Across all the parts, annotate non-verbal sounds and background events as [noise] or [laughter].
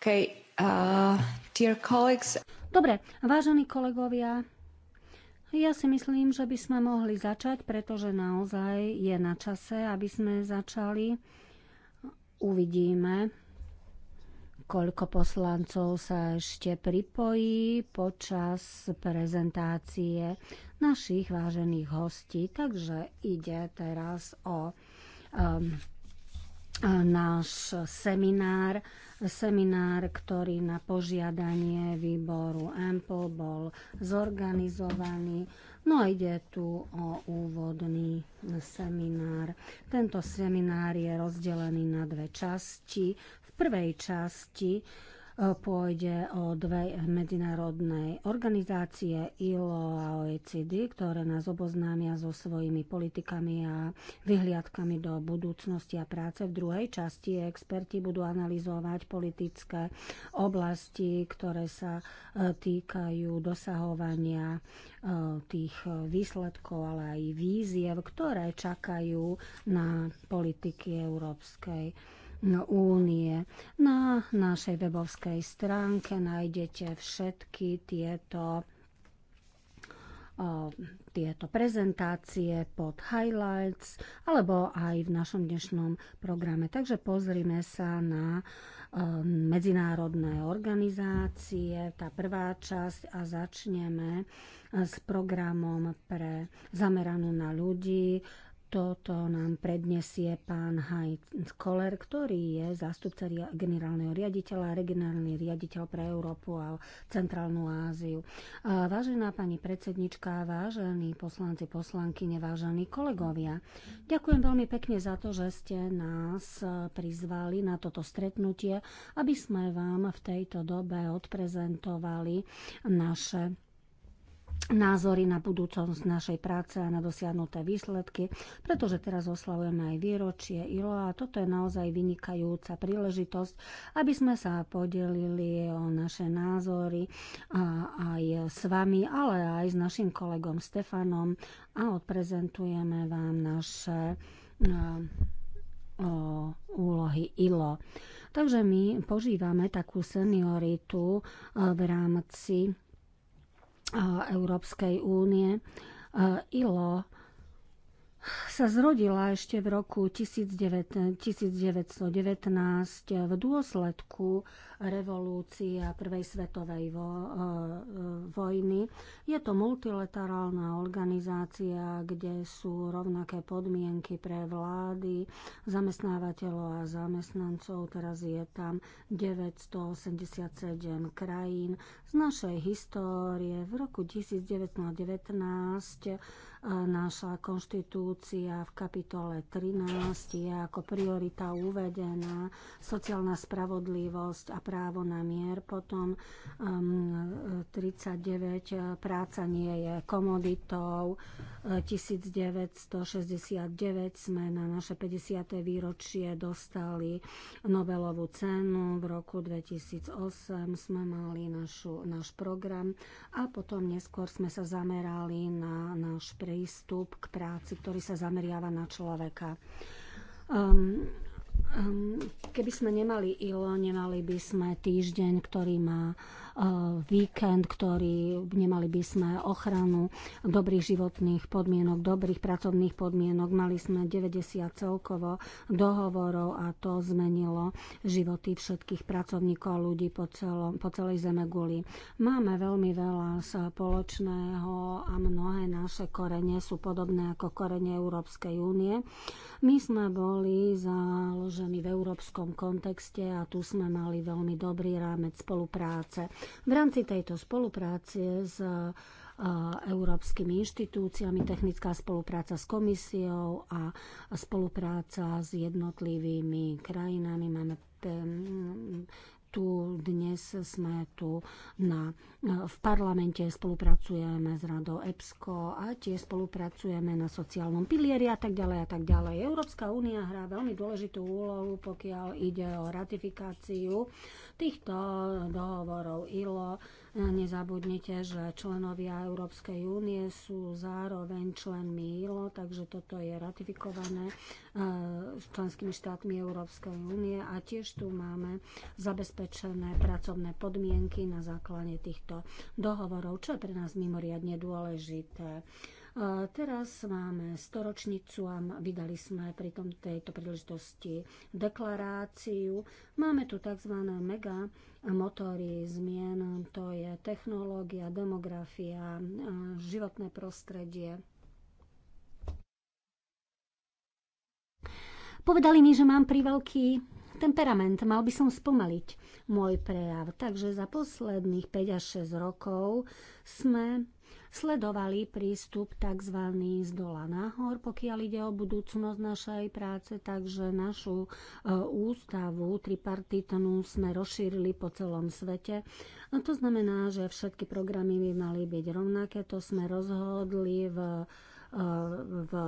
Okay, uh, dear colleagues. Dobre, vážení kolegovia, ja si myslím, že by sme mohli začať, pretože naozaj je na čase, aby sme začali. Uvidíme, koľko poslancov sa ešte pripojí počas prezentácie našich vážených hostí. Takže ide teraz o um, náš seminár, seminár, ktorý na požiadanie výboru EMPO bol zorganizovaný. No a ide tu o úvodný seminár. Tento seminár je rozdelený na dve časti. V prvej časti pôjde o dve medzinárodné organizácie ILO a OECD, ktoré nás oboznámia so svojimi politikami a vyhliadkami do budúcnosti a práce. V druhej časti experti budú analyzovať politické oblasti, ktoré sa e, týkajú dosahovania e, tých výsledkov, ale aj víziev, ktoré čakajú na politiky Európskej No, únie. Na našej webovskej stránke nájdete všetky tieto tieto prezentácie pod highlights alebo aj v našom dnešnom programe. Takže pozrime sa na medzinárodné organizácie, tá prvá časť a začneme e, s programom pre zameranú na ľudí, toto nám predniesie pán Heinz Koller, ktorý je zástupca generálneho riaditeľa, regionálny riaditeľ pre Európu a Centrálnu Áziu. Vážená pani predsednička, vážení poslanci, poslanky, vážení kolegovia, ďakujem veľmi pekne za to, že ste nás prizvali na toto stretnutie, aby sme vám v tejto dobe odprezentovali naše názory na budúcnosť našej práce a na dosiahnuté výsledky, pretože teraz oslavujeme aj výročie ILO a toto je naozaj vynikajúca príležitosť, aby sme sa podelili o naše názory a aj s vami, ale aj s našim kolegom Stefanom a odprezentujeme vám naše eh, o úlohy ILO. Takže my požívame takú senioritu eh, v rámci Európskej únie. ILO sa zrodila ešte v roku 1919 v dôsledku revolúcia Prvej svetovej vo, e, e, vojny. Je to multilaterálna organizácia, kde sú rovnaké podmienky pre vlády, zamestnávateľov a zamestnancov. Teraz je tam 987 krajín. Z našej histórie v roku 1919 e, naša konštitúcia v kapitole 13 je ako priorita uvedená sociálna spravodlivosť a právo na mier, potom 39 um, eh, práca nie je komoditou, 1969 eh, sme na naše 50. výročie dostali Nobelovú cenu, v roku 2008 sme mali našu, náš program a potom neskôr sme sa zamerali na náš prístup k práci, ktorý sa zameriava na človeka. Um, Ehm, keby sme nemali ILO, nemali by sme týždeň, ktorý má E, víkend, ktorý nemali by sme ochranu dobrých životných podmienok, dobrých pracovných podmienok. Mali sme 90 celkovo dohovorov a to zmenilo životy všetkých pracovníkov ľudí po, celom, po celej Zemeguli. Máme veľmi veľa spoločného a mnohé naše korene sú podobné ako korene Európskej únie. My sme boli založení v európskom kontexte a tu sme mali veľmi dobrý rámec spolupráce. V rámci tejto spolupráce s európskymi inštitúciami, technická spolupráca s komisiou a spolupráca s jednotlivými krajinami. Máme tu dnes sme tu na, v parlamente, spolupracujeme s radou EPSCO a tiež spolupracujeme na sociálnom pilieri a tak ďalej a tak ďalej. Európska únia hrá veľmi dôležitú úlohu, pokiaľ ide o ratifikáciu týchto dohovorov ILO Nezabudnite, že členovia Európskej únie sú zároveň členmi ILO, takže toto je ratifikované e, členskými štátmi Európskej únie a tiež tu máme zabezpečené pracovné podmienky na základe týchto dohovorov, čo je pre nás mimoriadne dôležité. Teraz máme storočnicu a vydali sme pri tom tejto príležitosti deklaráciu. Máme tu tzv. mega motory zmien, to je technológia, demografia, životné prostredie, Povedali mi, že mám priveľký temperament, mal by som spomaliť môj prejav. Takže za posledných 5 až 6 rokov sme sledovali prístup tzv. z dola nahor, pokiaľ ide o budúcnosť našej práce, takže našu e, ústavu tripartitnú sme rozšírili po celom svete. No to znamená, že všetky programy by mali byť rovnaké, to sme rozhodli v e, v e,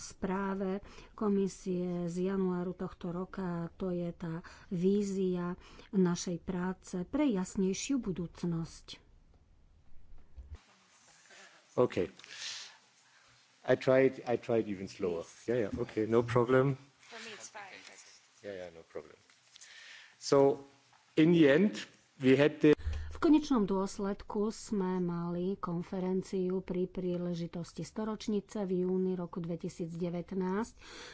správe komisie z januáru tohto roka. To je tá vízia našej práce pre jasnejšiu budúcnosť. Okay. I tried, I tried even slower. Yeah, yeah, okay, no problem. For me, it's fine. Yeah, yeah, no problem. So, in the end, we had the... V konečnom dôsledku sme mali konferenciu pri príležitosti storočnice v júni roku 2019,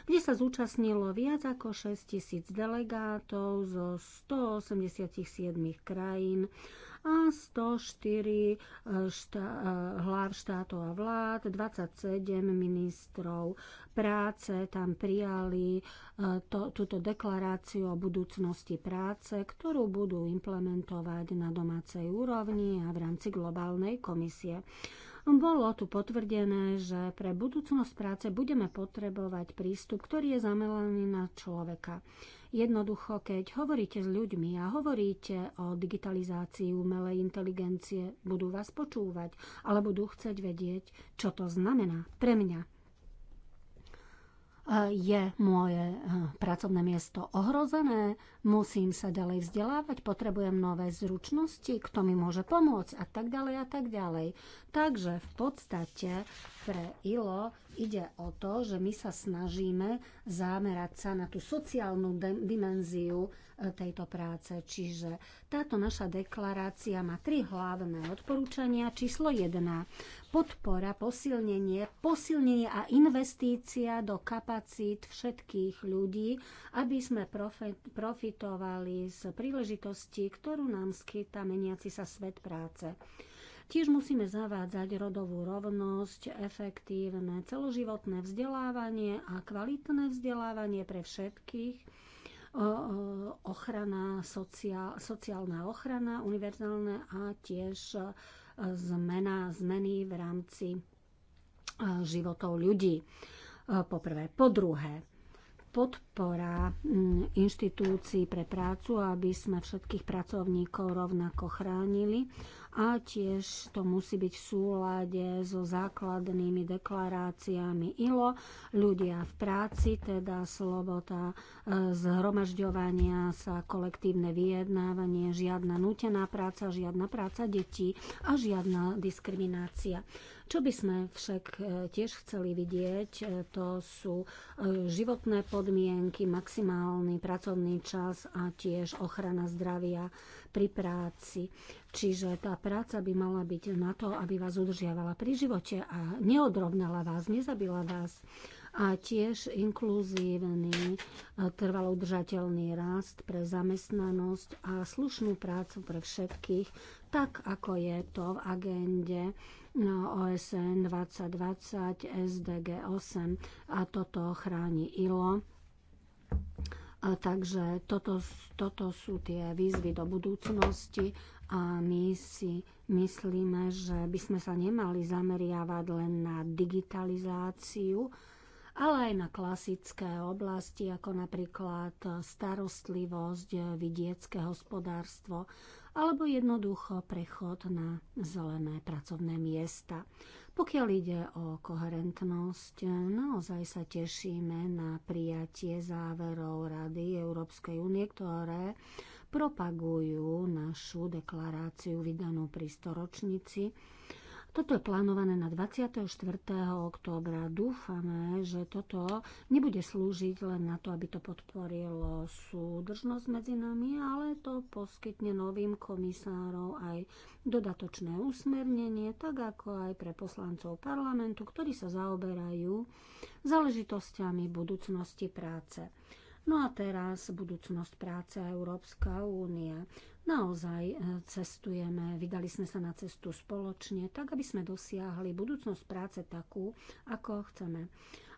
kde sa zúčastnilo viac ako 6 tisíc delegátov zo 187 krajín a 104 eh, štá, eh, hlav štátov a vlád, 27 ministrov práce tam prijali eh, to, túto deklaráciu o budúcnosti práce, ktorú budú implementovať na domácej úrovni a v rámci globálnej komisie. Bolo tu potvrdené, že pre budúcnosť práce budeme potrebovať prístup, ktorý je zamelený na človeka. Jednoducho, keď hovoríte s ľuďmi a hovoríte o digitalizácii umelej inteligencie, budú vás počúvať, ale budú chcieť vedieť, čo to znamená pre mňa e, je moje e, pracovné miesto ohrozené, musím sa ďalej vzdelávať, potrebujem nové zručnosti, kto mi môže pomôcť a tak ďalej a tak ďalej. Takže v podstate pre ILO Ide o to, že my sa snažíme zamerať sa na tú sociálnu dimenziu e, tejto práce. Čiže táto naša deklarácia má tri hlavné odporúčania. Číslo 1. Podpora, posilnenie, posilnenie a investícia do kapacít všetkých ľudí, aby sme profitovali z príležitosti, ktorú nám skýta meniaci sa svet práce. Tiež musíme zavádzať rodovú rovnosť, efektívne celoživotné vzdelávanie a kvalitné vzdelávanie pre všetkých ochrana, sociál, sociálna ochrana univerzálne a tiež e, zmena, zmeny v rámci e, životov ľudí. E, po prvé. Po druhé, podpora inštitúcií pre prácu, aby sme všetkých pracovníkov rovnako chránili a tiež to musí byť v súlade so základnými deklaráciami ILO, ľudia v práci, teda sloboda e, zhromažďovania sa, kolektívne vyjednávanie, žiadna nutená práca, žiadna práca detí a žiadna diskriminácia. Čo by sme však e, tiež chceli vidieť, e, to sú e, životné podmienky, maximálny pracovný čas a tiež ochrana zdravia pri práci. Čiže tá práca by mala byť na to, aby vás udržiavala pri živote a neodrovnala vás, nezabila vás a tiež inkluzívny, trvalo udržateľný rast pre zamestnanosť a slušnú prácu pre všetkých, tak ako je to v agende OSN 2020, SDG 8 a toto chráni ILO. A takže toto, toto sú tie výzvy do budúcnosti a my si myslíme, že by sme sa nemali zameriavať len na digitalizáciu, ale aj na klasické oblasti, ako napríklad starostlivosť, vidiecké hospodárstvo alebo jednoducho prechod na zelené pracovné miesta. Pokiaľ ide o koherentnosť, naozaj sa tešíme na prijatie záverov Rady Európskej únie, ktoré propagujú našu deklaráciu vydanú pri storočnici toto je plánované na 24. októbra. Dúfame, že toto nebude slúžiť len na to, aby to podporilo súdržnosť medzi nami, ale to poskytne novým komisárov aj dodatočné usmernenie, tak ako aj pre poslancov parlamentu, ktorí sa zaoberajú záležitosťami budúcnosti práce. No a teraz budúcnosť práce Európska únia naozaj e, cestujeme, vydali sme sa na cestu spoločne, tak aby sme dosiahli budúcnosť práce takú, ako chceme.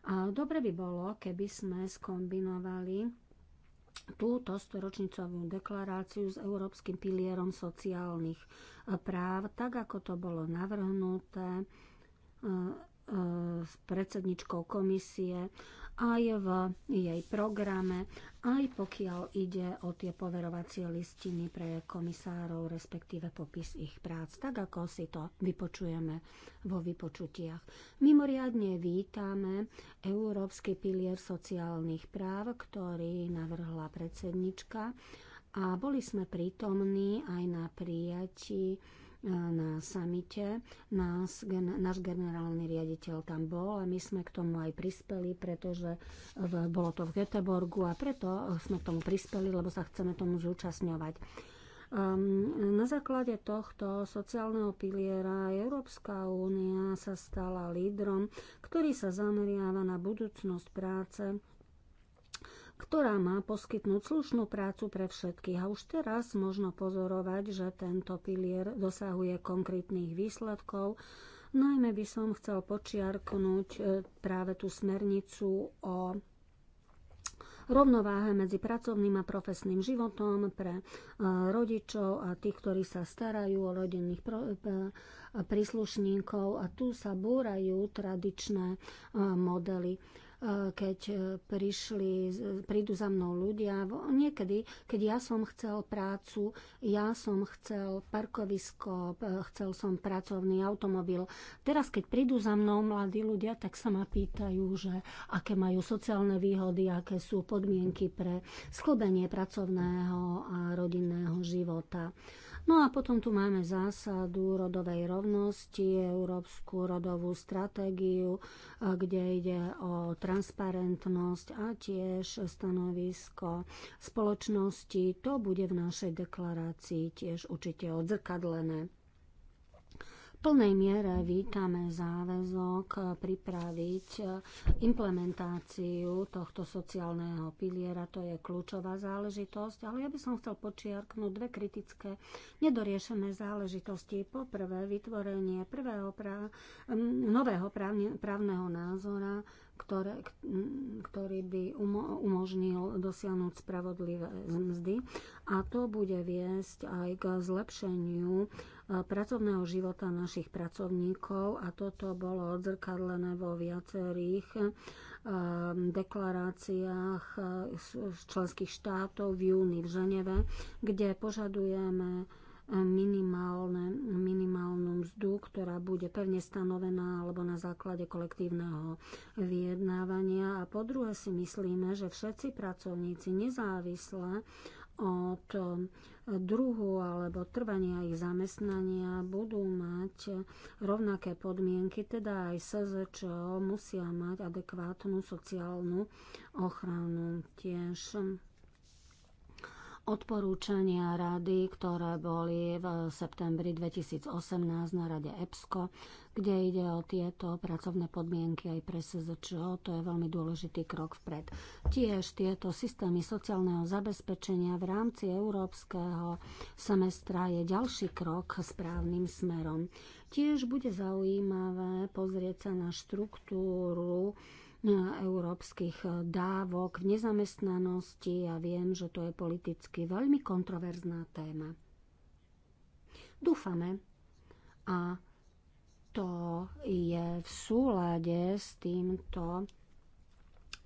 A dobre by bolo, keby sme skombinovali túto storočnicovú deklaráciu s Európskym pilierom sociálnych e, práv, tak ako to bolo navrhnuté e, s predsedničkou komisie aj v jej programe, aj pokiaľ ide o tie poverovacie listiny pre komisárov, respektíve popis ich prác, tak ako si to vypočujeme vo vypočutiach. Mimoriadne vítame Európsky pilier sociálnych práv, ktorý navrhla predsednička a boli sme prítomní aj na prijatí E, na samite. Nás, gen, náš generálny riaditeľ tam bol a my sme k tomu aj prispeli, pretože v, bolo to v Göteborgu a preto sme k tomu prispeli, lebo sa chceme tomu zúčastňovať. Um, na základe tohto sociálneho piliera Európska únia sa stala lídrom, ktorý sa zameriava na budúcnosť práce ktorá má poskytnúť slušnú prácu pre všetkých. A už teraz možno pozorovať, že tento pilier dosahuje konkrétnych výsledkov. Najmä by som chcel počiarknúť e, práve tú smernicu o rovnováhe medzi pracovným a profesným životom pre e, rodičov a tých, ktorí sa starajú o rodinných e, príslušníkov. A tu sa búrajú tradičné modely keď eh, prišli, prídu za mnou ľudia. Niekedy, keď ja som chcel prácu, ja som chcel parkovisko, eh, chcel som pracovný automobil. Teraz, keď prídu za mnou mladí ľudia, tak sa ma pýtajú, že aké majú sociálne výhody, aké sú podmienky pre sklbenie pracovného a rodinného života. No a potom tu máme zásadu rodovej rovnosti, európsku rodovú stratégiu, kde ide o transparentnosť a tiež stanovisko spoločnosti. To bude v našej deklarácii tiež určite odzrkadlené plnej miere vítame záväzok pripraviť e, implementáciu tohto sociálneho piliera. To je kľúčová záležitosť, ale ja by som chcel počiarknúť dve kritické nedoriešené záležitosti. Poprvé, vytvorenie prvého prá- nového právne, právneho názora ktoré, ktorý by umožnil dosiahnuť spravodlivé mzdy a to bude viesť aj k zlepšeniu e, pracovného života našich pracovníkov a toto bolo odzrkadlené vo viacerých e, deklaráciách e, členských štátov v júni v Ženeve, kde požadujeme minimálne, minimálnu mzdu, ktorá bude pevne stanovená alebo na základe kolektívneho vyjednávania. A po druhé si myslíme, že všetci pracovníci nezávisle od druhu alebo trvania ich zamestnania budú mať rovnaké podmienky, teda aj SZČO musia mať adekvátnu sociálnu ochranu tiež odporúčania rady, ktoré boli v septembri 2018 na rade EPSCO, kde ide o tieto pracovné podmienky aj pre SZČO. To je veľmi dôležitý krok vpred. Tiež tieto systémy sociálneho zabezpečenia v rámci európskeho semestra je ďalší krok správnym smerom. Tiež bude zaujímavé pozrieť sa na štruktúru európskych e, dávok v nezamestnanosti a viem, že to je politicky veľmi kontroverzná téma. Dúfame a to je v súlade s týmto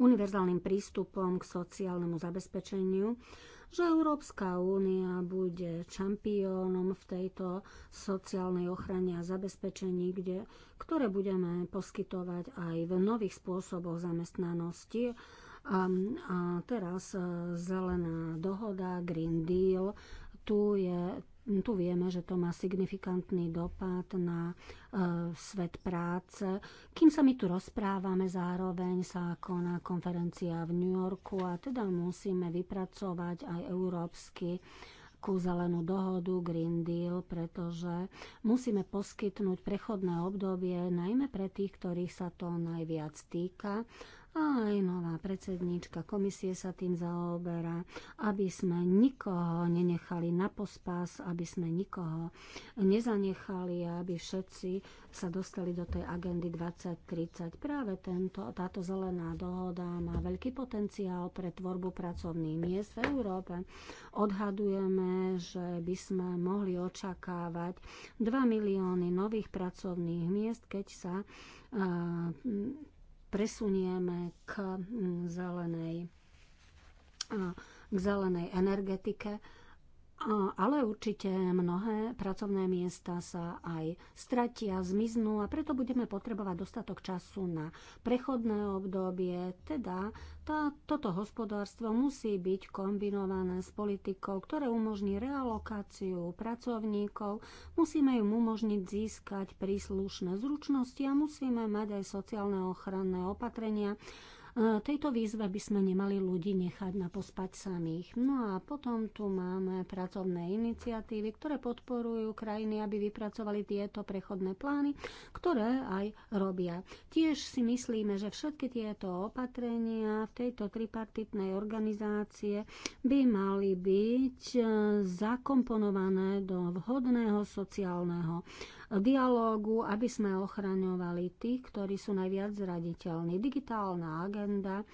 univerzálnym prístupom k sociálnemu zabezpečeniu, že Európska únia bude čampiónom v tejto sociálnej ochrane a zabezpečení, kde, ktoré budeme poskytovať aj v nových spôsoboch zamestnanosti. A, a teraz e, zelená dohoda, Green Deal, tu je, Mm, tu vieme, že to má signifikantný dopad na e, svet práce. Kým sa my tu rozprávame, zároveň sa koná konferencia v New Yorku a teda musíme vypracovať aj európsky ku zelenú dohodu Green Deal, pretože musíme poskytnúť prechodné obdobie najmä pre tých, ktorých sa to najviac týka a aj nová predsednička komisie sa tým zaoberá, aby sme nikoho nenechali na pospas, aby sme nikoho nezanechali, aby všetci sa dostali do tej agendy 2030. Práve tento, táto zelená dohoda má veľký potenciál pre tvorbu pracovných miest v Európe. Odhadujeme, že by sme mohli očakávať 2 milióny nových pracovných miest, keď sa eh, presunieme k mm, zelenej, k zelenej energetike ale určite mnohé pracovné miesta sa aj stratia, zmiznú a preto budeme potrebovať dostatok času na prechodné obdobie. Teda tá, toto hospodárstvo musí byť kombinované s politikou, ktoré umožní realokáciu pracovníkov, musíme im umožniť získať príslušné zručnosti a musíme mať aj sociálne ochranné opatrenia, E, tejto výzve by sme nemali ľudí nechať na pospať samých. No a potom tu máme pracovné iniciatívy, ktoré podporujú krajiny, aby vypracovali tieto prechodné plány, ktoré aj robia. Tiež si myslíme, že všetky tieto opatrenia v tejto tripartitnej organizácie by mali byť e, zakomponované do vhodného sociálneho dialógu, aby sme ochraňovali tých, ktorí sú najviac zraditeľní. Digitálna agenda,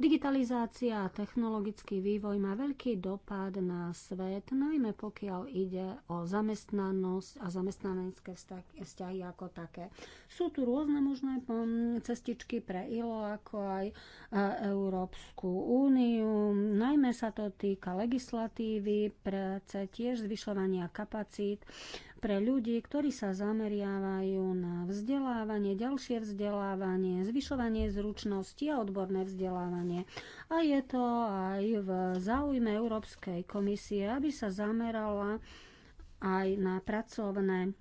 digitalizácia a technologický vývoj má veľký dopad na svet, najmä pokiaľ ide o zamestnanosť a zamestnanecké vzťahy ako také. Sú tu rôzne možné mm, cestičky pre ILO, ako aj e, Európsku úniu. Najmä sa to týka legislatívy, prece tiež zvyšovania kapacít pre ľudí, ktorí sa zameriavajú na vzdelávanie, ďalšie vzdelávanie, zvyšovanie zručnosti a odborné vzdelávanie. A je to aj v záujme Európskej komisie, aby sa zamerala aj na pracovné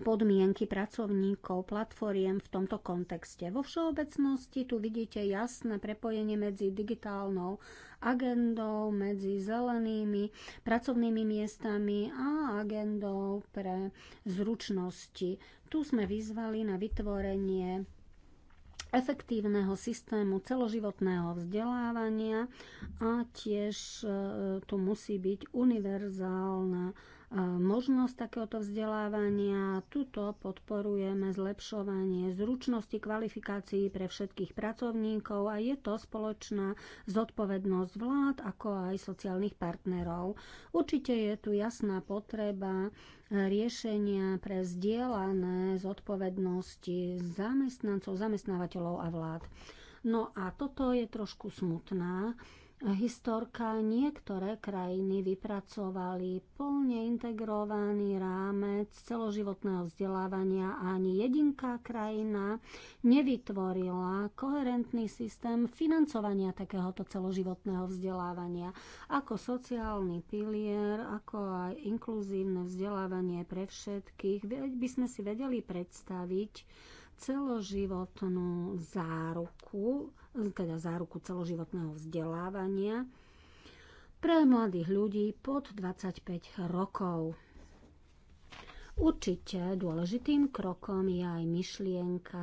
podmienky pracovníkov, platformiem v tomto kontexte. Vo všeobecnosti tu vidíte jasné prepojenie medzi digitálnou agendou, medzi zelenými pracovnými miestami a agendou pre zručnosti. Tu sme vyzvali na vytvorenie efektívneho systému celoživotného vzdelávania a tiež e, tu musí byť univerzálna možnosť takéhoto vzdelávania. Tuto podporujeme zlepšovanie zručnosti kvalifikácií pre všetkých pracovníkov a je to spoločná zodpovednosť vlád ako aj sociálnych partnerov. Určite je tu jasná potreba riešenia pre vzdielané zodpovednosti zamestnancov, zamestnávateľov a vlád. No a toto je trošku smutná historka niektoré krajiny vypracovali plne integrovaný rámec celoživotného vzdelávania a ani jedinká krajina nevytvorila koherentný systém financovania takéhoto celoživotného vzdelávania ako sociálny pilier, ako aj inkluzívne vzdelávanie pre všetkých. by sme si vedeli predstaviť celoživotnú záruku teda záruku celoživotného vzdelávania pre mladých ľudí pod 25 rokov. Určite dôležitým krokom je aj myšlienka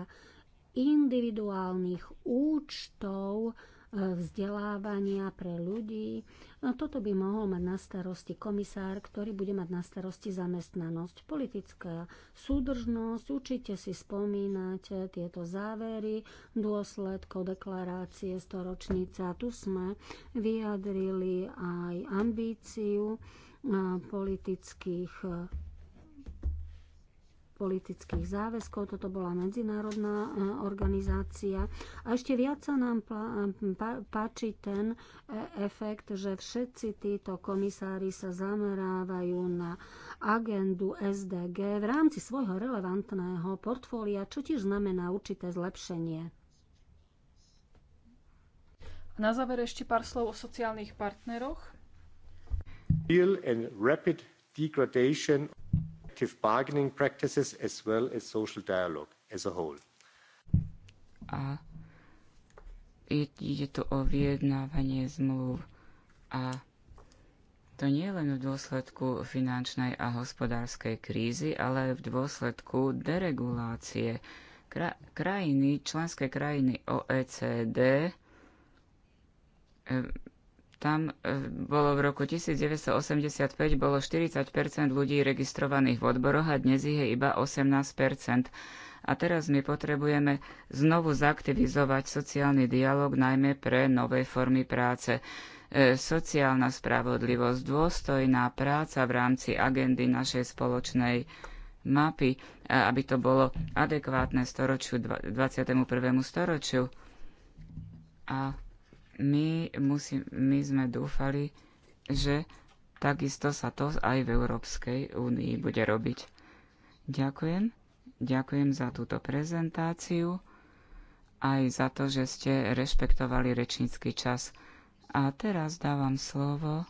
individuálnych účtov E, vzdelávania pre ľudí. No, toto by mohol mať na starosti komisár, ktorý bude mať na starosti zamestnanosť. Politická súdržnosť, určite si spomínate tieto závery, dôsledkov deklarácie storočnica. Tu sme vyjadrili aj ambíciu e, politických politických záväzkov. Toto bola medzinárodná e, organizácia. A ešte viac sa nám e, páči ten e, efekt, že všetci títo komisári sa zamerávajú na agendu SDG v rámci svojho relevantného portfólia, čo tiež znamená určité zlepšenie. Na záver ešte pár slov o sociálnych partneroch collective bargaining practices as well as social dialogue as a whole. A ide tu o vyjednávanie zmluv a to nie len v dôsledku finančnej a hospodárskej krízy, ale aj v dôsledku deregulácie. Kra- krajiny, členské krajiny OECD tam e, bolo v roku 1985 bolo 40 ľudí registrovaných v odboroch a dnes ich je iba 18 A teraz my potrebujeme znovu zaktivizovať sociálny dialog najmä pre nové formy práce. E, sociálna spravodlivosť, dôstojná práca v rámci agendy našej spoločnej mapy, aby to bolo adekvátne storočiu, 21. storočiu. A my, musí, my sme dúfali, že takisto sa to aj v Európskej únii bude robiť. Ďakujem. Ďakujem za túto prezentáciu, aj za to, že ste rešpektovali rečnícky čas. A teraz dávam slovo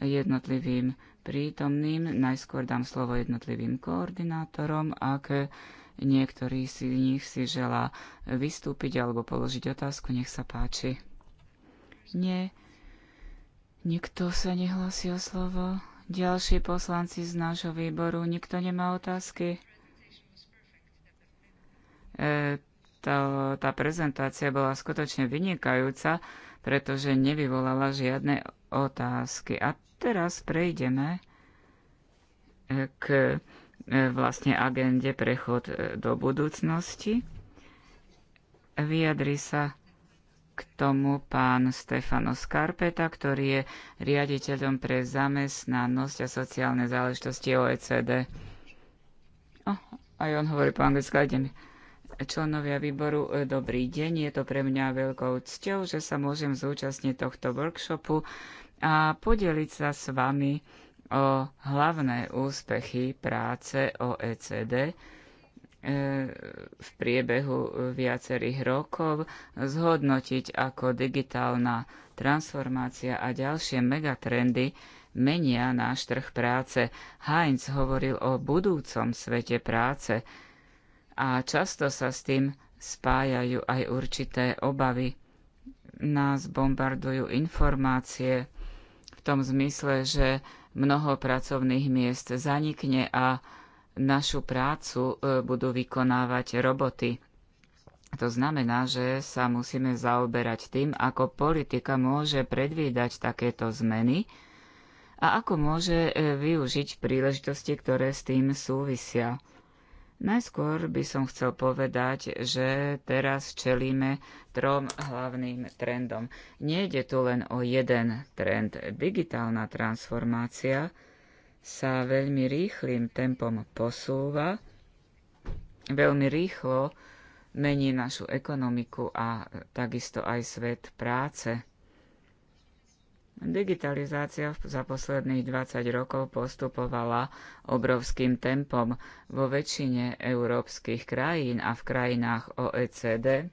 jednotlivým prítomným, najskôr dám slovo jednotlivým koordinátorom, ak niektorý z nich si želá vystúpiť alebo položiť otázku, nech sa páči. Nie. Nikto sa nehlasí o slovo. Ďalší poslanci z nášho výboru. Nikto nemá otázky. E, to, tá prezentácia bola skutočne vynikajúca, pretože nevyvolala žiadne otázky. A teraz prejdeme e, k e, vlastne agende prechod e, do budúcnosti. Vyjadri sa k tomu pán Stefano Skarpeta, ktorý je riaditeľom pre zamestnanosť a sociálne záležitosti OECD. Oh, aj on hovorí po anglicky, mi. Členovia výboru, e, dobrý deň. Je to pre mňa veľkou cťou, že sa môžem zúčastniť tohto workshopu a podeliť sa s vami o hlavné úspechy práce OECD E, v priebehu viacerých rokov zhodnotiť, ako digitálna transformácia a ďalšie megatrendy menia náš trh práce. Heinz hovoril o budúcom svete práce a často sa s tým spájajú aj určité obavy. Nás bombardujú informácie v tom zmysle, že mnoho pracovných miest zanikne a našu prácu e, budú vykonávať roboty. To znamená, že sa musíme zaoberať tým, ako politika môže predvídať takéto zmeny a ako môže e, využiť príležitosti, ktoré s tým súvisia. Najskôr by som chcel povedať, že teraz čelíme trom hlavným trendom. ide tu len o jeden trend. Digitálna transformácia, sa veľmi rýchlým tempom posúva, veľmi rýchlo mení našu ekonomiku a takisto aj svet práce. Digitalizácia za posledných 20 rokov postupovala obrovským tempom. Vo väčšine európskych krajín a v krajinách OECD e,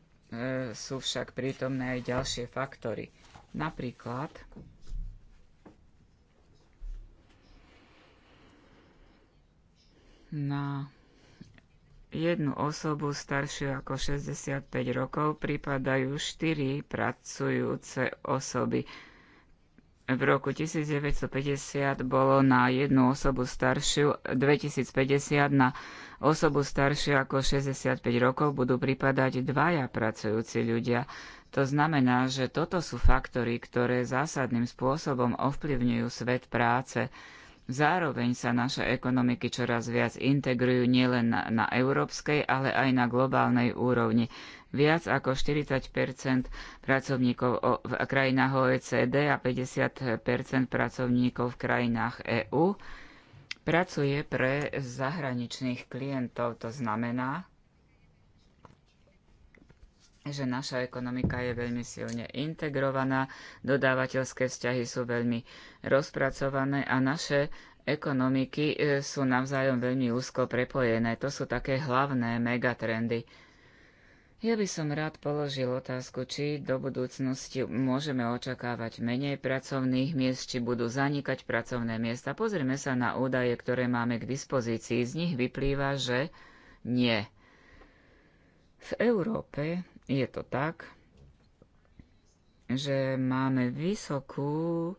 sú však prítomné aj ďalšie faktory. Napríklad na jednu osobu staršiu ako 65 rokov pripadajú 4 pracujúce osoby. V roku 1950 bolo na jednu osobu staršiu, 2050 na osobu staršiu ako 65 rokov budú pripadať dvaja pracujúci ľudia. To znamená, že toto sú faktory, ktoré zásadným spôsobom ovplyvňujú svet práce. Zároveň sa naše ekonomiky čoraz viac integrujú nielen na, na európskej, ale aj na globálnej úrovni. Viac ako 40 e pracovníkov v krajinách OECD a 50 pracovníkov v krajinách EÚ pracuje pre zahraničných klientov. To znamená, že naša ekonomika je veľmi silne integrovaná, dodávateľské vzťahy sú veľmi rozpracované a naše ekonomiky e, sú navzájom veľmi úzko prepojené. To sú také hlavné megatrendy. Ja by som rád položil otázku, či do budúcnosti môžeme očakávať menej pracovných miest, či budú zanikať pracovné miesta. Pozrieme sa na údaje, ktoré máme k dispozícii. Z nich vyplýva, že nie. V Európe je to tak, že máme vysokú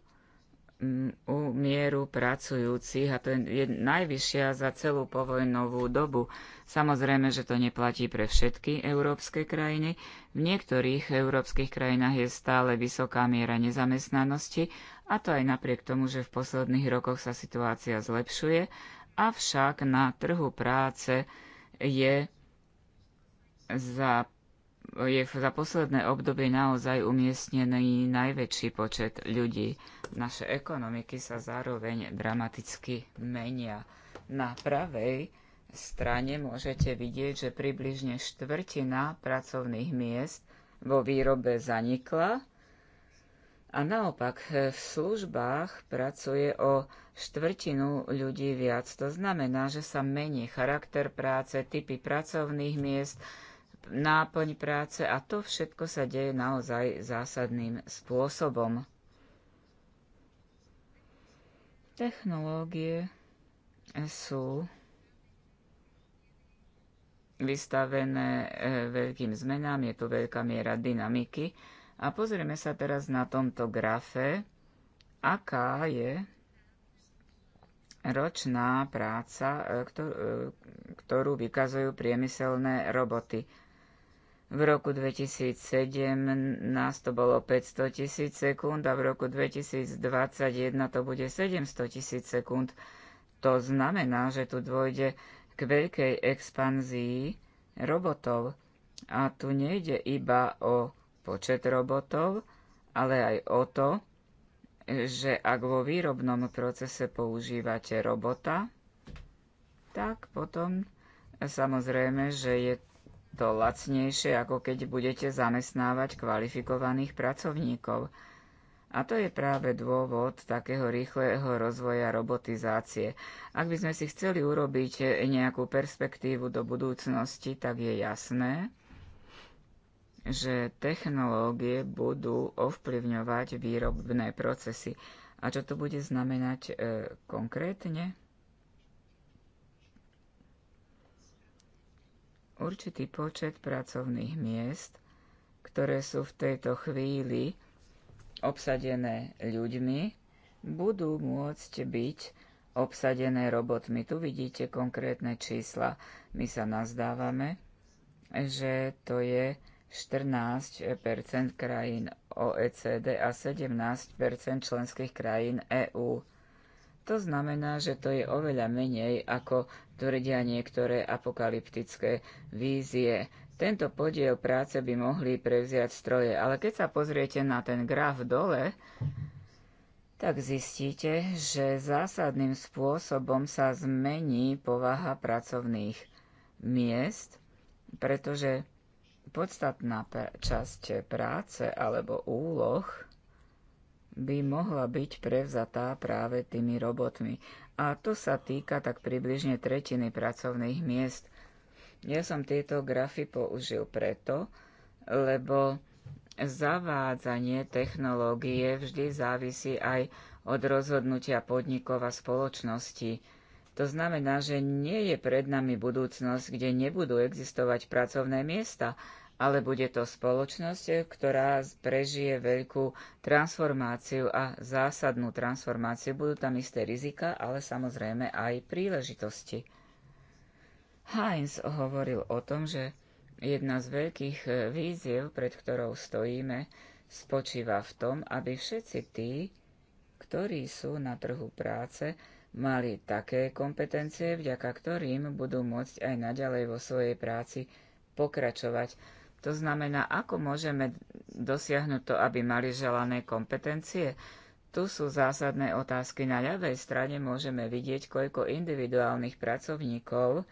mm, mieru pracujúcich a to je najvyššia za celú povojnovú dobu. Samozrejme, že to neplatí pre všetky európske krajiny. V niektorých európskych krajinách je stále vysoká miera nezamestnanosti a to aj napriek tomu, že v posledných rokoch sa situácia zlepšuje, avšak na trhu práce je za je za posledné obdobie naozaj umiestnený najväčší počet ľudí. Naše ekonomiky sa zároveň dramaticky menia. Na pravej strane môžete vidieť, že približne štvrtina pracovných miest vo výrobe zanikla a naopak v službách pracuje o štvrtinu ľudí viac. To znamená, že sa mení charakter práce, typy pracovných miest, náplň práce a to všetko sa deje naozaj zásadným spôsobom. Technológie sú vystavené eh, veľkým zmenám, je tu veľká miera dynamiky. A pozrieme sa teraz na tomto grafe, aká je ročná práca, eh, eh, ktorú vykazujú priemyselné roboty. V roku 2017 to bolo 500 tisíc sekúnd a v roku 2021 to bude 700 tisíc sekúnd. To znamená, že tu dôjde k veľkej expanzii robotov. A tu nejde iba o počet robotov, ale aj o to, že ak vo výrobnom procese používate robota, tak potom samozrejme, že je to lacnejšie, ako keď budete zamestnávať kvalifikovaných pracovníkov. A to je práve dôvod takého rýchleho rozvoja robotizácie. Ak by sme si chceli urobiť nejakú perspektívu do budúcnosti, tak je jasné, že technológie budú ovplyvňovať výrobné procesy. A čo to bude znamenať e, konkrétne? určitý počet pracovných miest, ktoré sú v tejto chvíli obsadené ľuďmi, budú môcť byť obsadené robotmi. Tu vidíte konkrétne čísla. My sa nazdávame, že to je 14 krajín OECD a 17 členských krajín EÚ. To znamená, že to je oveľa menej, ako tvrdia niektoré apokalyptické vízie. Tento podiel práce by mohli prevziať stroje, ale keď sa pozriete na ten graf dole, tak zistíte, že zásadným spôsobom sa zmení povaha pracovných miest, pretože podstatná časť práce alebo úloh by mohla byť prevzatá práve tými robotmi. A to sa týka tak približne tretiny pracovných miest. Ja som tieto grafy použil preto, lebo zavádzanie technológie vždy závisí aj od rozhodnutia podnikov a spoločnosti. To znamená, že nie je pred nami budúcnosť, kde nebudú existovať pracovné miesta, ale bude to spoločnosť, ktorá prežije veľkú transformáciu a zásadnú transformáciu. Budú tam isté rizika, ale samozrejme aj príležitosti. Heinz hovoril o tom, že jedna z veľkých víziev, pred ktorou stojíme, spočíva v tom, aby všetci tí, ktorí sú na trhu práce, mali také kompetencie, vďaka ktorým budú môcť aj naďalej vo svojej práci pokračovať to znamená, ako môžeme dosiahnuť to, aby mali želané kompetencie? Tu sú zásadné otázky. Na ľavej strane môžeme vidieť, koľko individuálnych pracovníkov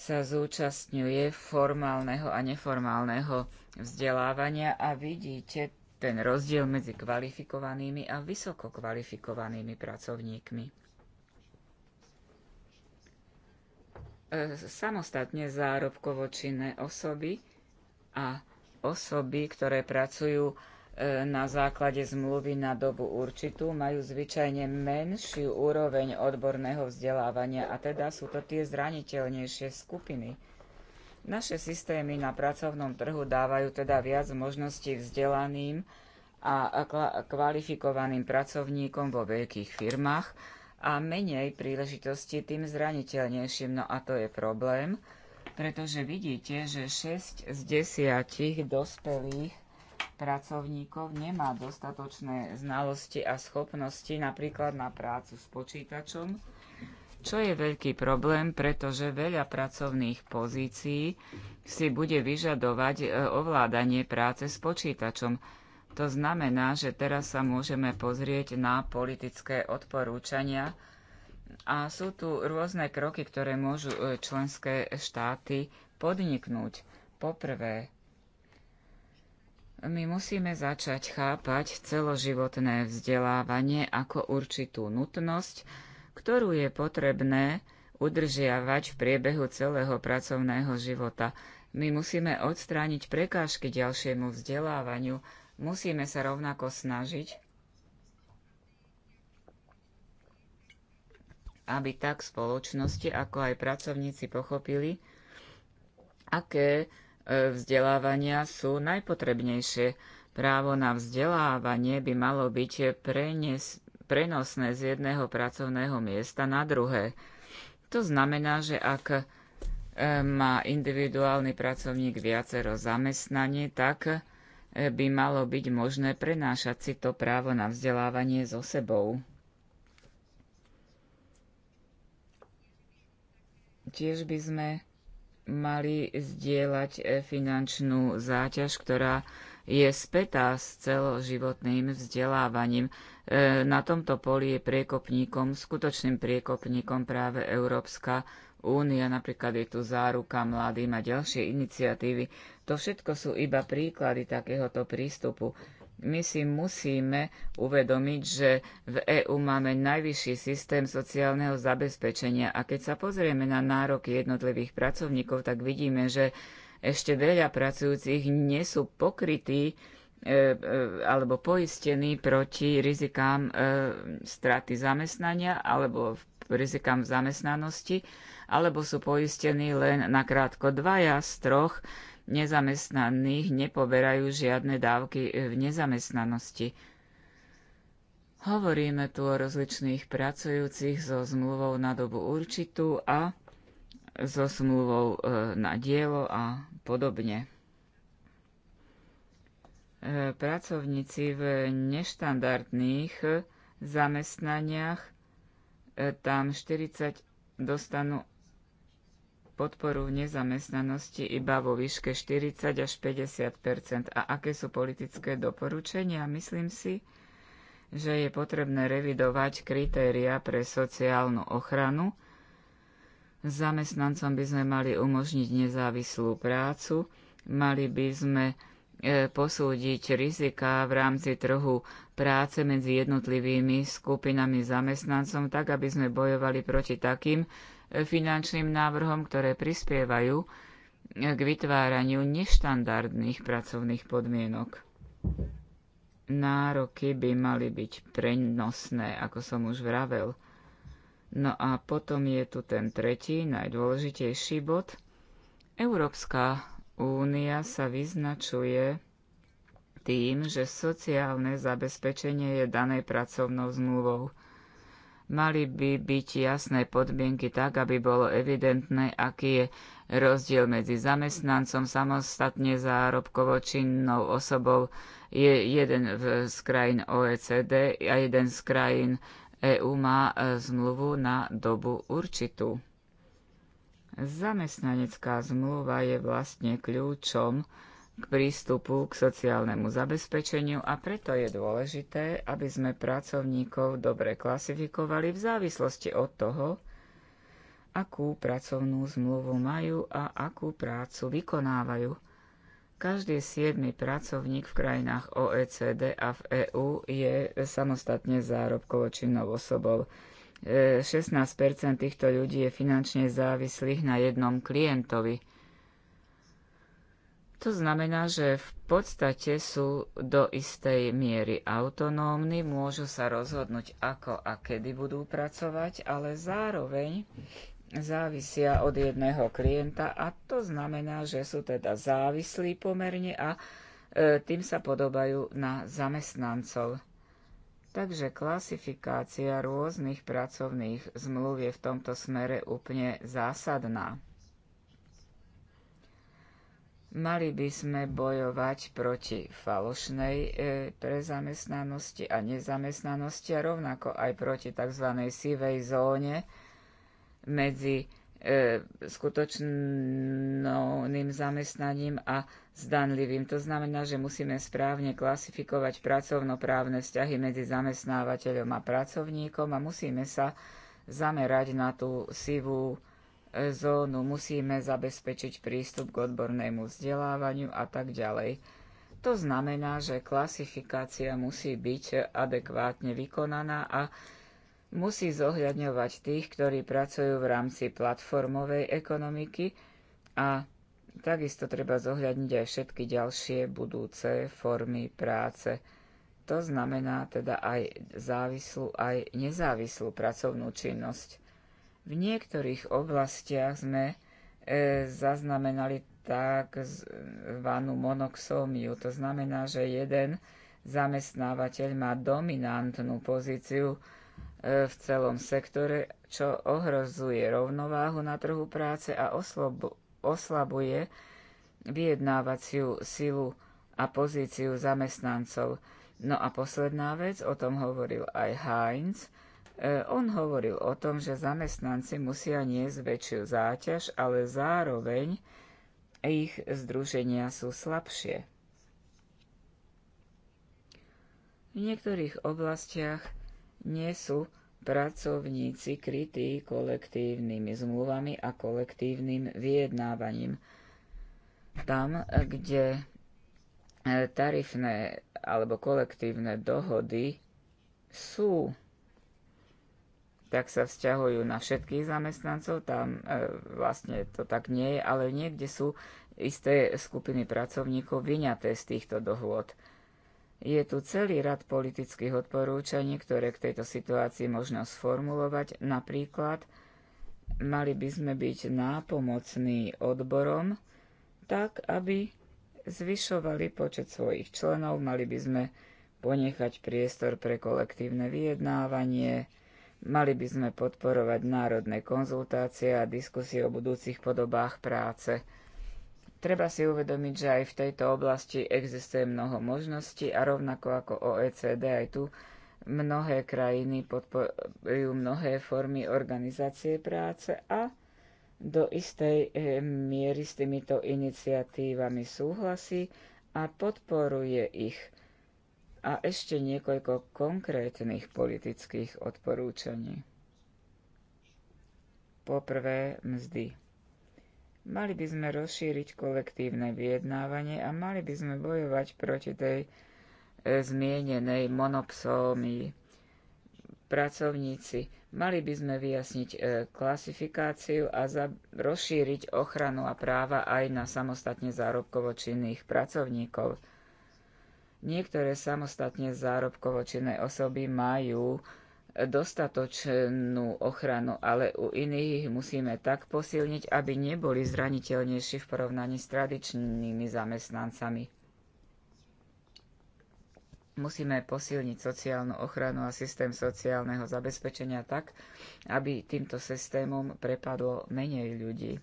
sa zúčastňuje formálneho a neformálneho vzdelávania a vidíte ten rozdiel medzi kvalifikovanými a vysoko kvalifikovanými pracovníkmi. E, samostatne zárobkovo činné osoby a osoby, ktoré pracujú e, na základe zmluvy na dobu určitú, majú zvyčajne menšiu úroveň odborného vzdelávania a teda sú to tie zraniteľnejšie skupiny. Naše systémy na pracovnom trhu dávajú teda viac možností vzdelaným a kvalifikovaným pracovníkom vo veľkých firmách a menej príležitosti tým zraniteľnejším. No a to je problém, pretože vidíte, že 6 z 10 dospelých pracovníkov nemá dostatočné znalosti a schopnosti napríklad na prácu s počítačom, čo je veľký problém, pretože veľa pracovných pozícií si bude vyžadovať e, ovládanie práce s počítačom. To znamená, že teraz sa môžeme pozrieť na politické odporúčania, a sú tu rôzne kroky, ktoré môžu e, členské štáty podniknúť. Poprvé, my musíme začať chápať celoživotné vzdelávanie ako určitú nutnosť, ktorú je potrebné udržiavať v priebehu celého pracovného života. My musíme odstrániť prekážky ďalšiemu vzdelávaniu, musíme sa rovnako snažiť aby tak spoločnosti, ako aj pracovníci pochopili, aké e, vzdelávania sú najpotrebnejšie. Právo na vzdelávanie by malo byť prenes, prenosné z jedného pracovného miesta na druhé. To znamená, že ak e, má individuálny pracovník viacero zamestnanie, tak e, by malo byť možné prenášať si to právo na vzdelávanie so sebou. Tiež by sme mali zdieľať e, finančnú záťaž, ktorá je spätá s celoživotným vzdelávaním. E, na tomto poli je priekopníkom, skutočným priekopníkom práve Európska únia, napríklad je tu záruka mladým a ďalšie iniciatívy. To všetko sú iba príklady takéhoto prístupu. My si musíme uvedomiť, že v EÚ máme najvyšší systém sociálneho zabezpečenia a keď sa pozrieme na nároky jednotlivých pracovníkov, tak vidíme, že ešte veľa pracujúcich nie sú pokrytí e, e, alebo poistení proti rizikám e, straty zamestnania alebo rizikám zamestnanosti, alebo sú poistení len na krátko dvaja z troch nezamestnaných nepoberajú žiadne dávky v nezamestnanosti. Hovoríme tu o rozličných pracujúcich so zmluvou na dobu určitú a so zmluvou e, na dielo a podobne. E, pracovníci v neštandardných zamestnaniach e, tam 40 dostanú podporu v nezamestnanosti iba vo výške 40 až 50 a aké sú politické doporučenia. Myslím si, že je potrebné revidovať kritéria pre sociálnu ochranu. Zamestnancom by sme mali umožniť nezávislú prácu, mali by sme e, posúdiť rizika v rámci trhu práce medzi jednotlivými skupinami zamestnancom, tak aby sme bojovali proti takým finančným návrhom, ktoré prispievajú k vytváraniu neštandardných pracovných podmienok. Nároky by mali byť prenosné, ako som už vravel. No a potom je tu ten tretí, najdôležitejší bod. Európska únia sa vyznačuje tým, že sociálne zabezpečenie je dané pracovnou zmluvou. Mali by byť jasné podmienky tak, aby bolo evidentné, aký je rozdiel medzi zamestnancom samostatne zárobkovo činnou osobou je jeden z krajín OECD a jeden z krajín EÚ má e, zmluvu na dobu určitú. Zamestnanecká zmluva je vlastne kľúčom k prístupu k sociálnemu zabezpečeniu a preto je dôležité, aby sme pracovníkov dobre klasifikovali v závislosti od toho, akú pracovnú zmluvu majú a akú prácu vykonávajú. Každý siedmy pracovník v krajinách OECD a v EÚ je samostatne zárobkovo činnou osobou. 16 e, týchto ľudí je finančne závislých na jednom klientovi – to znamená, že v podstate sú do istej miery autonómni, môžu sa rozhodnúť, ako a kedy budú pracovať, ale zároveň závisia od jedného klienta a to znamená, že sú teda závislí pomerne a e, tým sa podobajú na zamestnancov. Takže klasifikácia rôznych pracovných zmluv je v tomto smere úplne zásadná. Mali by sme bojovať proti falošnej e, prezamestnanosti a nezamestnanosti a rovnako aj proti tzv. sivej zóne medzi e, skutočným zamestnaním a zdanlivým. To znamená, že musíme správne klasifikovať pracovnoprávne vzťahy medzi zamestnávateľom a pracovníkom a musíme sa zamerať na tú sivú zónu, musíme zabezpečiť prístup k odbornému vzdelávaniu a tak ďalej. To znamená, že klasifikácia musí byť adekvátne vykonaná a musí zohľadňovať tých, ktorí pracujú v rámci platformovej ekonomiky a takisto treba zohľadniť aj všetky ďalšie budúce formy práce. To znamená teda aj závislú, aj nezávislú pracovnú činnosť. V niektorých oblastiach sme e, zaznamenali takzvanú monoxómiu. To znamená, že jeden zamestnávateľ má dominantnú pozíciu e, v celom sektore, čo ohrozuje rovnováhu na trhu práce a oslabuje vyjednávaciu silu a pozíciu zamestnancov. No a posledná vec, o tom hovoril aj Heinz, E, on hovoril o tom, že zamestnanci musia niesť väčšiu záťaž, ale zároveň ich združenia sú slabšie. V niektorých oblastiach nie sú pracovníci krytí kolektívnymi zmluvami a kolektívnym vyjednávaním. Tam, kde e, tarifné alebo kolektívne dohody sú tak sa vzťahujú na všetkých zamestnancov, tam e, vlastne to tak nie je, ale niekde sú isté skupiny pracovníkov vyňaté z týchto dohôd. Je tu celý rad politických odporúčaní, ktoré k tejto situácii možno sformulovať. Napríklad, mali by sme byť nápomocný odborom, tak aby zvyšovali počet svojich členov, mali by sme ponechať priestor pre kolektívne vyjednávanie, Mali by sme podporovať národné konzultácie a diskusie o budúcich podobách práce. Treba si uvedomiť, že aj v tejto oblasti existuje mnoho možností a rovnako ako OECD aj tu mnohé krajiny podporujú mnohé formy organizácie práce a do istej eh, miery s týmito iniciatívami súhlasí a podporuje ich a ešte niekoľko konkrétnych politických odporúčaní. Poprvé, mzdy. Mali by sme rozšíriť kolektívne vyjednávanie a mali by sme bojovať proti tej e, zmienenej monopsómii. Pracovníci, mali by sme vyjasniť e, klasifikáciu a za, rozšíriť ochranu a práva aj na samostatne zárobkovo činných pracovníkov – Niektoré samostatne zárobkovočené osoby majú dostatočnú ochranu, ale u iných ich musíme tak posilniť, aby neboli zraniteľnejší v porovnaní s tradičnými zamestnancami. Musíme posilniť sociálnu ochranu a systém sociálneho zabezpečenia tak, aby týmto systémom prepadlo menej ľudí.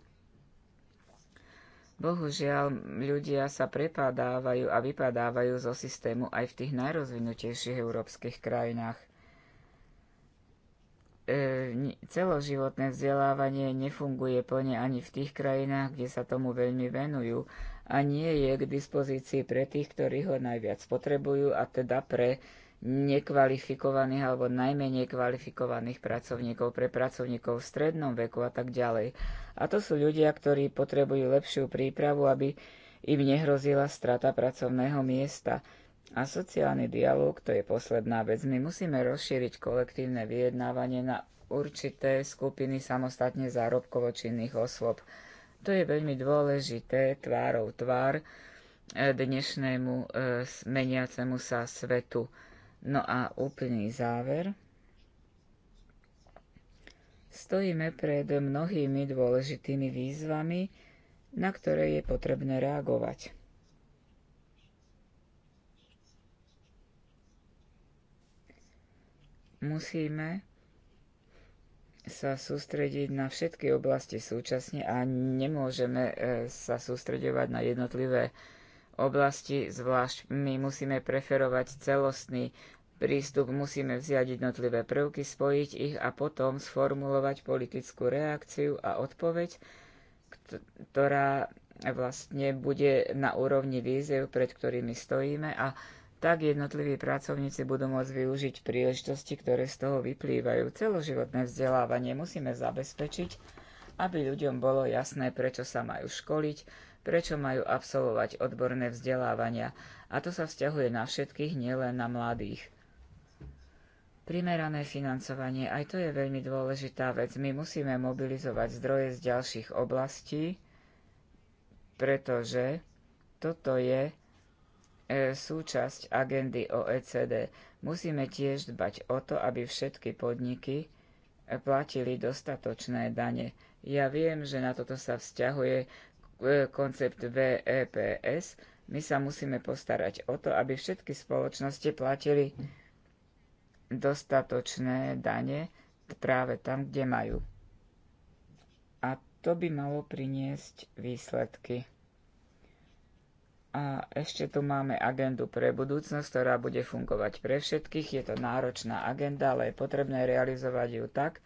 Bohužiaľ, ľudia sa prepadávajú a vypadávajú zo systému aj v tých najrozvinutejších európskych krajinách. E, celoživotné vzdelávanie nefunguje plne ani v tých krajinách, kde sa tomu veľmi venujú a nie je k dispozícii pre tých, ktorí ho najviac potrebujú, a teda pre nekvalifikovaných alebo najmenej kvalifikovaných pracovníkov, pre pracovníkov v strednom veku a tak ďalej. A to sú ľudia, ktorí potrebujú lepšiu prípravu, aby im nehrozila strata pracovného miesta. A sociálny dialog, to je posledná vec. My musíme rozšíriť kolektívne vyjednávanie na určité skupiny samostatne zárobkovo činných osôb. To je veľmi dôležité tvárov tvár e, dnešnému e, meniacemu sa svetu. No a úplný záver. Stojíme pred mnohými dôležitými výzvami, na ktoré je potrebné reagovať. Musíme sa sústrediť na všetky oblasti súčasne a nemôžeme e, sa sústredovať na jednotlivé oblasti, zvlášť my musíme preferovať celostný prístup, musíme vziať jednotlivé prvky, spojiť ich a potom sformulovať politickú reakciu a odpoveď, ktorá vlastne bude na úrovni víziev, pred ktorými stojíme a tak jednotliví pracovníci budú môcť využiť príležitosti, ktoré z toho vyplývajú. Celoživotné vzdelávanie musíme zabezpečiť, aby ľuďom bolo jasné, prečo sa majú školiť, prečo majú absolvovať odborné vzdelávania. A to sa vzťahuje na všetkých, nielen na mladých. Primerané financovanie, aj to je veľmi dôležitá vec. My musíme mobilizovať zdroje z ďalších oblastí, pretože toto je e, súčasť agendy OECD. Musíme tiež dbať o to, aby všetky podniky e, platili dostatočné dane. Ja viem, že na toto sa vzťahuje E, koncept VEPS, my sa musíme postarať o to, aby všetky spoločnosti platili dostatočné dane práve tam, kde majú. A to by malo priniesť výsledky. A ešte tu máme agendu pre budúcnosť, ktorá bude fungovať pre všetkých. Je to náročná agenda, ale je potrebné realizovať ju tak,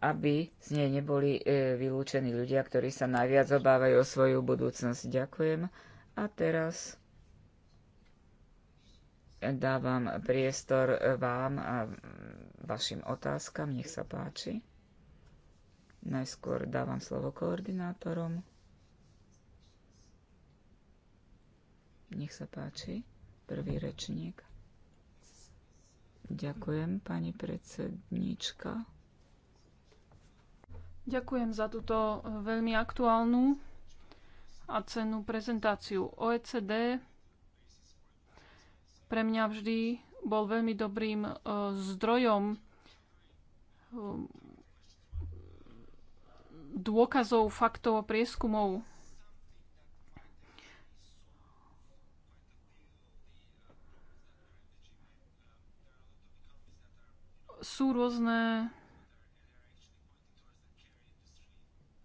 aby z nej neboli e, vylúčení ľudia, ktorí sa najviac obávajú o svoju budúcnosť. Ďakujem. A teraz dávam priestor vám a vašim otázkam. Nech sa páči. Najskôr dávam slovo koordinátorom. Nech sa páči. Prvý rečník. Ďakujem, pani predsednička. Ďakujem za túto e, veľmi aktuálnu a cennú prezentáciu. OECD pre mňa vždy bol veľmi dobrým e, zdrojom e, dôkazov, faktov a prieskumov. Sú rôzne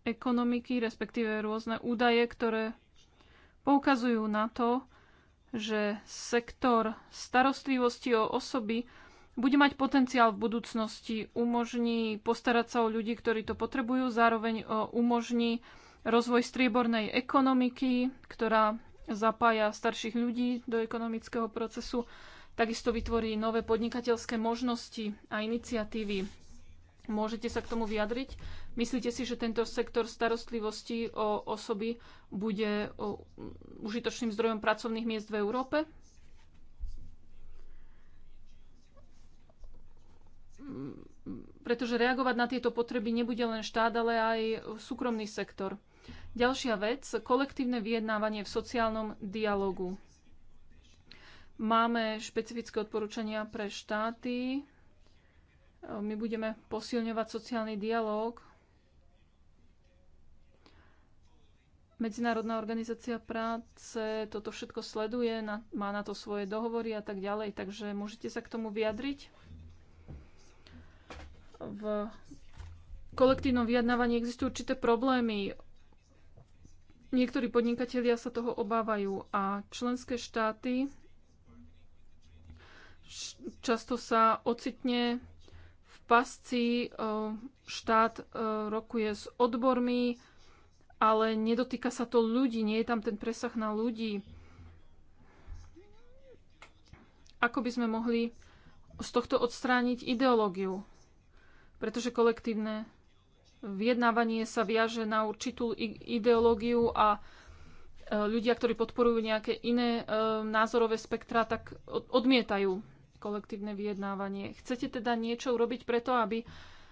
ekonomiky, respektíve rôzne údaje, ktoré poukazujú na to, že sektor starostlivosti o osoby bude mať potenciál v budúcnosti, umožní postarať sa o ľudí, ktorí to potrebujú, zároveň e, umožní rozvoj striebornej ekonomiky, ktorá zapája starších ľudí do ekonomického procesu, takisto vytvorí nové podnikateľské možnosti a iniciatívy Môžete sa k tomu vyjadriť? Myslíte si, že tento sektor starostlivosti o osoby bude užitočným zdrojom pracovných miest v Európe? Pretože reagovať na tieto potreby nebude len štát, ale aj súkromný sektor. Ďalšia vec, kolektívne vyjednávanie v sociálnom dialogu. Máme špecifické odporúčania pre štáty, my budeme posilňovať sociálny dialog. Medzinárodná organizácia práce toto všetko sleduje, má na to svoje dohovory a tak ďalej, takže môžete sa k tomu vyjadriť. V kolektívnom vyjednávaní existujú určité problémy. Niektorí podnikatelia sa toho obávajú a členské štáty často sa ocitne pasci. Štát rokuje s odbormi, ale nedotýka sa to ľudí, nie je tam ten presah na ľudí. Ako by sme mohli z tohto odstrániť ideológiu? Pretože kolektívne vyjednávanie sa viaže na určitú ideológiu a e, ľudia, ktorí podporujú nejaké iné e, názorové spektra, tak odmietajú kolektívne vyjednávanie. Chcete teda niečo urobiť preto, aby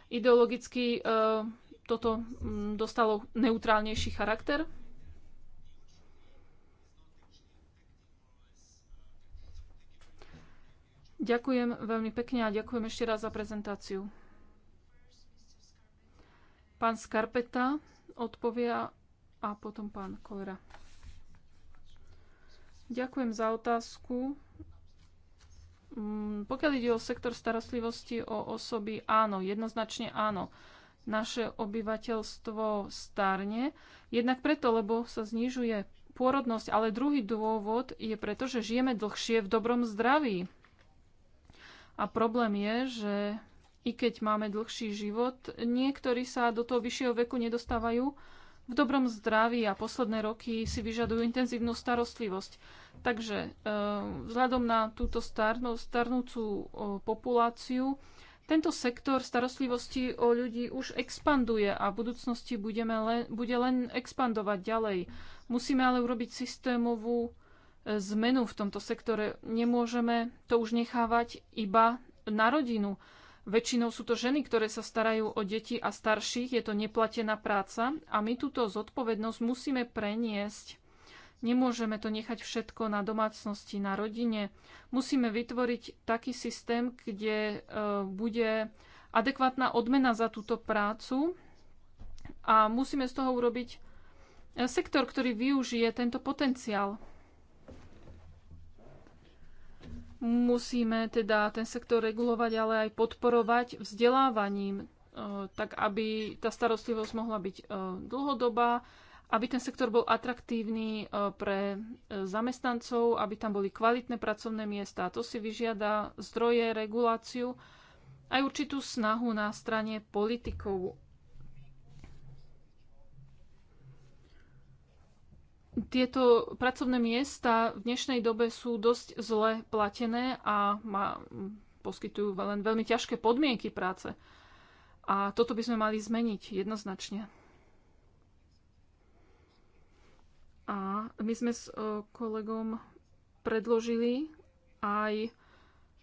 ideologicky e, toto mm, dostalo neutrálnejší charakter? Ďakujem veľmi pekne a ďakujem ešte raz za prezentáciu. Pán Skarpeta odpovia a potom pán Kolera. Ďakujem za otázku. Mm, pokiaľ ide o sektor starostlivosti o osoby, áno, jednoznačne áno. Naše obyvateľstvo starne, jednak preto, lebo sa znižuje pôrodnosť, ale druhý dôvod je preto, že žijeme dlhšie v dobrom zdraví. A problém je, že i keď máme dlhší život, niektorí sa do toho vyššieho veku nedostávajú, v dobrom zdraví a posledné roky si vyžadujú intenzívnu starostlivosť. Takže e, vzhľadom na túto starnú, starnúcu e, populáciu, tento sektor starostlivosti o ľudí už expanduje a v budúcnosti budeme len, bude len expandovať ďalej. Musíme ale urobiť systémovú e, zmenu v tomto sektore. Nemôžeme to už nechávať iba na rodinu. Väčšinou sú to ženy, ktoré sa starajú o deti a starších, je to neplatená práca a my túto zodpovednosť musíme preniesť. Nemôžeme to nechať všetko na domácnosti, na rodine. Musíme vytvoriť taký systém, kde e, bude adekvátna odmena za túto prácu a musíme z toho urobiť e, sektor, ktorý využije tento potenciál. Musíme teda ten sektor regulovať, ale aj podporovať vzdelávaním, e, tak aby tá starostlivosť mohla byť e, dlhodobá, aby ten sektor bol atraktívny e, pre zamestnancov, aby tam boli kvalitné pracovné miesta. To si vyžiada zdroje, reguláciu aj určitú snahu na strane politikov tieto pracovné miesta v dnešnej dobe sú dosť zle platené a má, poskytujú len veľmi ťažké podmienky práce. A toto by sme mali zmeniť jednoznačne. A my sme s e, kolegom predložili aj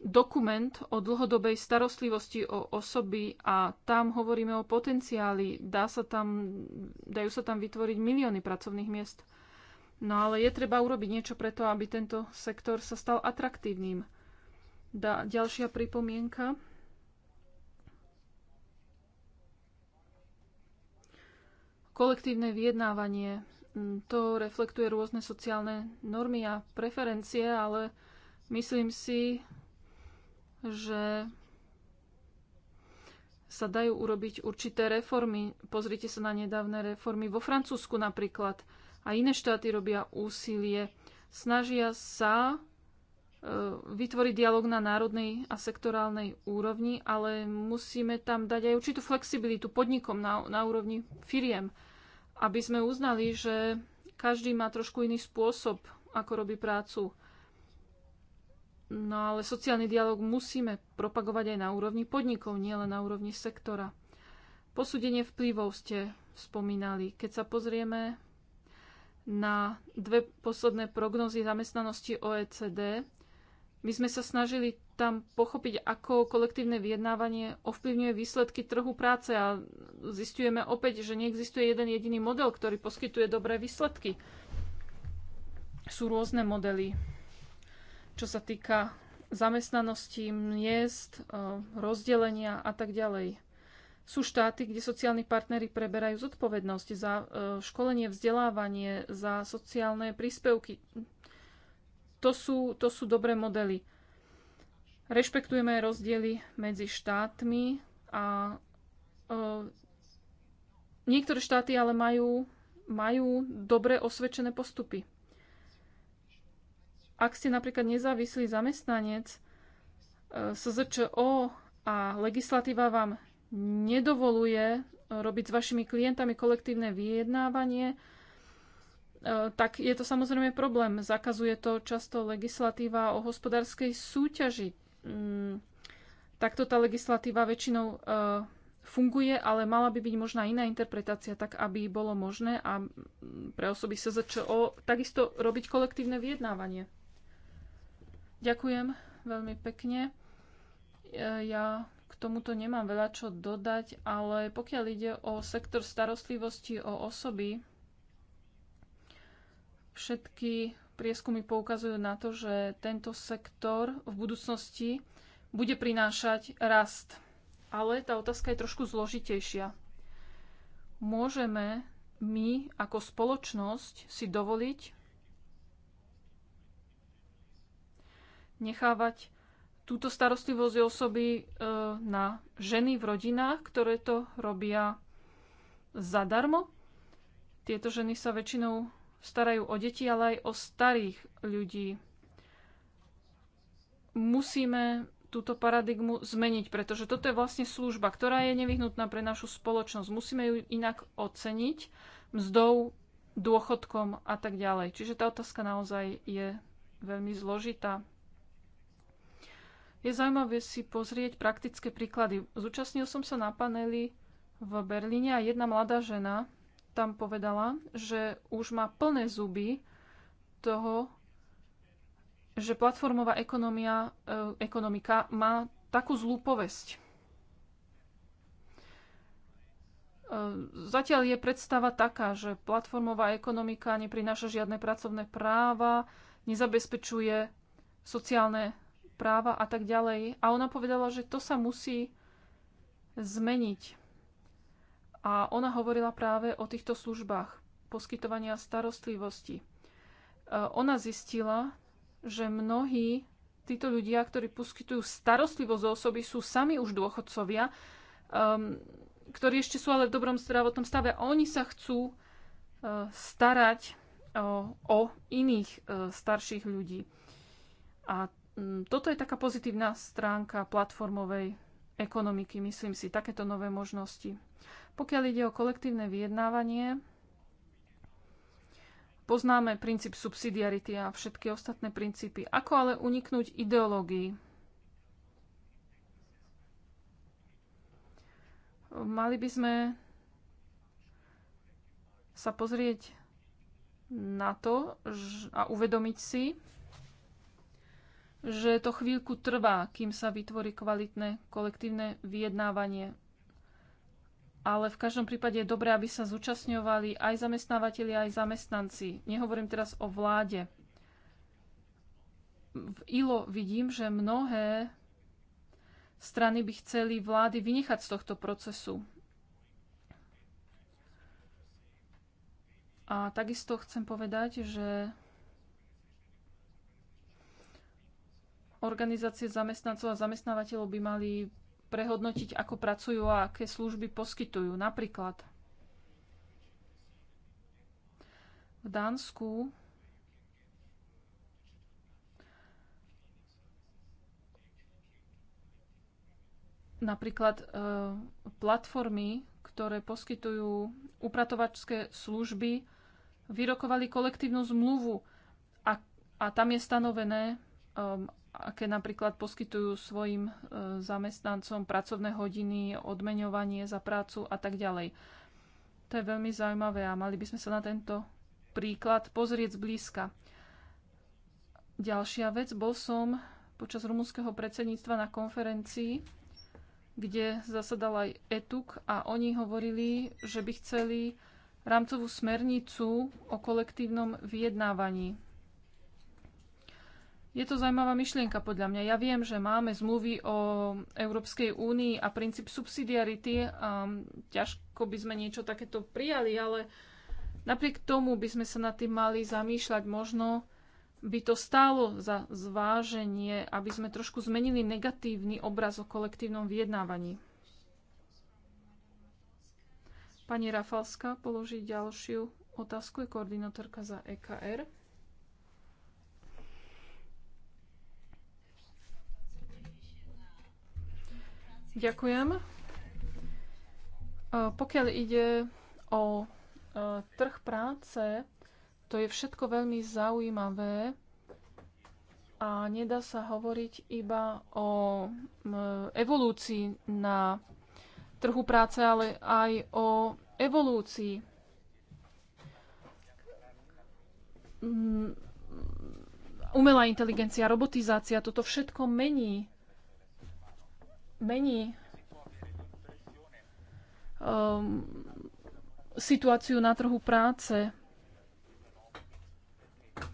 dokument o dlhodobej starostlivosti o osoby a tam hovoríme o potenciáli. Dá sa tam, dajú sa tam vytvoriť milióny pracovných miest. No ale je treba urobiť niečo preto, aby tento sektor sa stal atraktívnym. Da, ďalšia pripomienka. Kolektívne vyjednávanie. Mm, to reflektuje rôzne sociálne normy a preferencie, ale myslím si, že sa dajú urobiť určité reformy. Pozrite sa na nedávne reformy vo Francúzsku napríklad a iné štáty robia úsilie. Snažia sa e, vytvoriť dialog na národnej a sektorálnej úrovni, ale musíme tam dať aj určitú flexibilitu podnikom na, na úrovni firiem, aby sme uznali, že každý má trošku iný spôsob, ako robí prácu. No ale sociálny dialog musíme propagovať aj na úrovni podnikov, nielen na úrovni sektora. Posúdenie vplyvov ste spomínali. Keď sa pozrieme na dve posledné prognozy zamestnanosti OECD. My sme sa snažili tam pochopiť, ako kolektívne vyjednávanie ovplyvňuje výsledky trhu práce a zistujeme opäť, že neexistuje jeden jediný model, ktorý poskytuje dobré výsledky. Sú rôzne modely, čo sa týka zamestnanosti, miest, eh, rozdelenia a tak ďalej. Sú štáty, kde sociálni partnery preberajú zodpovednosť za e, školenie, vzdelávanie, za sociálne príspevky. To sú, to sú dobré modely. Rešpektujeme rozdiely medzi štátmi a e, Niektoré štáty ale majú, majú dobre osvedčené postupy. Ak ste napríklad nezávislý zamestnanec, e, SZČO a legislatíva vám nedovoluje eh, robiť s vašimi klientami kolektívne vyjednávanie, eh, tak je to samozrejme problém. Zakazuje to často legislatíva o hospodárskej súťaži. Mm, takto tá legislatíva väčšinou eh, funguje, ale mala by byť možná iná interpretácia, tak aby bolo možné a mm, pre osoby začalo takisto robiť kolektívne vyjednávanie. Ďakujem veľmi pekne. Ja k tomuto nemám veľa čo dodať, ale pokiaľ ide o sektor starostlivosti o osoby, všetky prieskumy poukazujú na to, že tento sektor v budúcnosti bude prinášať rast. Ale tá otázka je trošku zložitejšia. Môžeme my ako spoločnosť si dovoliť nechávať túto starostlivosť osoby e, na ženy v rodinách, ktoré to robia zadarmo. Tieto ženy sa väčšinou starajú o deti, ale aj o starých ľudí. Musíme túto paradigmu zmeniť, pretože toto je vlastne služba, ktorá je nevyhnutná pre našu spoločnosť. Musíme ju inak oceniť mzdou, dôchodkom a tak ďalej. Čiže tá otázka naozaj je veľmi zložitá. Je zaujímavé si pozrieť praktické príklady. Zúčastnil som sa na paneli v Berlíne a jedna mladá žena tam povedala, že už má plné zuby toho, že platformová ekonomia, e, ekonomika má takú zlú povesť. E, zatiaľ je predstava taká, že platformová ekonomika neprináša žiadne pracovné práva, nezabezpečuje sociálne práva a tak ďalej. A ona povedala, že to sa musí zmeniť. A ona hovorila práve o týchto službách poskytovania starostlivosti. E, ona zistila, že mnohí títo ľudia, ktorí poskytujú starostlivosť o osoby, sú sami už dôchodcovia, um, ktorí ešte sú ale v dobrom zdravotnom stave. Oni sa chcú uh, starať o iných e, starších ľudí. A Mm, toto je taká pozitívna stránka platformovej ekonomiky, myslím si, takéto nové možnosti. Pokiaľ ide o kolektívne vyjednávanie, poznáme princíp subsidiarity a všetky ostatné princípy. Ako ale uniknúť ideológii? Mali by sme sa pozrieť na to a uvedomiť si, že to chvíľku trvá, kým sa vytvorí kvalitné kolektívne vyjednávanie. Ale v každom prípade je dobré, aby sa zúčastňovali aj zamestnávateľi, aj zamestnanci. Nehovorím teraz o vláde. V ILO vidím, že mnohé strany by chceli vlády vynechať z tohto procesu. A takisto chcem povedať, že Organizácie zamestnancov a zamestnávateľov by mali prehodnotiť, ako pracujú a aké služby poskytujú. Napríklad v Dánsku napríklad e, platformy, ktoré poskytujú upratovačské služby, vyrokovali kolektívnu zmluvu a, a tam je stanovené, e, aké napríklad poskytujú svojim e, zamestnancom pracovné hodiny, odmeňovanie za prácu a tak ďalej. To je veľmi zaujímavé a mali by sme sa na tento príklad pozrieť zblízka. Ďalšia vec, bol som počas rumúnskeho predsedníctva na konferencii, kde zasadal aj ETUK a oni hovorili, že by chceli rámcovú smernicu o kolektívnom vyjednávaní je to zaujímavá myšlienka podľa mňa. Ja viem, že máme zmluvy o Európskej únii a princíp subsidiarity. A ťažko by sme niečo takéto prijali, ale napriek tomu by sme sa nad tým mali zamýšľať. Možno by to stálo za zváženie, aby sme trošku zmenili negatívny obraz o kolektívnom vyjednávaní. Pani Rafalska položí ďalšiu otázku, je koordinátorka za EKR. Ďakujem. E, pokiaľ ide o e, trh práce, to je všetko veľmi zaujímavé a nedá sa hovoriť iba o evolúcii na trhu práce, ale aj o evolúcii. Umelá inteligencia, robotizácia, toto všetko mení mení um, situáciu na trhu práce.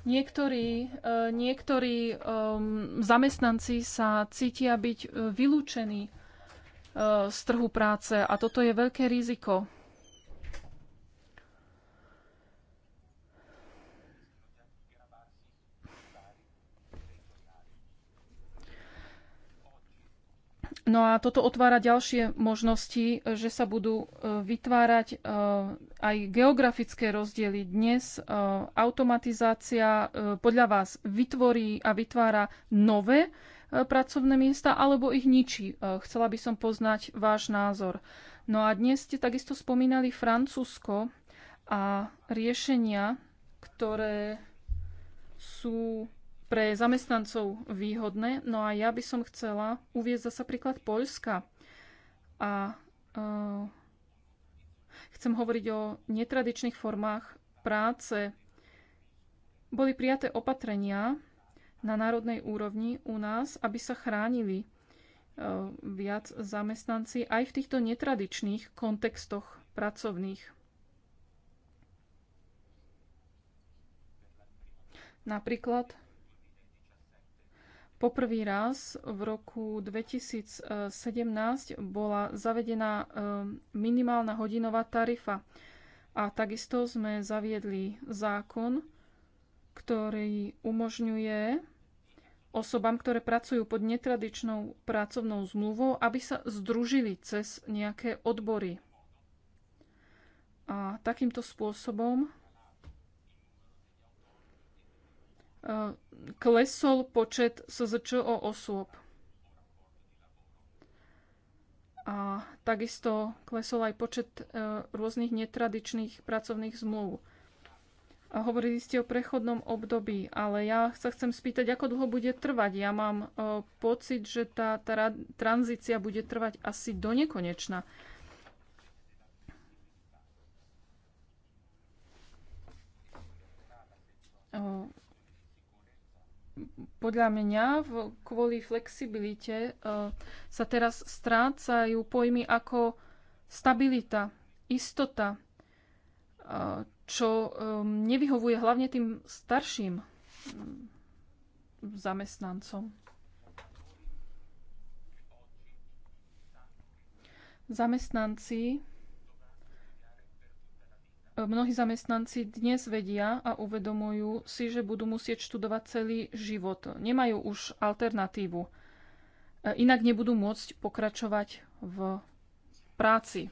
Niektorí, uh, niektorí um, zamestnanci sa cítia byť uh, vylúčení uh, z trhu práce a toto je veľké riziko. No a toto otvára ďalšie možnosti, že sa budú e, vytvárať e, aj geografické rozdiely. Dnes e, automatizácia podľa vás vytvorí a vytvára nové pracovné miesta alebo ich ničí. Chcela by som poznať váš názor. No a dnes ste takisto spomínali Francúzsko a riešenia, ktoré sú pre zamestnancov výhodné. No a ja by som chcela uvieť zase príklad Poľska. A uh, chcem hovoriť o netradičných formách práce. Boli prijaté opatrenia na národnej úrovni u nás, aby sa chránili uh, viac zamestnanci aj v týchto netradičných kontextoch pracovných. Napríklad Poprvý raz v roku 2017 bola zavedená e, minimálna hodinová tarifa. A takisto sme zaviedli zákon, ktorý umožňuje osobám, ktoré pracujú pod netradičnou pracovnou zmluvou, aby sa združili cez nejaké odbory. A takýmto spôsobom e, klesol počet SZČO osôb. A takisto klesol aj počet e, rôznych netradičných pracovných zmluv. A hovorili ste o prechodnom období, ale ja sa chcem spýtať, ako dlho bude trvať. Ja mám e, pocit, že tá, tá tranzícia bude trvať asi do nekonečna. E, podľa mňa v, kvôli flexibilite e, sa teraz strácajú pojmy ako stabilita, istota, e, čo e, nevyhovuje hlavne tým starším mm, zamestnancom. Zamestnanci Mnohí zamestnanci dnes vedia a uvedomujú si, že budú musieť študovať celý život. Nemajú už alternatívu. E, inak nebudú môcť pokračovať v práci.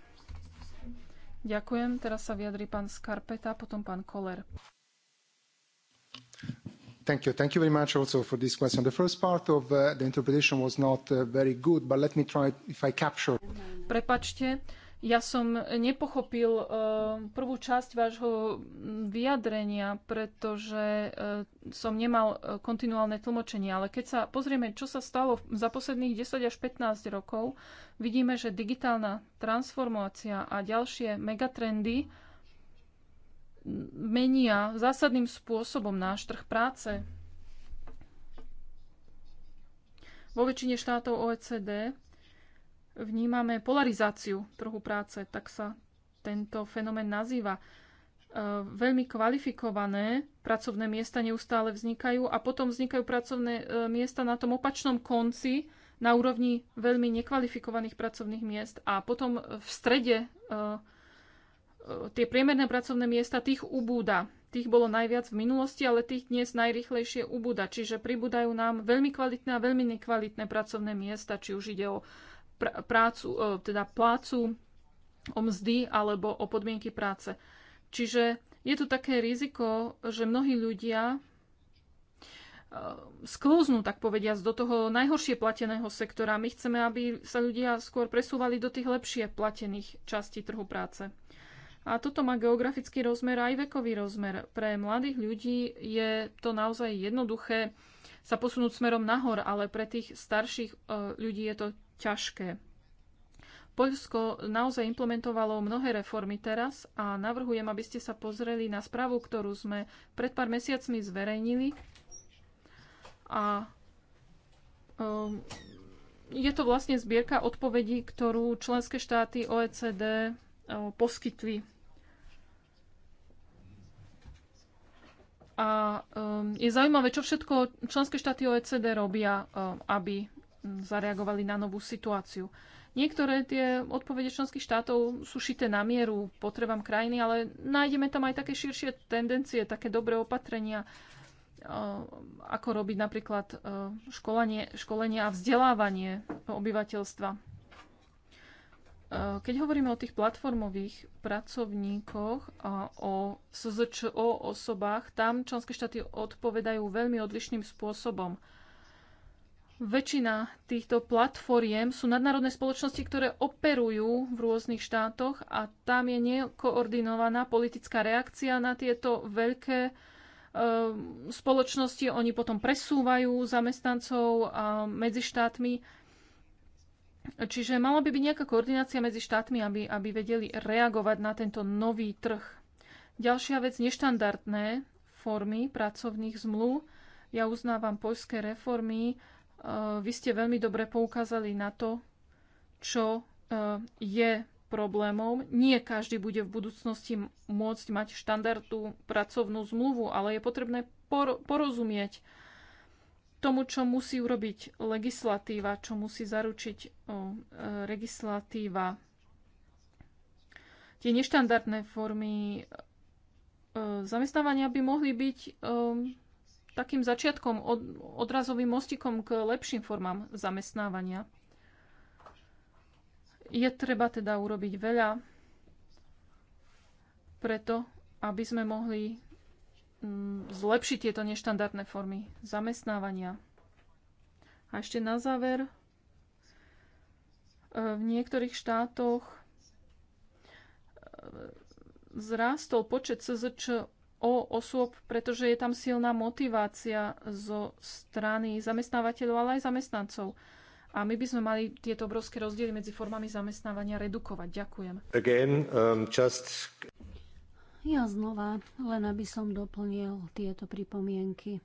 Ďakujem. Teraz sa vyjadri pán Skarpeta, potom pán Koller. Thank you. Thank you very much also for this question. The first part of uh, the interpretation was not uh, very good, but let me try if I capture. Prepačte, ja som nepochopil eh, prvú časť vášho vyjadrenia, pretože eh, som nemal eh, kontinuálne tlmočenie, ale keď sa pozrieme, čo sa stalo za posledných 10 až 15 rokov, vidíme, že digitálna transformácia a ďalšie megatrendy menia zásadným spôsobom náš trh práce. Vo väčšine štátov OECD vnímame polarizáciu trhu práce, tak sa tento fenomén nazýva. E, veľmi kvalifikované pracovné miesta neustále vznikajú a potom vznikajú pracovné e, miesta na tom opačnom konci, na úrovni veľmi nekvalifikovaných pracovných miest a potom v strede e, tie priemerné pracovné miesta, tých ubúda. Tých bolo najviac v minulosti, ale tých dnes najrychlejšie ubúda. Čiže pribúdajú nám veľmi kvalitné a veľmi nekvalitné pracovné miesta, či už ide o pr- prácu, e, teda plácu, o mzdy alebo o podmienky práce. Čiže je tu také riziko, že mnohí ľudia e, sklúznú, tak povediať, do toho najhoršie plateného sektora. My chceme, aby sa ľudia skôr presúvali do tých lepšie platených častí trhu práce. A toto má geografický rozmer aj vekový rozmer. Pre mladých ľudí je to naozaj jednoduché sa posunúť smerom nahor, ale pre tých starších e, ľudí je to ťažké. Poľsko naozaj implementovalo mnohé reformy teraz a navrhujem, aby ste sa pozreli na správu, ktorú sme pred pár mesiacmi zverejnili. A um, je to vlastne zbierka odpovedí, ktorú členské štáty OECD um, uh, poskytli. A um, je zaujímavé, čo všetko členské štáty OECD robia, um, aby zareagovali na novú situáciu. Niektoré tie odpovede členských štátov sú šité na mieru potrebám krajiny, ale nájdeme tam aj také širšie tendencie, také dobré opatrenia, e, ako robiť napríklad e, školenie, školenie a vzdelávanie obyvateľstva. E, keď hovoríme o tých platformových pracovníkoch a o SZČO osobách, tam členské štáty odpovedajú veľmi odlišným spôsobom. Väčšina týchto platformiem sú nadnárodné spoločnosti, ktoré operujú v rôznych štátoch a tam je nekoordinovaná politická reakcia na tieto veľké eh, spoločnosti. Oni potom presúvajú zamestnancov a eh, medzi štátmi. Čiže mala by byť nejaká koordinácia medzi štátmi, aby, aby vedeli reagovať na tento nový trh. Ďalšia vec, neštandardné formy pracovných zmluv. Ja uznávam poľské reformy, vy ste veľmi dobre poukázali na to, čo e, je problémom. Nie každý bude v budúcnosti môcť mať štandardnú pracovnú zmluvu, ale je potrebné porozumieť tomu, čo musí urobiť legislatíva, čo musí zaručiť e, legislatíva. Tie neštandardné formy e, zamestnávania by mohli byť takým začiatkom, od, odrazovým mostikom k lepším formám zamestnávania. Je treba teda urobiť veľa preto, aby sme mohli mm, zlepšiť tieto neštandardné formy zamestnávania. A ešte na záver, e, v niektorých štátoch e, zrástol počet SZČ o osôb, pretože je tam silná motivácia zo strany zamestnávateľov, ale aj zamestnancov. A my by sme mali tieto obrovské rozdiely medzi formami zamestnávania redukovať. Ďakujem. Again, um, just... Ja znova, len aby som doplnil tieto pripomienky.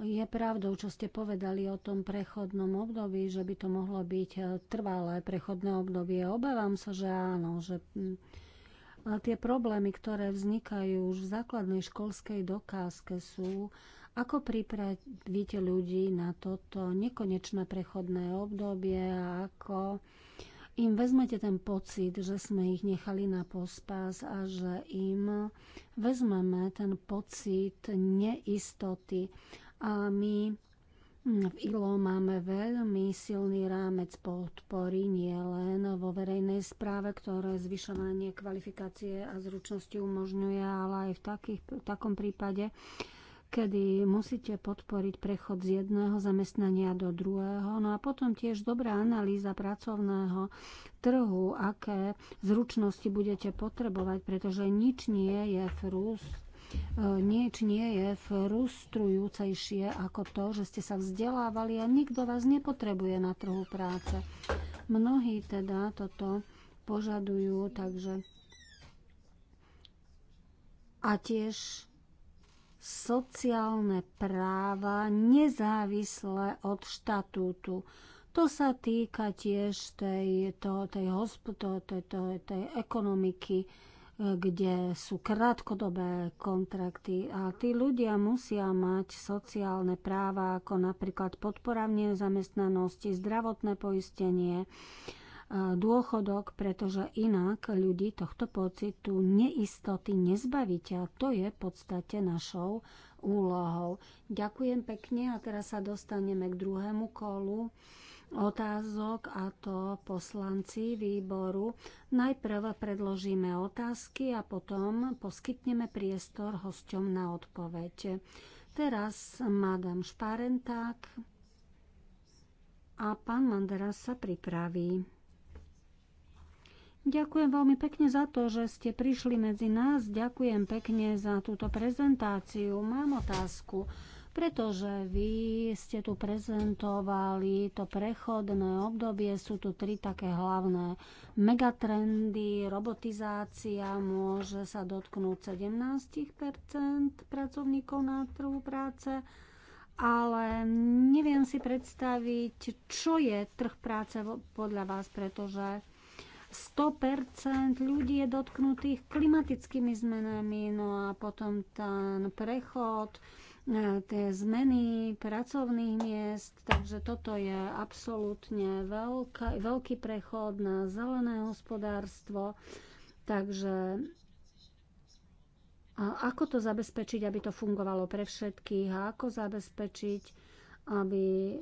Je pravdou, čo ste povedali o tom prechodnom období, že by to mohlo byť eh, trvalé prechodné obdobie. Obávam sa, že áno, že hm, tie problémy, ktoré vznikajú už v základnej školskej dokázke sú, ako pripraviť ľudí na toto nekonečné prechodné obdobie a ako im vezmete ten pocit, že sme ich nechali na pospas a že im vezmeme ten pocit neistoty. A my v hm, ILO máme veľmi silný rámec podpory, nie len vo verejnej správe, ktoré zvyšovanie kvalifikácie a zručnosti umožňuje, ale aj v, takých, v takom prípade, kedy musíte podporiť prechod z jedného zamestnania do druhého. No a potom tiež dobrá analýza pracovného trhu, aké zručnosti budete potrebovať, pretože nič nie je frust E, nič nie je frustrujúcejšie ako to, že ste sa vzdelávali a nikto vás nepotrebuje na trhu práce. Mnohí teda toto požadujú, takže a tiež sociálne práva nezávisle od štatútu. To sa týka tiež tej, to, tej, hosp- to, tej, tej, tej ekonomiky, kde sú krátkodobé kontrakty a tí ľudia musia mať sociálne práva ako napríklad podpora v nezamestnanosti, zdravotné poistenie, dôchodok, pretože inak ľudí tohto pocitu neistoty nezbavíte a to je v podstate našou úlohou. Ďakujem pekne a teraz sa dostaneme k druhému kolu otázok, a to poslanci výboru. Najprv predložíme otázky a potom poskytneme priestor hosťom na odpoveď. Teraz madam Šparenták a pán Mandera sa pripraví. Ďakujem veľmi pekne za to, že ste prišli medzi nás. Ďakujem pekne za túto prezentáciu. Mám otázku pretože vy ste tu prezentovali to prechodné obdobie, sú tu tri také hlavné megatrendy, robotizácia môže sa dotknúť 17 pracovníkov na trhu práce, ale neviem si predstaviť, čo je trh práce podľa vás, pretože 100% ľudí je dotknutých klimatickými zmenami, no a potom ten prechod E, tie zmeny pracovných miest, takže toto je absolútne veľká, veľký prechod na zelené hospodárstvo. Takže a ako to zabezpečiť, aby to fungovalo pre všetkých a ako zabezpečiť, aby e,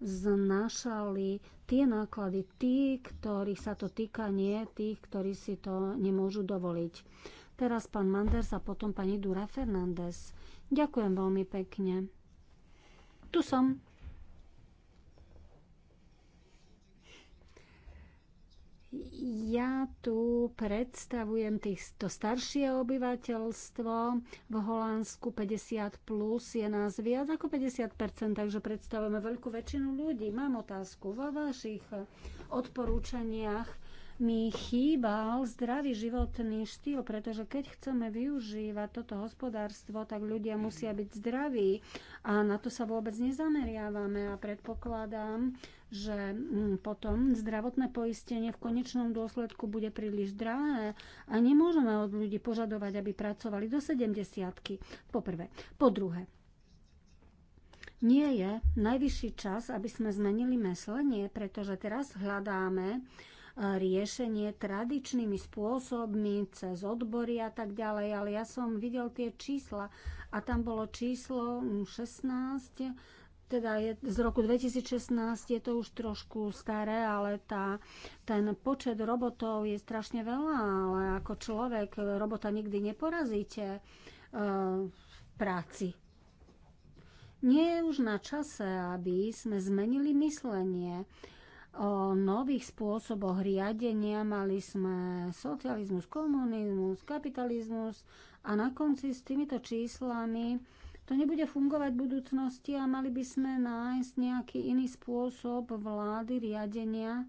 znašali tie náklady tí, ktorých sa to týka, nie tých, ktorí si to nemôžu dovoliť. Teraz pán Manders a potom pani Dura Fernández. Ďakujem veľmi pekne. Tu som. Ja tu predstavujem to staršie obyvateľstvo. V Holandsku 50 plus je nás viac ako 50%, takže predstavujeme veľkú väčšinu ľudí. Mám otázku. Vo vašich odporúčaniach mi chýbal zdravý životný štýl, pretože keď chceme využívať toto hospodárstvo, tak ľudia musia byť zdraví a na to sa vôbec nezameriavame a predpokladám, že mm, potom zdravotné poistenie v konečnom dôsledku bude príliš drahé a nemôžeme od ľudí požadovať, aby pracovali do 70 po prvé. Po druhé, nie je najvyšší čas, aby sme zmenili myslenie, pretože teraz hľadáme uh, riešenie tradičnými spôsobmi, cez odbory a tak ďalej, ale ja som videl tie čísla a tam bolo číslo 16 no, teda je, z roku 2016 je to už trošku staré, ale tá, ten počet robotov je strašne veľa, ale ako človek robota nikdy neporazíte e, v práci. Nie je už na čase, aby sme zmenili myslenie o nových spôsoboch riadenia. Mali sme socializmus, komunizmus, kapitalizmus a na konci s týmito číslami to nebude fungovať v budúcnosti a mali by sme nájsť nejaký iný spôsob vlády riadenia,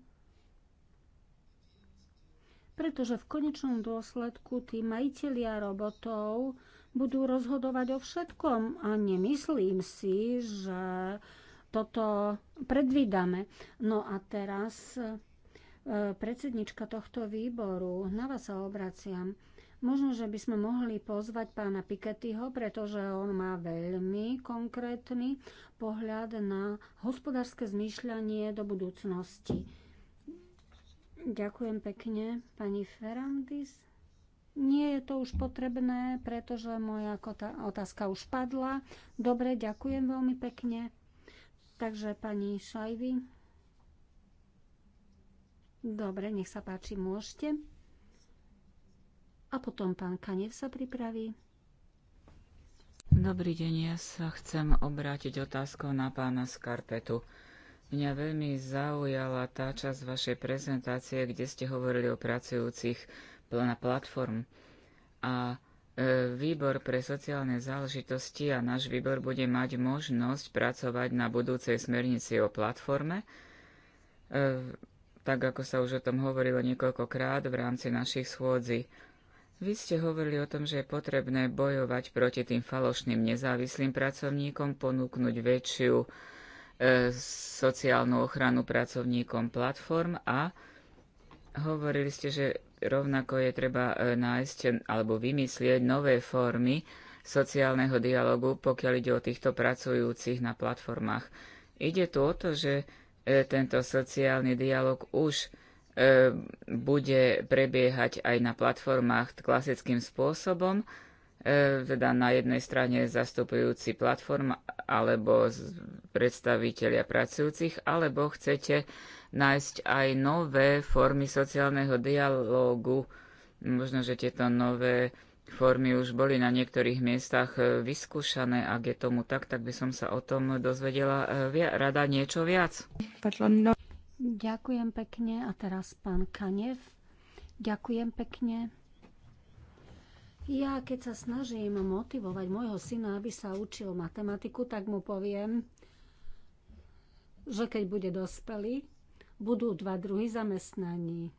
pretože v konečnom dôsledku tí majitelia robotov budú rozhodovať o všetkom a nemyslím si, že toto predvídame. No a teraz e, predsednička tohto výboru, na vás sa obraciam. Možno, že by sme mohli pozvať pána Pikettyho, pretože on má veľmi konkrétny pohľad na hospodárske zmýšľanie do budúcnosti. Ďakujem pekne, pani Ferrandis. Nie je to už potrebné, pretože moja otázka už padla. Dobre, ďakujem veľmi pekne. Takže pani Šajvy. Dobre, nech sa páči, môžete. A potom pán Kanev sa pripraví. Dobrý deň, ja sa chcem obrátiť otázkou na pána Skarpetu. Mňa veľmi zaujala tá časť vašej prezentácie, kde ste hovorili o pracujúcich na platform. A E, výbor pre sociálne záležitosti a náš výbor bude mať možnosť pracovať na budúcej smernici o platforme, e, tak ako sa už o tom hovorilo niekoľkokrát v rámci našich schôdzi. Vy ste hovorili o tom, že je potrebné bojovať proti tým falošným nezávislým pracovníkom, ponúknuť väčšiu e, sociálnu ochranu pracovníkom platform a hovorili ste, že Rovnako je treba e, nájsť alebo vymyslieť nové formy sociálneho dialogu, pokiaľ ide o týchto pracujúcich na platformách. Ide tu o to, že e, tento sociálny dialog už e, bude prebiehať aj na platformách klasickým spôsobom, teda na jednej strane zastupujúci platform alebo predstavitelia pracujúcich, alebo chcete nájsť aj nové formy sociálneho dialógu. Možno, že tieto nové formy už boli na niektorých miestach e, vyskúšané. Ak je tomu tak, tak by som sa o tom dozvedela e, rada niečo viac. Ďakujem pekne. A teraz pán Kanev. Ďakujem pekne. Ja keď sa snažím motivovať môjho syna, aby sa učil matematiku, tak mu poviem, že keď bude dospelý, budú dva druhy zamestnaní. E,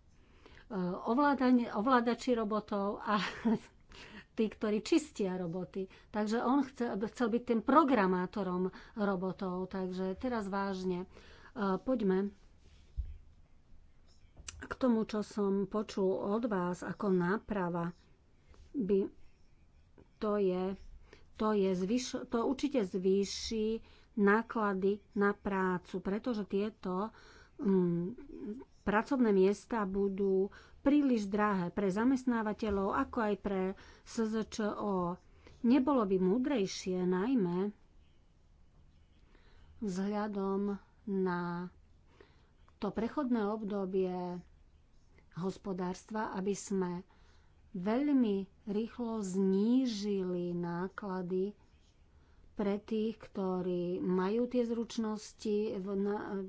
ovládači robotov a [laughs] tí, ktorí čistia roboty. Takže on chcel, chcel byť tým programátorom robotov. Takže teraz vážne. E, poďme k tomu, čo som počul od vás ako náprava. By, to, je, to, je zvyš, to určite zvýši náklady na prácu, pretože tieto Mm, pracovné miesta budú príliš drahé pre zamestnávateľov, ako aj pre SZČO. Nebolo by múdrejšie najmä vzhľadom na to prechodné obdobie hospodárstva, aby sme veľmi rýchlo znížili náklady pre tých, ktorí majú tie zručnosti v, na,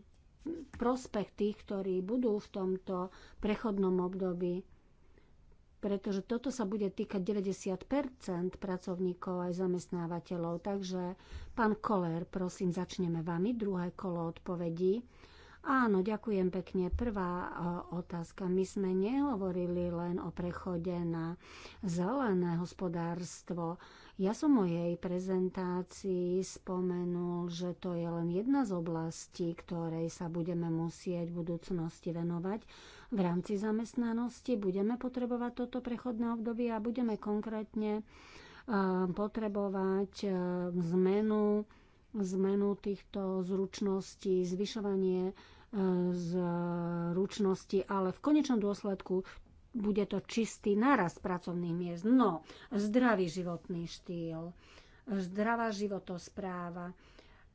prospech tých, ktorí budú v tomto prechodnom období, pretože toto sa bude týkať 90 pracovníkov aj zamestnávateľov. Takže, pán Koler, prosím, začneme vami druhé kolo odpovedí. Áno, ďakujem pekne. Prvá e, otázka. My sme nehovorili len o prechode na zelené hospodárstvo. Ja som mojej prezentácii spomenul, že to je len jedna z oblastí, ktorej sa budeme musieť v budúcnosti venovať. V rámci zamestnanosti budeme potrebovať toto prechodné obdobie a budeme konkrétne e, potrebovať e, zmenu, zmenu týchto zručností, zvyšovanie e, zručnosti, ale v konečnom dôsledku bude to čistý naraz pracovných miest. No, zdravý životný štýl, zdravá životospráva.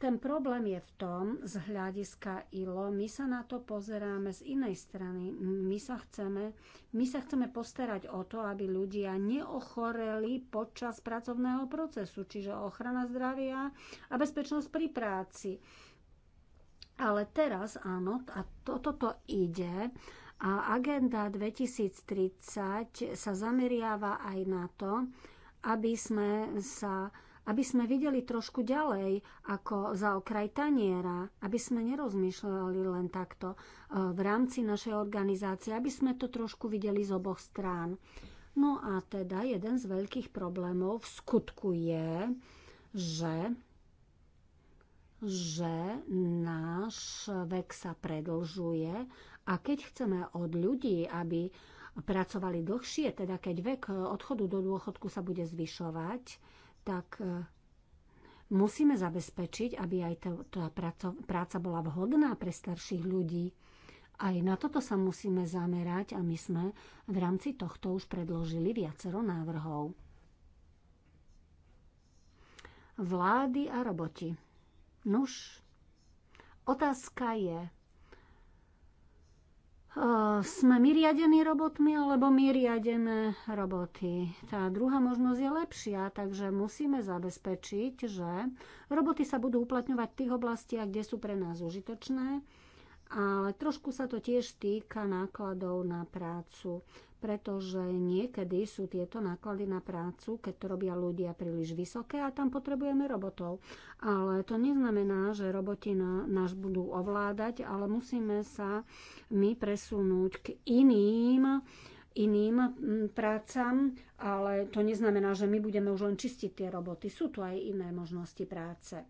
Ten problém je v tom, z hľadiska ILO, my sa na to pozeráme z inej strany. My sa chceme, my sa chceme postarať o to, aby ľudia neochoreli počas pracovného procesu, čiže ochrana zdravia a bezpečnosť pri práci. Ale teraz áno, a to, toto ide a agenda 2030 sa zameriava aj na to, aby sme sa aby sme videli trošku ďalej ako za okraj taniera, aby sme nerozmýšľali len takto e, v rámci našej organizácie, aby sme to trošku videli z oboch strán. No a teda jeden z veľkých problémov v skutku je, že že náš vek sa predlžuje a keď chceme od ľudí, aby pracovali dlhšie, teda keď vek odchodu do dôchodku sa bude zvyšovať, tak e, musíme zabezpečiť, aby aj tá práca bola vhodná pre starších ľudí. Aj na toto sa musíme zamerať a my sme v rámci tohto už predložili viacero návrhov. Vlády a roboti. Nuž, otázka je, sme my riadení robotmi alebo my riadené roboty. Tá druhá možnosť je lepšia, takže musíme zabezpečiť, že roboty sa budú uplatňovať v tých oblastiach, kde sú pre nás užitočné, ale trošku sa to tiež týka nákladov na prácu pretože niekedy sú tieto náklady na prácu, keď to robia ľudia príliš vysoké a tam potrebujeme robotov. Ale to neznamená, že roboti nás budú ovládať, ale musíme sa my presunúť k iným iným mm, prácam, ale to neznamená, že my budeme už len čistiť tie roboty. Sú tu aj iné možnosti práce e,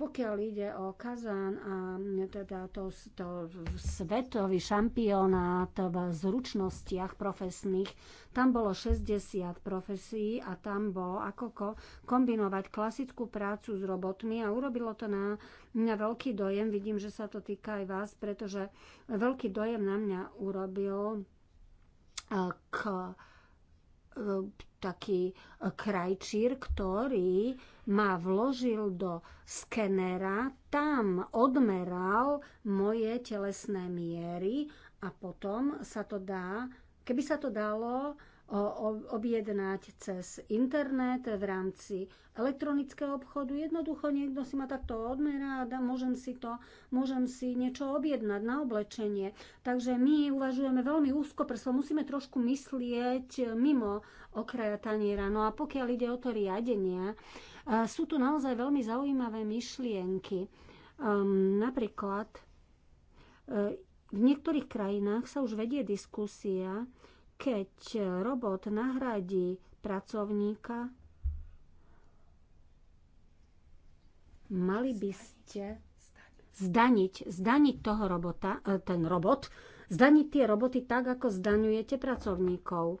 pokiaľ ide o Kazán a teda to, to svetový šampionát v zručnostiach profesných, tam bolo 60 profesí a tam bolo ako kombinovať klasickú prácu s robotmi a urobilo to na mňa veľký dojem. Vidím, že sa to týka aj vás, pretože veľký dojem na mňa urobil e, k, e, taký krajčír, ktorý ma vložil do skenera, tam odmeral moje telesné miery a potom sa to dá, keby sa to dalo objednať cez internet v rámci elektronického obchodu. Jednoducho niekto si ma takto odmerá a dá, môžem, si to, môžem si niečo objednať na oblečenie. Takže my uvažujeme veľmi úzko, preto musíme trošku myslieť mimo okraja taniera. No a pokiaľ ide o to riadenie, sú tu naozaj veľmi zaujímavé myšlienky. Ehm, napríklad e, v niektorých krajinách sa už vedie diskusia, keď robot nahradí pracovníka, mali by ste zdaniť, zdaniť toho robota, e, ten robot, zdaniť tie roboty tak, ako zdaňujete pracovníkov.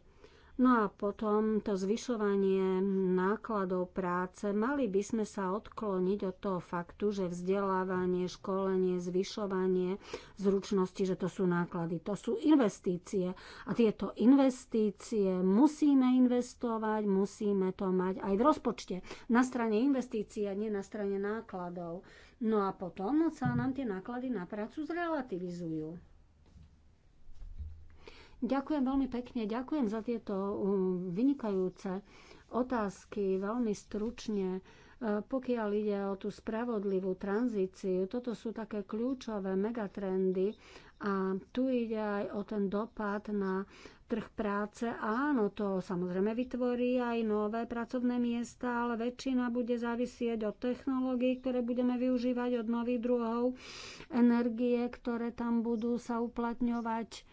No a potom to zvyšovanie nákladov práce. Mali by sme sa odkloniť od toho faktu, že vzdelávanie, školenie, zvyšovanie zručnosti, že to sú náklady, to sú investície. A tieto investície musíme investovať, musíme to mať aj v rozpočte. Na strane investícií a nie na strane nákladov. No a potom sa nám tie náklady na prácu zrelativizujú. Ďakujem veľmi pekne, ďakujem za tieto vynikajúce otázky veľmi stručne. E, pokiaľ ide o tú spravodlivú tranzíciu, toto sú také kľúčové megatrendy a tu ide aj o ten dopad na trh práce. Áno, to samozrejme vytvorí aj nové pracovné miesta, ale väčšina bude závisieť od technológií, ktoré budeme využívať, od nových druhov energie, ktoré tam budú sa uplatňovať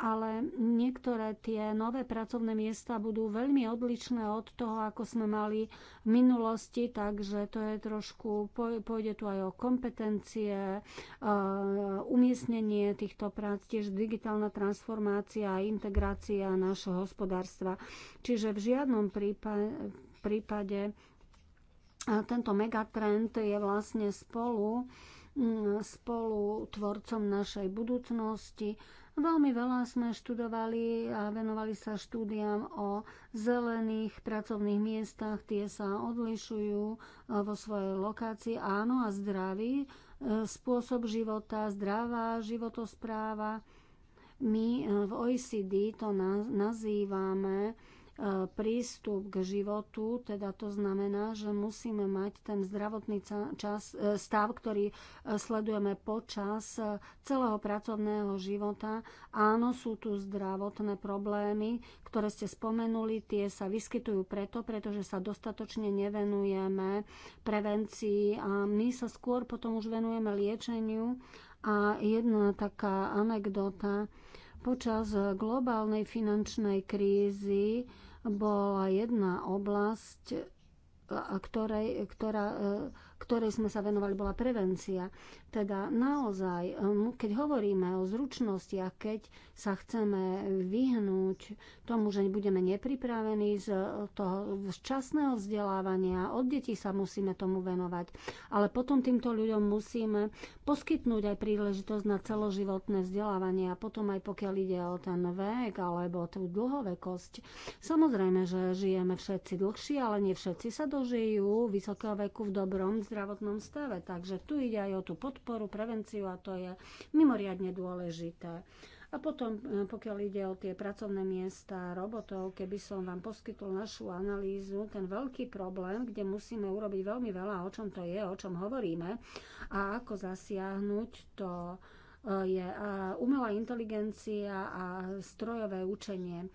ale niektoré tie nové pracovné miesta budú veľmi odlišné od toho, ako sme mali v minulosti, takže to je trošku, pôjde tu aj o kompetencie, e, umiestnenie týchto prác, tiež digitálna transformácia a integrácia nášho hospodárstva. Čiže v žiadnom prípade, prípade tento megatrend je vlastne spolu spolu tvorcom našej budúcnosti Veľmi veľa sme študovali a venovali sa štúdiam o zelených pracovných miestach. Tie sa odlišujú e, vo svojej lokácii. Áno, a zdravý e, spôsob života, zdravá životospráva. My e, v OECD to nazývame E, prístup k životu, teda to znamená, že musíme mať ten zdravotný čas, e, stav, ktorý e, sledujeme počas celého pracovného života. Áno, sú tu zdravotné problémy, ktoré ste spomenuli, tie sa vyskytujú preto, pretože sa dostatočne nevenujeme prevencii a my sa skôr potom už venujeme liečeniu. A jedna taká anekdota, počas globálnej finančnej krízy bola jedna oblasť, ktorej, ktorá e, ktorej sme sa venovali, bola prevencia. Teda naozaj, keď hovoríme o zručnostiach, keď sa chceme vyhnúť tomu, že budeme nepripravení z e, toho včasného vzdelávania, od detí sa musíme tomu venovať. Ale potom týmto ľuďom musíme poskytnúť aj príležitosť na celoživotné vzdelávanie a potom aj pokiaľ ide o ten vek alebo tú dlhovekosť. Samozrejme, že žijeme všetci dlhšie, ale nie všetci sa dožijú vysokého veku v dobrom zdravotnom stave. Takže tu ide aj o tú podporu, prevenciu a to je mimoriadne dôležité. A potom, e, pokiaľ ide o tie pracovné miesta robotov, keby som vám poskytol našu analýzu, ten veľký problém, kde musíme urobiť veľmi veľa, o čom to je, o čom hovoríme a ako zasiahnuť to e, je umelá inteligencia a strojové učenie.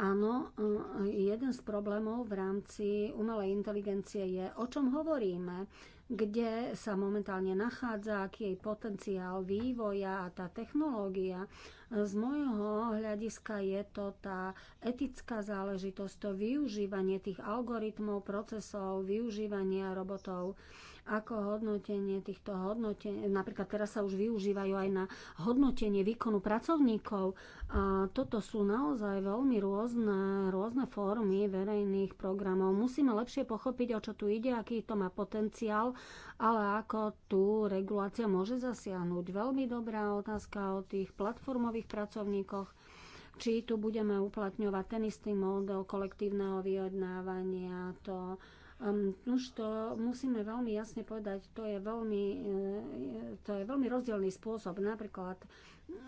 Áno, e, jeden z problémov v rámci umelej inteligencie je, o čom hovoríme, kde sa momentálne nachádza, aký je potenciál vývoja a tá technológia. Z môjho hľadiska je to tá etická záležitosť, to využívanie tých algoritmov, procesov, využívania robotov ako hodnotenie týchto hodnotení, napríklad teraz sa už využívajú aj na hodnotenie výkonu pracovníkov. A toto sú naozaj veľmi rôzne, rôzne formy verejných programov. Musíme lepšie pochopiť, o čo tu ide, aký to má potenciál, ale ako tu regulácia môže zasiahnuť. Veľmi dobrá otázka o tých platformových pracovníkoch či tu budeme uplatňovať ten istý model kolektívneho vyjednávania, to už to musíme veľmi jasne povedať, to je veľmi, e, e, to je veľmi rozdielný spôsob. Napríklad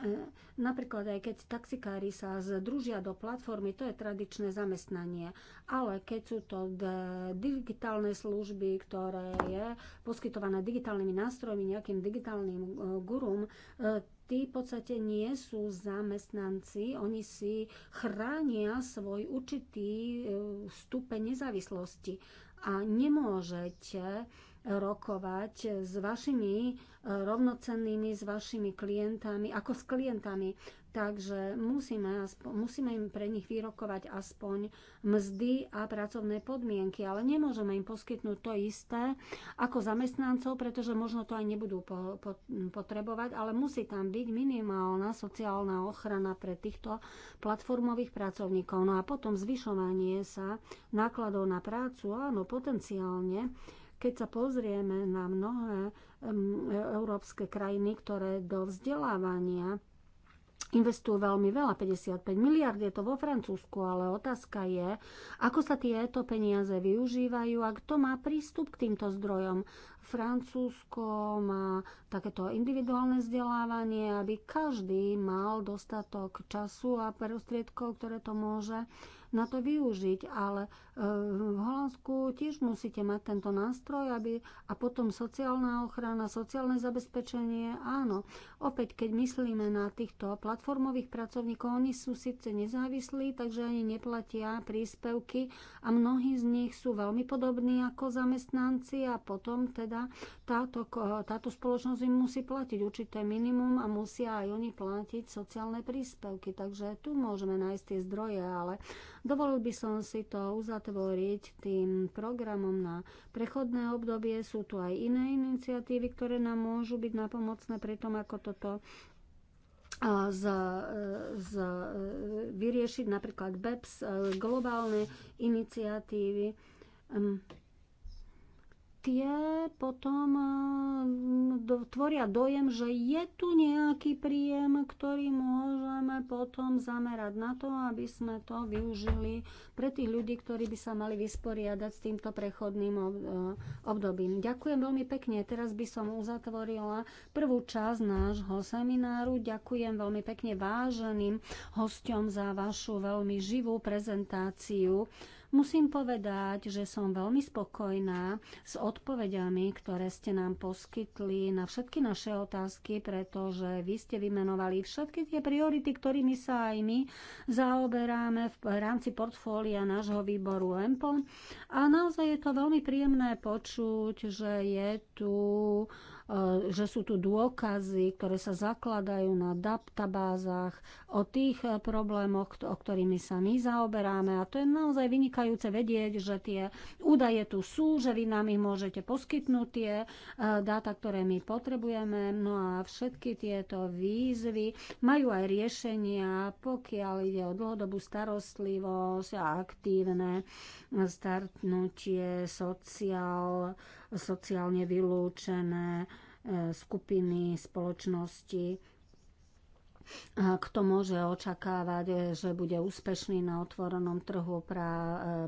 e, Napríklad aj keď taxikári sa združia do platformy, to je tradičné zamestnanie. Ale keď sú to digitálne služby, ktoré je poskytované digitálnymi nástrojmi, nejakým digitálnym gurum, tí v podstate nie sú zamestnanci, oni si chránia svoj určitý stupeň nezávislosti a nemôžete rokovať s vašimi eh, rovnocennými, s vašimi klientami, ako s klientami. Takže musíme, musíme im pre nich vyrokovať aspoň mzdy a pracovné podmienky, ale nemôžeme im poskytnúť to isté ako zamestnancov, pretože možno to aj nebudú po, po, potrebovať, ale musí tam byť minimálna sociálna ochrana pre týchto platformových pracovníkov. No a potom zvyšovanie sa nákladov na prácu, áno, potenciálne keď sa pozrieme na mnohé e, európske krajiny, ktoré do vzdelávania investujú veľmi veľa, 55 miliard je to vo Francúzsku, ale otázka je, ako sa tieto peniaze využívajú a kto má prístup k týmto zdrojom. Francúzsko má takéto individuálne vzdelávanie, aby každý mal dostatok času a prostriedkov, ktoré to môže na to využiť, ale e, v Holandsku tiež musíte mať tento nástroj aby, a potom sociálna ochrana, sociálne zabezpečenie, áno. Opäť, keď myslíme na týchto platformových pracovníkov, oni sú síce nezávislí, takže ani neplatia príspevky a mnohí z nich sú veľmi podobní ako zamestnanci a potom teda táto, táto spoločnosť im musí platiť určité minimum a musia aj oni platiť sociálne príspevky. Takže tu môžeme nájsť tie zdroje, ale Dovolil by som si to uzatvoriť tým programom na prechodné obdobie. Sú tu aj iné iniciatívy, ktoré nám môžu byť napomocné pri tom, ako toto z, e, z, e, vyriešiť napríklad BEPS, e, globálne iniciatívy tie potom e, tvoria dojem, že je tu nejaký príjem, ktorý môžeme potom zamerať na to, aby sme to využili pre tých ľudí, ktorí by sa mali vysporiadať s týmto prechodným e, obdobím. Ďakujem veľmi pekne. Teraz by som uzatvorila prvú časť nášho semináru. Ďakujem veľmi pekne váženým hostom za vašu veľmi živú prezentáciu. Musím povedať, že som veľmi spokojná s odpovediami, ktoré ste nám poskytli na všetky naše otázky, pretože vy ste vymenovali všetky tie priority, ktorými sa aj my zaoberáme v rámci portfólia nášho výboru EMPO. A naozaj je to veľmi príjemné počuť, že je tu E, že sú tu dôkazy, ktoré sa zakladajú na databázach o tých e, problémoch, o ktorými sa my zaoberáme. A to je naozaj vynikajúce vedieť, že tie údaje tu sú, že vy nám ich môžete poskytnúť tie e, dáta, ktoré my potrebujeme. No a všetky tieto výzvy majú aj riešenia, pokiaľ ide o dlhodobú starostlivosť a aktívne startnutie, sociál, sociálne vylúčené e, skupiny spoločnosti e, kto môže očakávať, e, že bude úspešný na otvorenom trhu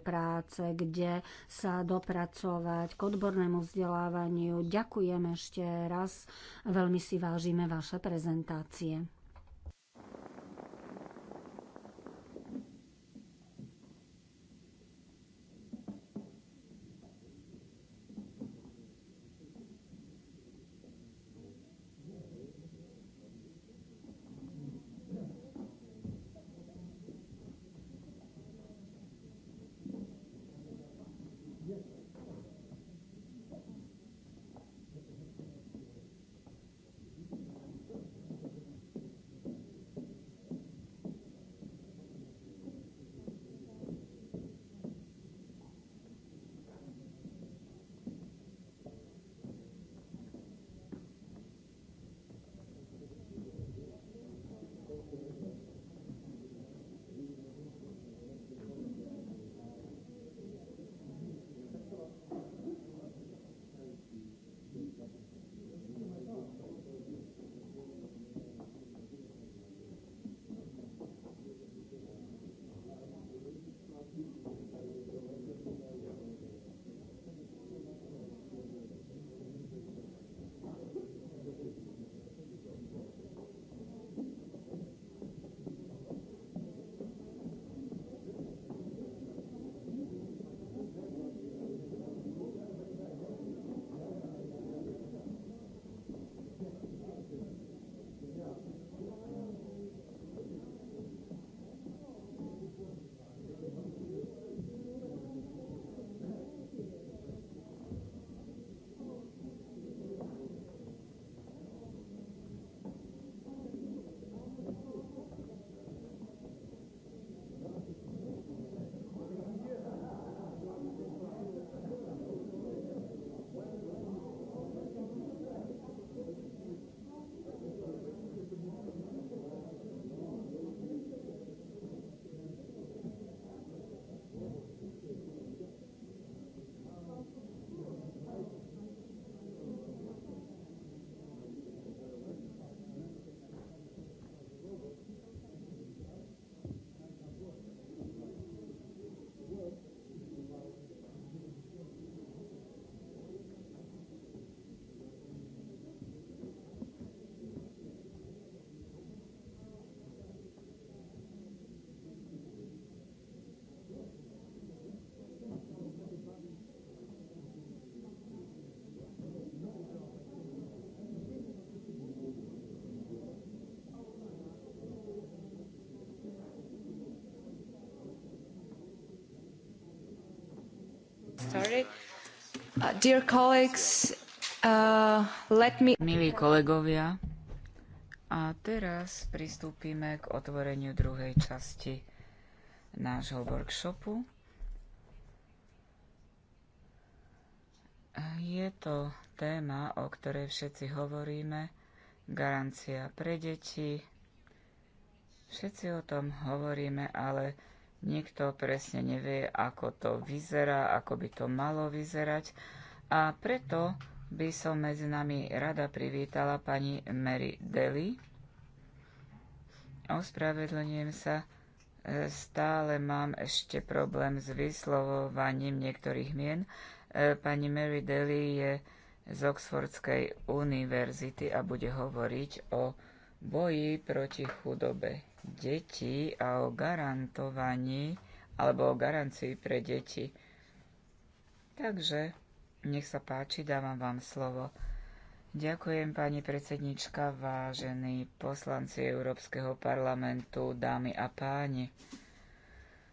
práce, kde sa dopracovať k odbornému vzdelávaniu. Ďakujem ešte raz, veľmi si vážime vaše prezentácie. Uh, uh, Milí kolegovia, a teraz pristúpime k otvoreniu druhej časti nášho workshopu. Je to téma, o ktorej všetci hovoríme, garancia pre deti. Všetci o tom hovoríme, ale Nikto presne nevie, ako to vyzerá, ako by to malo vyzerať a preto by som medzi nami rada privítala pani Mary Daly. Ospravedlňujem sa, e, stále mám ešte problém s vyslovovaním niektorých mien. E, pani Mary Daly je z Oxfordskej univerzity a bude hovoriť o boji proti chudobe detí a o garantovaní alebo o garancii pre deti. Takže, nech sa páči, dávam vám slovo. Ďakujem, pani predsednička, vážení poslanci Európskeho parlamentu, dámy a páni.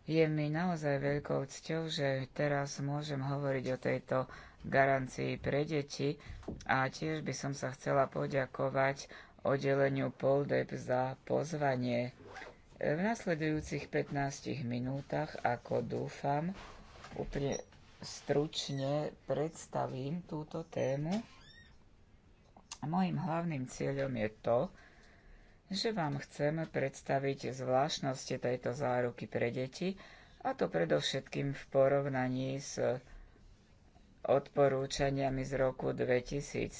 Je mi naozaj veľkou cťou, že teraz môžem hovoriť o tejto garancii pre deti a tiež by som sa chcela poďakovať oddeleniu Poldep za pozvanie. V nasledujúcich 15 minútach, ako dúfam, úplne stručne predstavím túto tému. Mojím hlavným cieľom je to, že vám chcem predstaviť zvláštnosti tejto záruky pre deti, a to predovšetkým v porovnaní s odporúčaniami z roku 2013,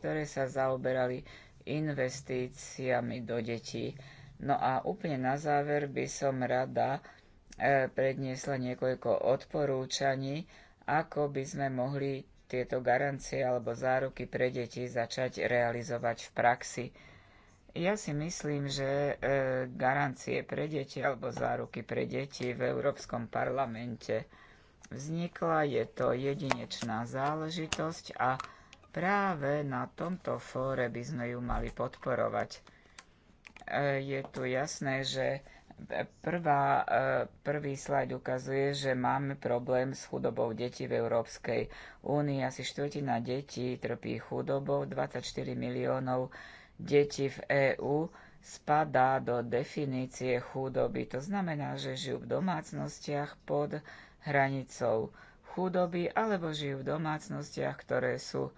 ktoré sa zaoberali investíciami do detí. No a úplne na záver by som rada e, predniesla niekoľko odporúčaní, ako by sme mohli tieto garancie alebo záruky pre deti začať realizovať v praxi. Ja si myslím, že e, garancie pre deti alebo záruky pre deti v Európskom parlamente vznikla, je to jedinečná záležitosť a Práve na tomto fóre by sme ju mali podporovať. E, je tu jasné, že prvá, e, prvý slajd ukazuje, že máme problém s chudobou detí v Európskej únii. Asi štvrtina detí trpí chudobou, 24 miliónov detí v EÚ spadá do definície chudoby. To znamená, že žijú v domácnostiach pod hranicou chudoby alebo žijú v domácnostiach, ktoré sú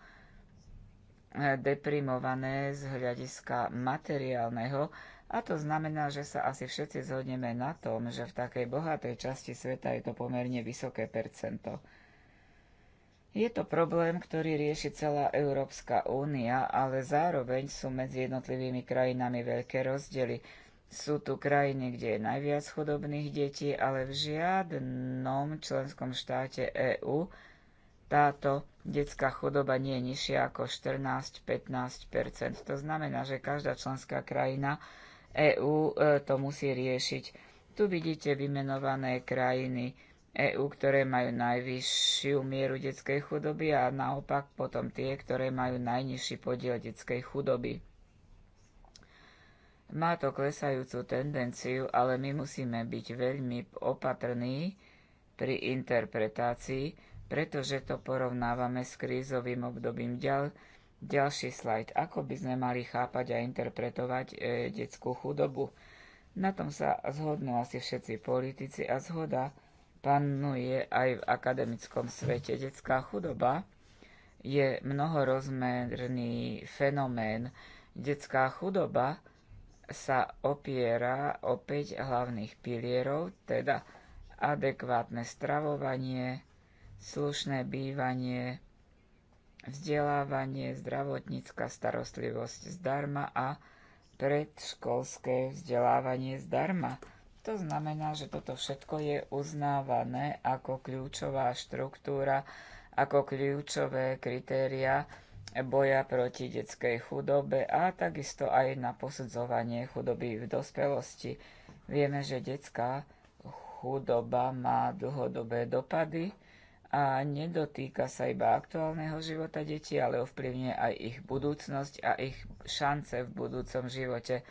deprimované z hľadiska materiálneho, a to znamená, že sa asi všetci zhodneme na tom, že v takej bohatej časti sveta je to pomerne vysoké percento. Je to problém, ktorý rieši celá Európska únia, ale zároveň sú medzi jednotlivými krajinami veľké rozdiely. Sú tu krajiny, kde je najviac chudobných detí, ale v žiadnom členskom štáte EÚ táto detská chudoba nie je nižšia ako 14-15 To znamená, že každá členská krajina EÚ e, to musí riešiť. Tu vidíte vymenované krajiny EÚ, ktoré majú najvyššiu mieru detskej chudoby a naopak potom tie, ktoré majú najnižší podiel detskej chudoby. Má to klesajúcu tendenciu, ale my musíme byť veľmi opatrní pri interpretácii, pretože to porovnávame s krízovým obdobím. Ďal, ďalší slajd. Ako by sme mali chápať a interpretovať e, detskú chudobu? Na tom sa zhodnú asi všetci politici a zhoda panuje aj v akademickom svete. Detská chudoba je mnohorozmerný fenomén. Detská chudoba sa opiera o 5 hlavných pilierov, teda adekvátne stravovanie, slušné bývanie, vzdelávanie, zdravotnícka starostlivosť zdarma a predškolské vzdelávanie zdarma. To znamená, že toto všetko je uznávané ako kľúčová štruktúra, ako kľúčové kritéria boja proti detskej chudobe a takisto aj na posudzovanie chudoby v dospelosti. Vieme, že detská chudoba má dlhodobé dopady a nedotýka sa iba aktuálneho života detí, ale ovplyvňuje aj ich budúcnosť a ich šance v budúcom živote.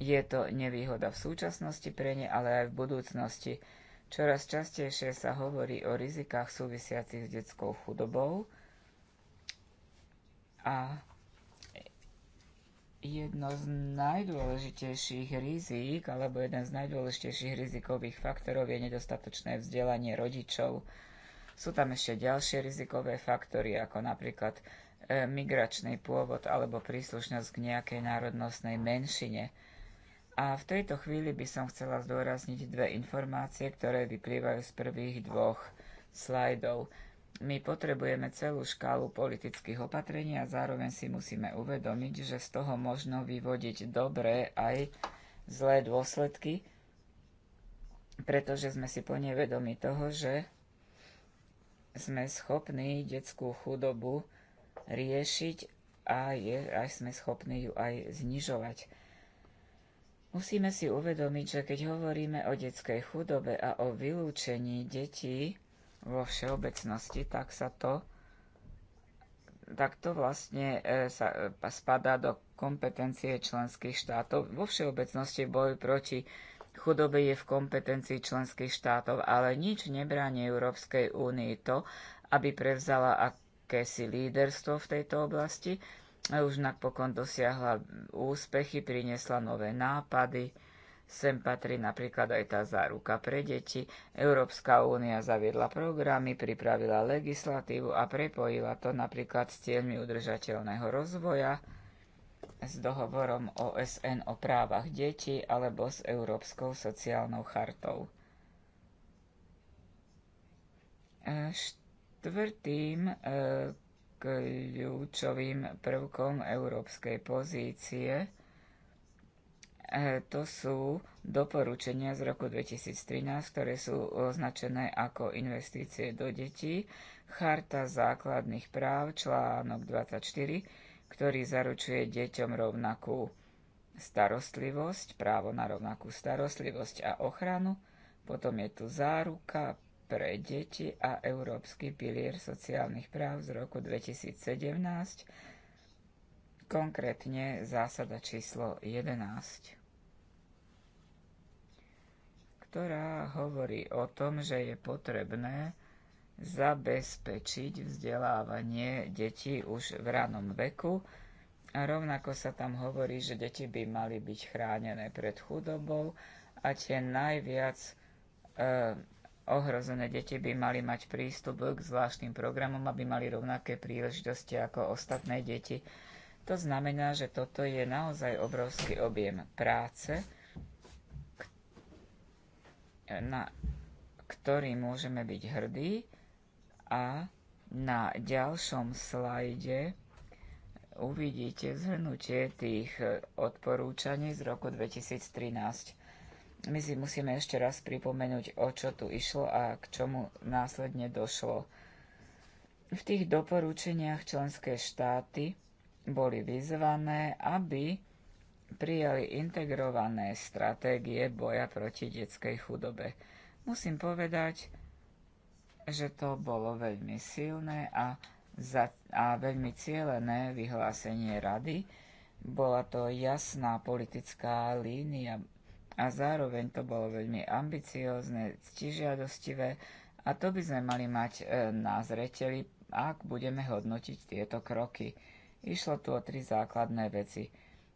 Je to nevýhoda v súčasnosti pre ne, ale aj v budúcnosti. Čoraz častejšie sa hovorí o rizikách súvisiacich s detskou chudobou a jedno z najdôležitejších rizik alebo jeden z najdôležitejších rizikových faktorov je nedostatočné vzdelanie rodičov. Sú tam ešte ďalšie rizikové faktory, ako napríklad e, migračný pôvod alebo príslušnosť k nejakej národnostnej menšine. A v tejto chvíli by som chcela zdôrazniť dve informácie, ktoré vyplývajú z prvých dvoch slajdov. My potrebujeme celú škálu politických opatrení a zároveň si musíme uvedomiť, že z toho možno vyvodiť dobré aj zlé dôsledky, pretože sme si plne vedomi toho, že sme schopní detskú chudobu riešiť a je, aj sme schopní ju aj znižovať. Musíme si uvedomiť, že keď hovoríme o detskej chudobe a o vylúčení detí vo všeobecnosti, tak sa to tak to vlastne e, sa e, spadá do kompetencie členských štátov vo všeobecnosti boj proti chudoby je v kompetencii členských štátov, ale nič nebráni Európskej únii to, aby prevzala akési líderstvo v tejto oblasti a už napokon dosiahla úspechy, priniesla nové nápady. Sem patrí napríklad aj tá záruka pre deti. Európska únia zaviedla programy, pripravila legislatívu a prepojila to napríklad s cieľmi udržateľného rozvoja s dohovorom OSN o právach detí alebo s Európskou sociálnou chartou. E, štvrtým e, kľúčovým prvkom európskej pozície e, to sú doporučenia z roku 2013, ktoré sú označené ako investície do detí, Charta základných práv, článok 24, ktorý zaručuje deťom rovnakú starostlivosť, právo na rovnakú starostlivosť a ochranu. Potom je tu záruka pre deti a Európsky pilier sociálnych práv z roku 2017, konkrétne zásada číslo 11 ktorá hovorí o tom, že je potrebné zabezpečiť vzdelávanie detí už v ranom veku. A rovnako sa tam hovorí, že deti by mali byť chránené pred chudobou a tie najviac e, ohrozené deti by mali mať prístup k zvláštnym programom, aby mali rovnaké príležitosti ako ostatné deti. To znamená, že toto je naozaj obrovský objem práce, na ktorý môžeme byť hrdí a na ďalšom slajde uvidíte zhrnutie tých odporúčaní z roku 2013. My si musíme ešte raz pripomenúť, o čo tu išlo a k čomu následne došlo. V tých doporúčeniach členské štáty boli vyzvané, aby prijali integrované stratégie boja proti detskej chudobe. Musím povedať, že to bolo veľmi silné a, za, a veľmi cielené vyhlásenie rady. Bola to jasná politická línia a zároveň to bolo veľmi ambiciózne, ctižiadostivé a to by sme mali mať e, na zreteli, ak budeme hodnotiť tieto kroky. Išlo tu o tri základné veci.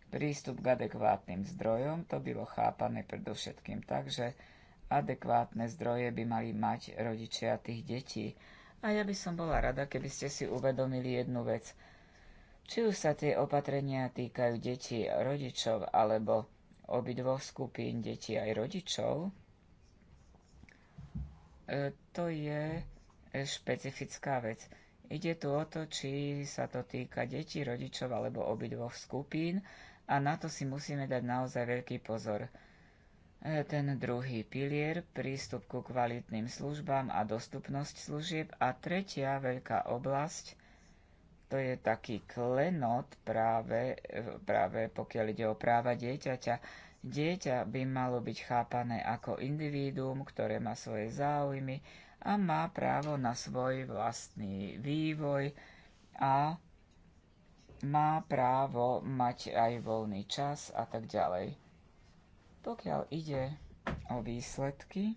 Prístup k adekvátnym zdrojom, to bylo chápané predovšetkým tak, že adekvátne zdroje by mali mať rodičia tých detí. A ja by som bola rada, keby ste si uvedomili jednu vec. Či už sa tie opatrenia týkajú detí rodičov alebo obidvoch skupín detí aj rodičov, e, to je e, špecifická vec. Ide tu o to, či sa to týka detí, rodičov alebo obidvoch skupín a na to si musíme dať naozaj veľký pozor. E, ten druhý pilier, prístup ku kvalitným službám a dostupnosť služieb a tretia veľká oblasť, to je taký klenot práve, e, práve pokiaľ ide o práva dieťaťa. Dieťa by malo byť chápané ako individuum, ktoré má svoje záujmy a má právo na svoj vlastný vývoj a má právo mať aj voľný čas a tak ďalej pokiaľ ide o výsledky,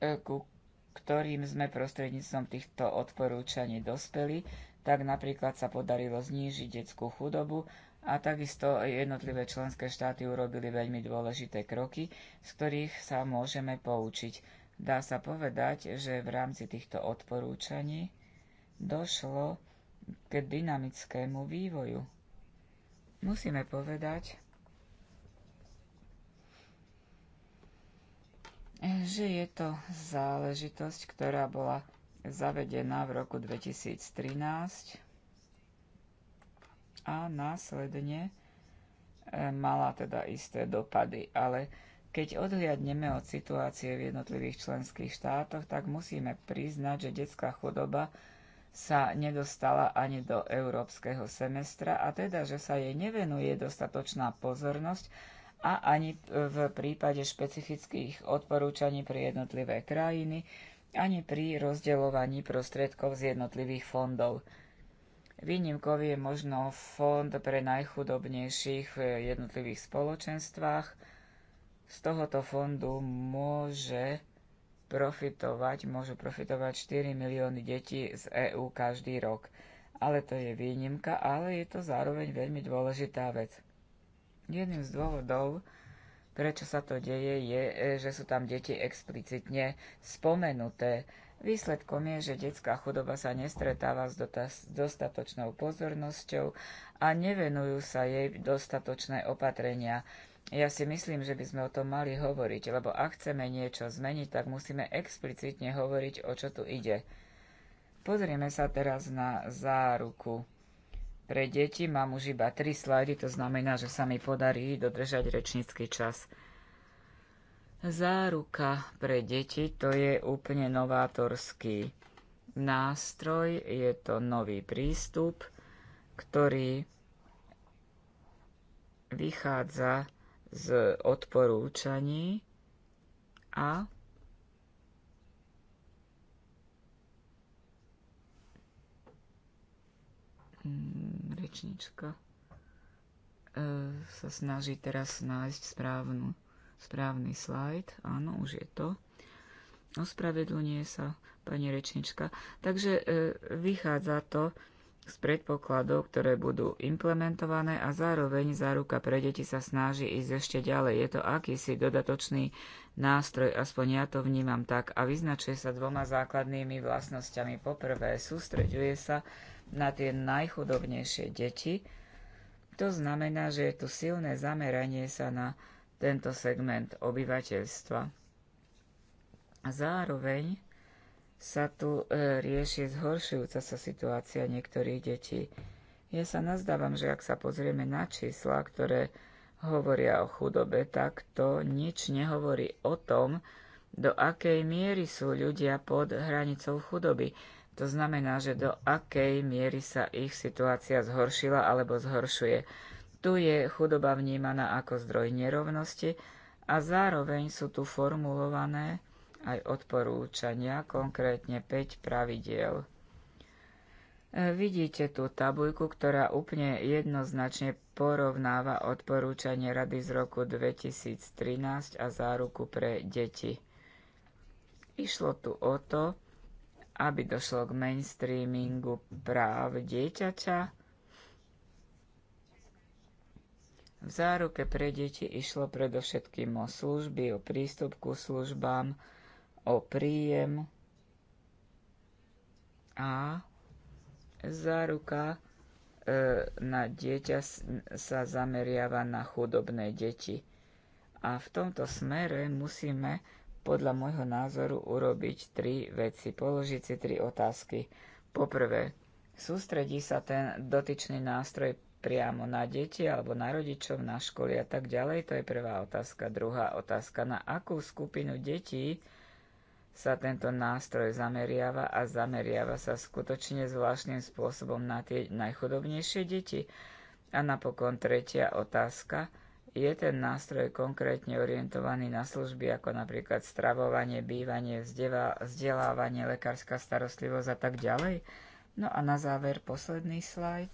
e, ku ktorým sme prostredníctvom týchto odporúčaní dospeli, tak napríklad sa podarilo znížiť detskú chudobu a takisto jednotlivé členské štáty urobili veľmi dôležité kroky, z ktorých sa môžeme poučiť. Dá sa povedať, že v rámci týchto odporúčaní došlo k dynamickému vývoju musíme povedať, že je to záležitosť, ktorá bola zavedená v roku 2013 a následne e, mala teda isté dopady. Ale keď odhliadneme od situácie v jednotlivých členských štátoch, tak musíme priznať, že detská chudoba sa nedostala ani do európskeho semestra a teda, že sa jej nevenuje dostatočná pozornosť a ani v prípade špecifických odporúčaní pre jednotlivé krajiny, ani pri rozdeľovaní prostriedkov z jednotlivých fondov. Výnimkov je možno fond pre najchudobnejších v jednotlivých spoločenstvách. Z tohoto fondu môže profitovať, môžu profitovať 4 milióny detí z EÚ každý rok. Ale to je výnimka, ale je to zároveň veľmi dôležitá vec. Jedným z dôvodov, prečo sa to deje, je, že sú tam deti explicitne spomenuté. Výsledkom je, že detská chudoba sa nestretáva s dostatočnou pozornosťou a nevenujú sa jej dostatočné opatrenia. Ja si myslím, že by sme o tom mali hovoriť, lebo ak chceme niečo zmeniť, tak musíme explicitne hovoriť, o čo tu ide. Pozrieme sa teraz na záruku. Pre deti mám už iba tri slajdy, to znamená, že sa mi podarí dodržať rečnícky čas. Záruka pre deti to je úplne novátorský nástroj, je to nový prístup, ktorý vychádza z odporúčaní a mm, rečnička e, sa snaží teraz nájsť správnu, správny slajd. Áno, už je to. Ospravedlňuje sa pani rečnička. Takže e, vychádza to z predpokladov, ktoré budú implementované a zároveň záruka pre deti sa snaží ísť ešte ďalej. Je to akýsi dodatočný nástroj, aspoň ja to vnímam tak, a vyznačuje sa dvoma základnými vlastnosťami. Poprvé, sústreďuje sa na tie najchudobnejšie deti. To znamená, že je tu silné zameranie sa na tento segment obyvateľstva. Zároveň sa tu e, rieši zhoršujúca sa situácia niektorých detí. Ja sa nazdávam, že ak sa pozrieme na čísla, ktoré hovoria o chudobe, tak to nič nehovorí o tom, do akej miery sú ľudia pod hranicou chudoby. To znamená, že do akej miery sa ich situácia zhoršila alebo zhoršuje. Tu je chudoba vnímaná ako zdroj nerovnosti a zároveň sú tu formulované aj odporúčania, konkrétne 5 pravidiel. E, vidíte tú tabuľku, ktorá úplne jednoznačne porovnáva odporúčanie Rady z roku 2013 a záruku pre deti. Išlo tu o to, aby došlo k mainstreamingu práv dieťaťa. V záruke pre deti išlo predovšetkým o služby, o prístup ku službám, o príjem a záruka e, na dieťa sa zameriava na chudobné deti. A v tomto smere musíme podľa môjho názoru urobiť tri veci, položiť si tri otázky. Poprvé, sústredí sa ten dotyčný nástroj priamo na deti alebo na rodičov, na školy a tak ďalej? To je prvá otázka. Druhá otázka, na akú skupinu detí sa tento nástroj zameriava a zameriava sa skutočne zvláštnym spôsobom na tie najchudobnejšie deti. A napokon tretia otázka. Je ten nástroj konkrétne orientovaný na služby ako napríklad stravovanie, bývanie, vzdelávanie, lekárska starostlivosť a tak ďalej? No a na záver posledný slajd.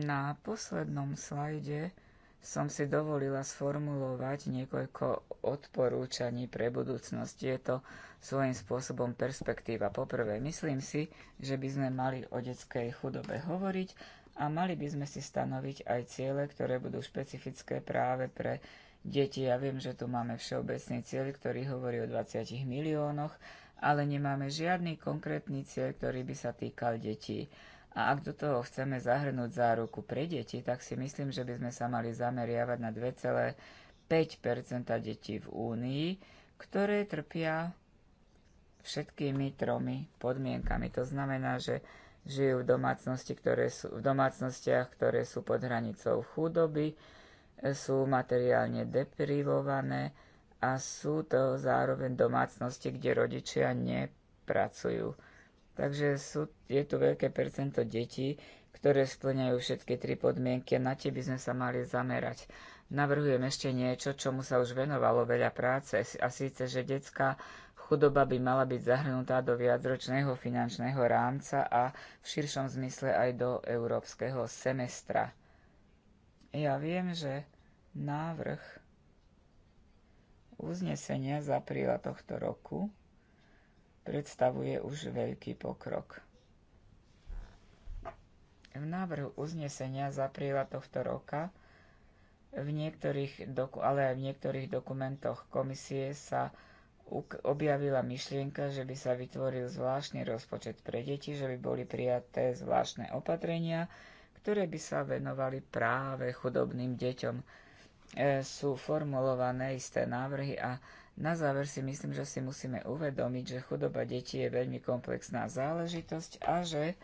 Na poslednom slajde som si dovolila sformulovať niekoľko odporúčaní pre budúcnosť. Je to svojím spôsobom perspektíva. Poprvé, myslím si, že by sme mali o detskej chudobe hovoriť a mali by sme si stanoviť aj ciele, ktoré budú špecifické práve pre deti. Ja viem, že tu máme všeobecný cieľ, ktorý hovorí o 20 miliónoch, ale nemáme žiadny konkrétny cieľ, ktorý by sa týkal detí. A ak do toho chceme zahrnúť záruku pre deti, tak si myslím, že by sme sa mali zameriavať na 2,5 detí v Únii, ktoré trpia všetkými tromi podmienkami. To znamená, že žijú v, domácnosti, ktoré sú, v domácnostiach, ktoré sú pod hranicou chudoby, sú materiálne deprivované a sú to zároveň domácnosti, kde rodičia nepracujú. Takže sú, je tu veľké percento detí, ktoré splňajú všetky tri podmienky a na tie by sme sa mali zamerať. Navrhujem ešte niečo, čomu sa už venovalo veľa práce, a síce, že detská chudoba by mala byť zahrnutá do viacročného finančného rámca a v širšom zmysle aj do európskeho semestra. Ja viem, že návrh uznesenia z apríla tohto roku predstavuje už veľký pokrok. V návrhu uznesenia z apríla tohto roka, v niektorých doku, ale aj v niektorých dokumentoch komisie sa objavila myšlienka, že by sa vytvoril zvláštny rozpočet pre deti, že by boli prijaté zvláštne opatrenia, ktoré by sa venovali práve chudobným deťom. E, sú formulované isté návrhy a na záver si myslím, že si musíme uvedomiť, že chudoba detí je veľmi komplexná záležitosť a že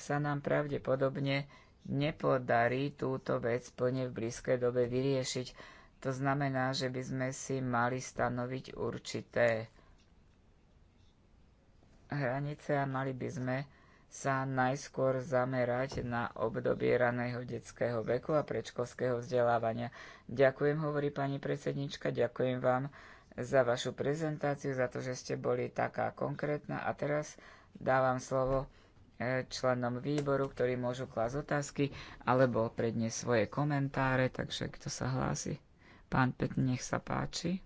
sa nám pravdepodobne nepodarí túto vec plne v blízkej dobe vyriešiť. To znamená, že by sme si mali stanoviť určité hranice a mali by sme sa najskôr zamerať na obdobie raného detského veku a predškolského vzdelávania. Ďakujem, hovorí pani predsednička, ďakujem vám za vašu prezentáciu, za to, že ste boli taká konkrétna. A teraz dávam slovo e, členom výboru, ktorí môžu klásť otázky alebo predniesť svoje komentáre. Takže kto sa hlási? Pán Pet, nech sa páči.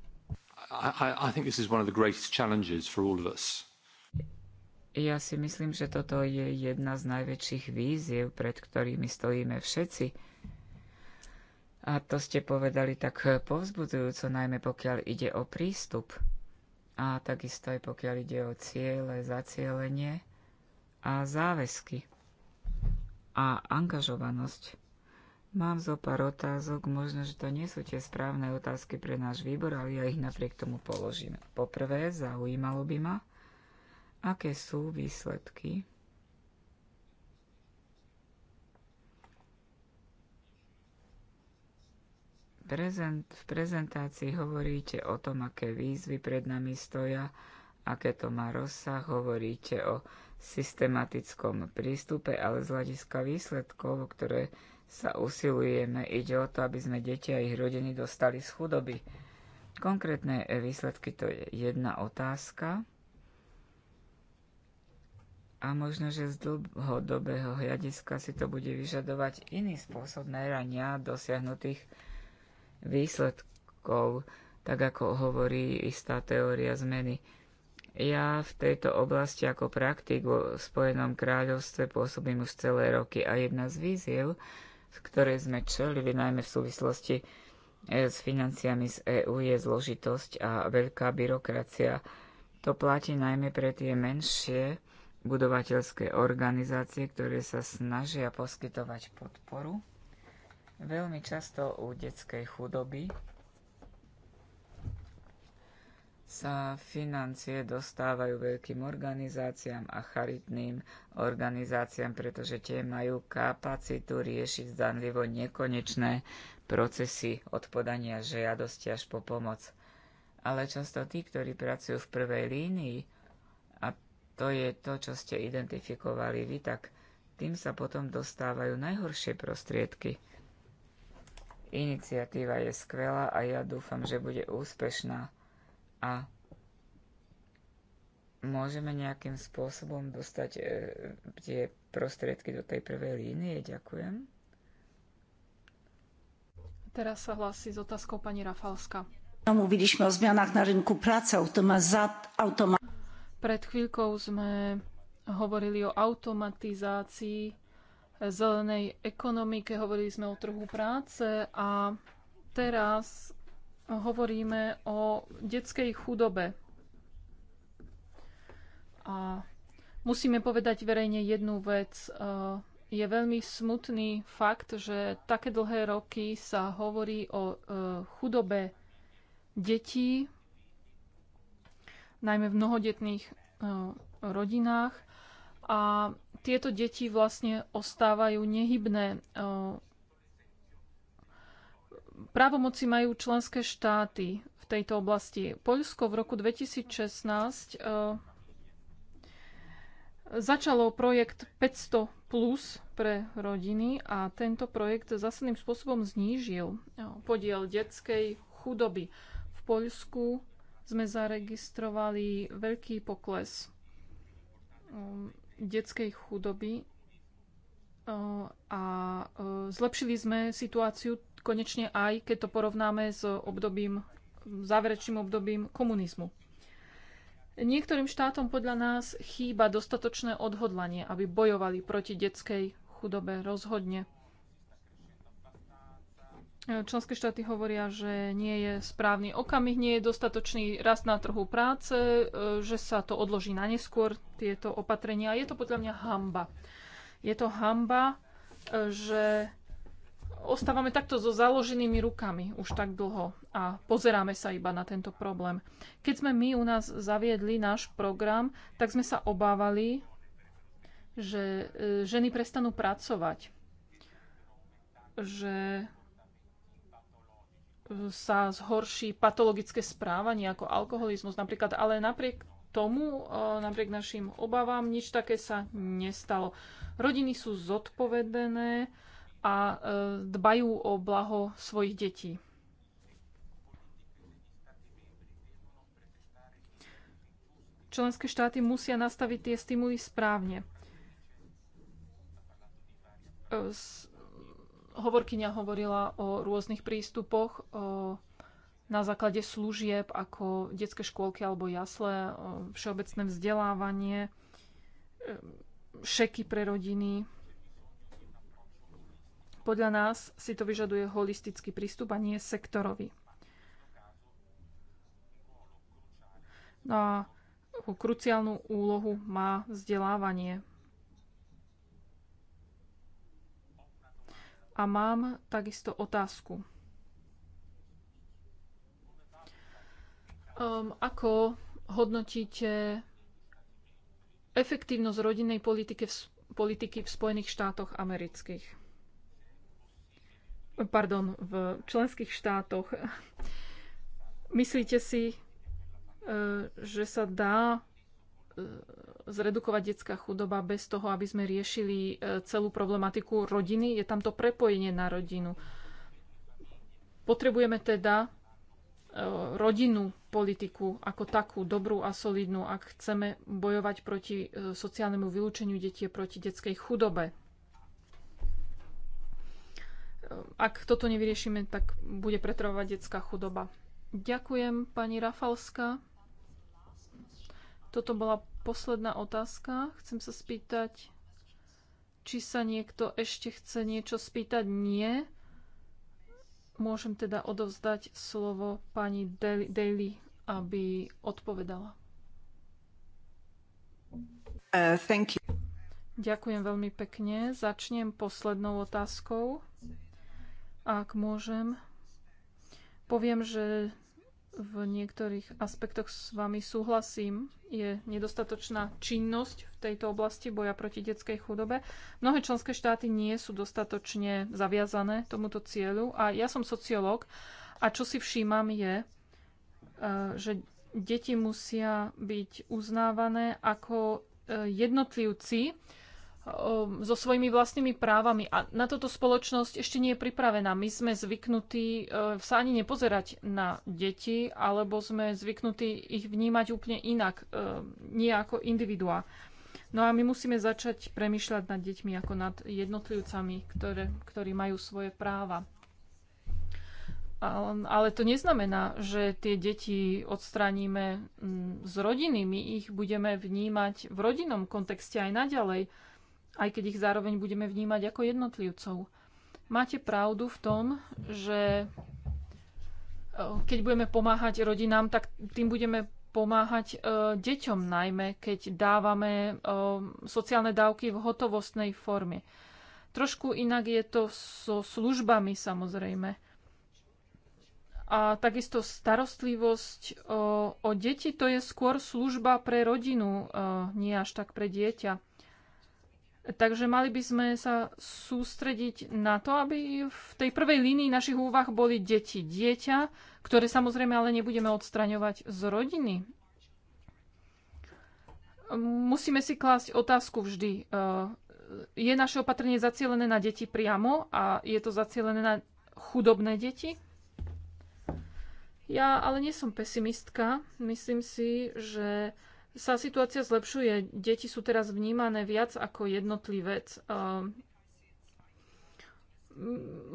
Ja si myslím, že toto je jedna z najväčších víziev, pred ktorými stojíme všetci a to ste povedali tak povzbudzujúco, najmä pokiaľ ide o prístup. A takisto aj pokiaľ ide o ciele, zacielenie a záväzky. A angažovanosť. Mám zo pár otázok, možno, že to nie sú tie správne otázky pre náš výbor, ale ja ich napriek tomu položím. Poprvé, zaujímalo by ma, aké sú výsledky prezent, v prezentácii hovoríte o tom, aké výzvy pred nami stoja, aké to má rozsah, hovoríte o systematickom prístupe, ale z hľadiska výsledkov, o ktoré sa usilujeme, ide o to, aby sme deti a ich rodiny dostali z chudoby. Konkrétne výsledky to je jedna otázka. A možno, že z dlhodobého hľadiska si to bude vyžadovať iný spôsob merania dosiahnutých výsledkov, tak ako hovorí istá teória zmeny. Ja v tejto oblasti ako praktik vo Spojenom kráľovstve pôsobím už celé roky a jedna z víziev, ktorej sme čelili najmä v súvislosti e, s financiami z EÚ je zložitosť a veľká byrokracia. To platí najmä pre tie menšie budovateľské organizácie, ktoré sa snažia poskytovať podporu Veľmi často u detskej chudoby sa financie dostávajú veľkým organizáciám a charitným organizáciám, pretože tie majú kapacitu riešiť zdanlivo nekonečné procesy od podania žiadosti až po pomoc. Ale často tí, ktorí pracujú v prvej línii, a to je to, čo ste identifikovali vy, tak tým sa potom dostávajú najhoršie prostriedky. Iniciatíva je skvelá a ja dúfam, že bude úspešná. A môžeme nejakým spôsobom dostať e, tie prostriedky do tej prvej línie? Ďakujem. Teraz sa hlási s otázkou pani Rafalska. sme o zmianách na rynku práce, automat... Pred chvíľkou sme hovorili o automatizácii zelenej ekonomike, hovorili sme o trhu práce a teraz hovoríme o detskej chudobe. A musíme povedať verejne jednu vec. E, je veľmi smutný fakt, že také dlhé roky sa hovorí o e, chudobe detí, najmä v mnohodetných e, rodinách a tieto deti vlastne ostávajú nehybné. E, právomoci majú členské štáty v tejto oblasti. Poľsko v roku 2016 e, začalo projekt 500 plus pre rodiny a tento projekt zásadným spôsobom znížil e, podiel detskej chudoby. V Poľsku sme zaregistrovali veľký pokles detskej chudoby eh, a eh, zlepšili sme situáciu konečne aj, keď to porovnáme s obdobím, záverečným obdobím komunizmu. Niektorým štátom podľa nás chýba dostatočné odhodlanie, aby bojovali proti detskej chudobe rozhodne. Členské štáty hovoria, že nie je správny okamih, nie je dostatočný rast na trhu práce, e, že sa to odloží na neskôr, tieto opatrenia. Je to podľa mňa hamba. Je to hamba, e, že ostávame takto so založenými rukami už tak dlho a pozeráme sa iba na tento problém. Keď sme my u nás zaviedli náš program, tak sme sa obávali, že e, ženy prestanú pracovať, že sa zhorší patologické správanie ako alkoholizmus napríklad, ale napriek tomu, e, napriek našim obavám, nič také sa nestalo. Rodiny sú zodpovedené a e, dbajú o blaho svojich detí. Členské štáty musia nastaviť tie stimuly správne. E, Hovorkyňa hovorila o rôznych prístupoch o, na základe služieb ako detské škôlky alebo jasle, všeobecné vzdelávanie, e, šeky pre rodiny. Podľa nás si to vyžaduje holistický prístup a nie sektorový. No a kruciálnu úlohu má vzdelávanie A mám takisto otázku. Um, ako hodnotíte efektívnosť rodinnej politiky v, politiky v Spojených štátoch amerických? Pardon, v členských štátoch. [laughs] Myslíte si, eh, že sa dá eh, zredukovať detská chudoba bez toho, aby sme riešili e, celú problematiku rodiny. Je tam to prepojenie na rodinu. Potrebujeme teda e, rodinnú politiku ako takú, dobrú a solidnú, ak chceme bojovať proti e, sociálnemu vylúčeniu detí, proti detskej chudobe. Ak toto nevyriešime, tak bude pretrvovať detská chudoba. Ďakujem, pani Rafalská. Toto bola posledná otázka. Chcem sa spýtať, či sa niekto ešte chce niečo spýtať. Nie. Môžem teda odovzdať slovo pani Daly, aby odpovedala. Uh, thank you. Ďakujem veľmi pekne. Začnem poslednou otázkou. Ak môžem, poviem, že v niektorých aspektoch s vami súhlasím. Je nedostatočná činnosť v tejto oblasti boja proti detskej chudobe. Mnohé členské štáty nie sú dostatočne zaviazané tomuto cieľu. A ja som sociológ a čo si všímam je, e, že deti musia byť uznávané ako e, jednotlivci, Um, so svojimi vlastnými právami. A na toto spoločnosť ešte nie je pripravená. My sme zvyknutí uh, sa ani nepozerať na deti, alebo sme zvyknutí ich vnímať úplne inak, um, nie ako individuá. No a my musíme začať premyšľať nad deťmi ako nad jednotlivcami, ktoré, ktorí majú svoje práva. Um, ale to neznamená, že tie deti odstraníme mm, z rodiny. My ich budeme vnímať v rodinnom kontexte aj naďalej aj keď ich zároveň budeme vnímať ako jednotlivcov. Máte pravdu v tom, že e, keď budeme pomáhať rodinám, tak tým budeme pomáhať e, deťom najmä, keď dávame e, sociálne dávky v hotovostnej forme. Trošku inak je to so službami samozrejme. A takisto starostlivosť o, o deti to je skôr služba pre rodinu, nie až tak pre dieťa. Takže mali by sme sa sústrediť na to, aby v tej prvej línii našich úvah boli deti. Dieťa, ktoré samozrejme ale nebudeme odstraňovať z rodiny. Musíme si klásť otázku vždy. E, je naše opatrenie zacielené na deti priamo a je to zacielené na chudobné deti? Ja ale nie som pesimistka. Myslím si, že sa situácia zlepšuje. Deti sú teraz vnímané viac ako jednotlivec.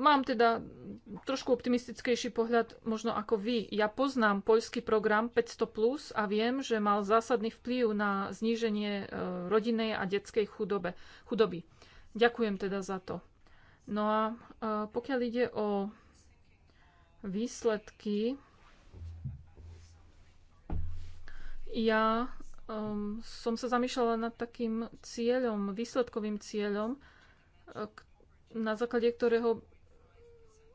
Mám teda trošku optimistickejší pohľad možno ako vy. Ja poznám poľský program 500 plus a viem, že mal zásadný vplyv na zníženie e, rodinnej a detskej chudobe, chudoby. Ďakujem teda za to. No a e, pokiaľ ide o výsledky, ja um, som sa zamýšľala nad takým cieľom, výsledkovým cieľom, e, na základe ktorého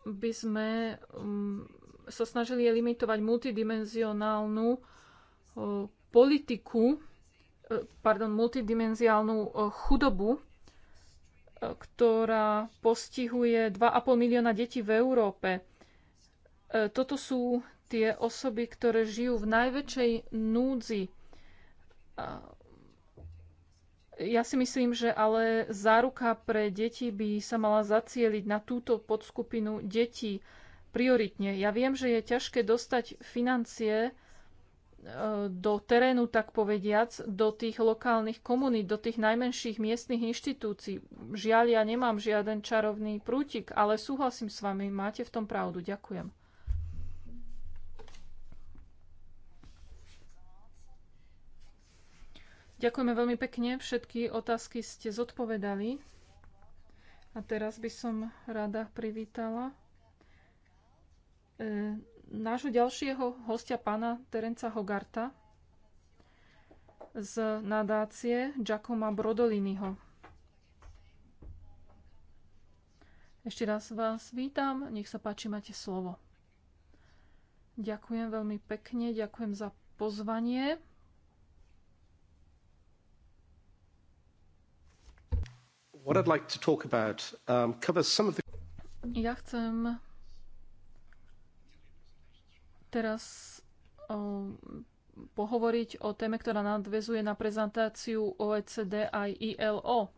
by sme um, sa snažili limitovať multidimenzionálnu uh, politiku, uh, pardon, multidimenziálnu uh, chudobu, ktorá postihuje 2,5 milióna detí v Európe. Toto sú tie osoby, ktoré žijú v najväčšej núdzi ja si myslím, že ale záruka pre deti by sa mala zacieliť na túto podskupinu detí prioritne. Ja viem, že je ťažké dostať financie e, do terénu, tak povediac, do tých lokálnych komunít, do tých najmenších miestnych inštitúcií. Žiaľ, ja nemám žiaden čarovný prútik, ale súhlasím s vami, máte v tom pravdu. Ďakujem. Ďakujeme veľmi pekne, všetky otázky ste zodpovedali. A teraz by som rada privítala e, nášho ďalšieho hostia, pána Terenca Hogarta z nadácie Giacoma Brodoliniho. Ešte raz vás vítam, nech sa páči, máte slovo. Ďakujem veľmi pekne, ďakujem za pozvanie. what I'd like to talk about um, covers some of the... Ja chcem teraz um, pohovoriť o téme, ktorá nadvezuje na prezentáciu OECD a ILO.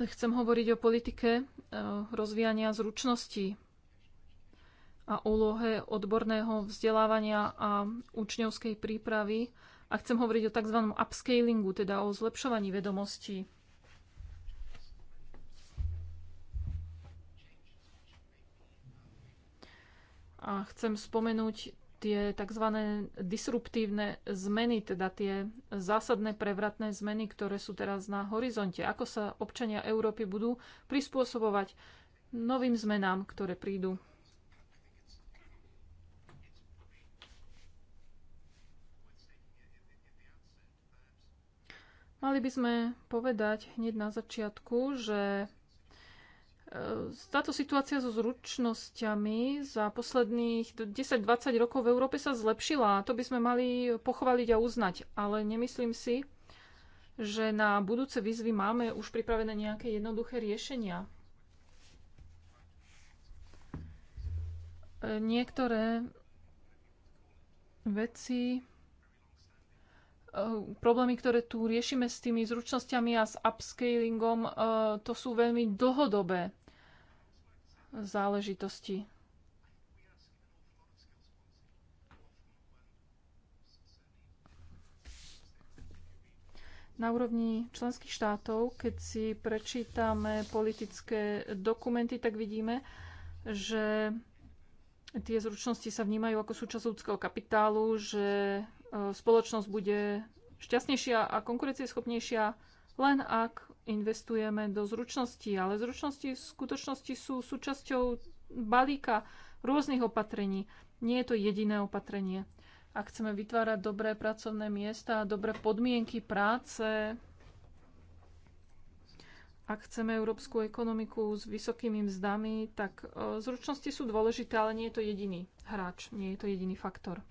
Chcem hovoriť o politike e, rozvíjania zručností a úlohe odborného vzdelávania a učňovskej prípravy a chcem hovoriť o tzv. upscalingu, teda o zlepšovaní vedomostí. A chcem spomenúť tie tzv. disruptívne zmeny, teda tie zásadné prevratné zmeny, ktoré sú teraz na horizonte. Ako sa občania Európy budú prispôsobovať novým zmenám, ktoré prídu. Mali by sme povedať hneď na začiatku, že e, táto situácia so zručnosťami za posledných 10-20 rokov v Európe sa zlepšila. To by sme mali pochváliť a uznať. Ale nemyslím si, že na budúce výzvy máme už pripravené nejaké jednoduché riešenia. E, niektoré veci Eh, problémy, ktoré tu riešime s tými zručnosťami a s upscalingom, eh, to sú veľmi dlhodobé záležitosti. Na úrovni členských štátov, keď si prečítame politické dokumenty, tak vidíme, že tie zručnosti sa vnímajú ako súčasť ľudského kapitálu, že E, spoločnosť bude šťastnejšia a konkurencieschopnejšia len ak investujeme do zručností. Ale zručnosti v skutočnosti sú súčasťou balíka rôznych opatrení. Nie je to jediné opatrenie. Ak chceme vytvárať dobré pracovné miesta, dobré podmienky práce, ak chceme európsku ekonomiku s vysokými mzdami, tak e, zručnosti sú dôležité, ale nie je to jediný hráč, nie je to jediný faktor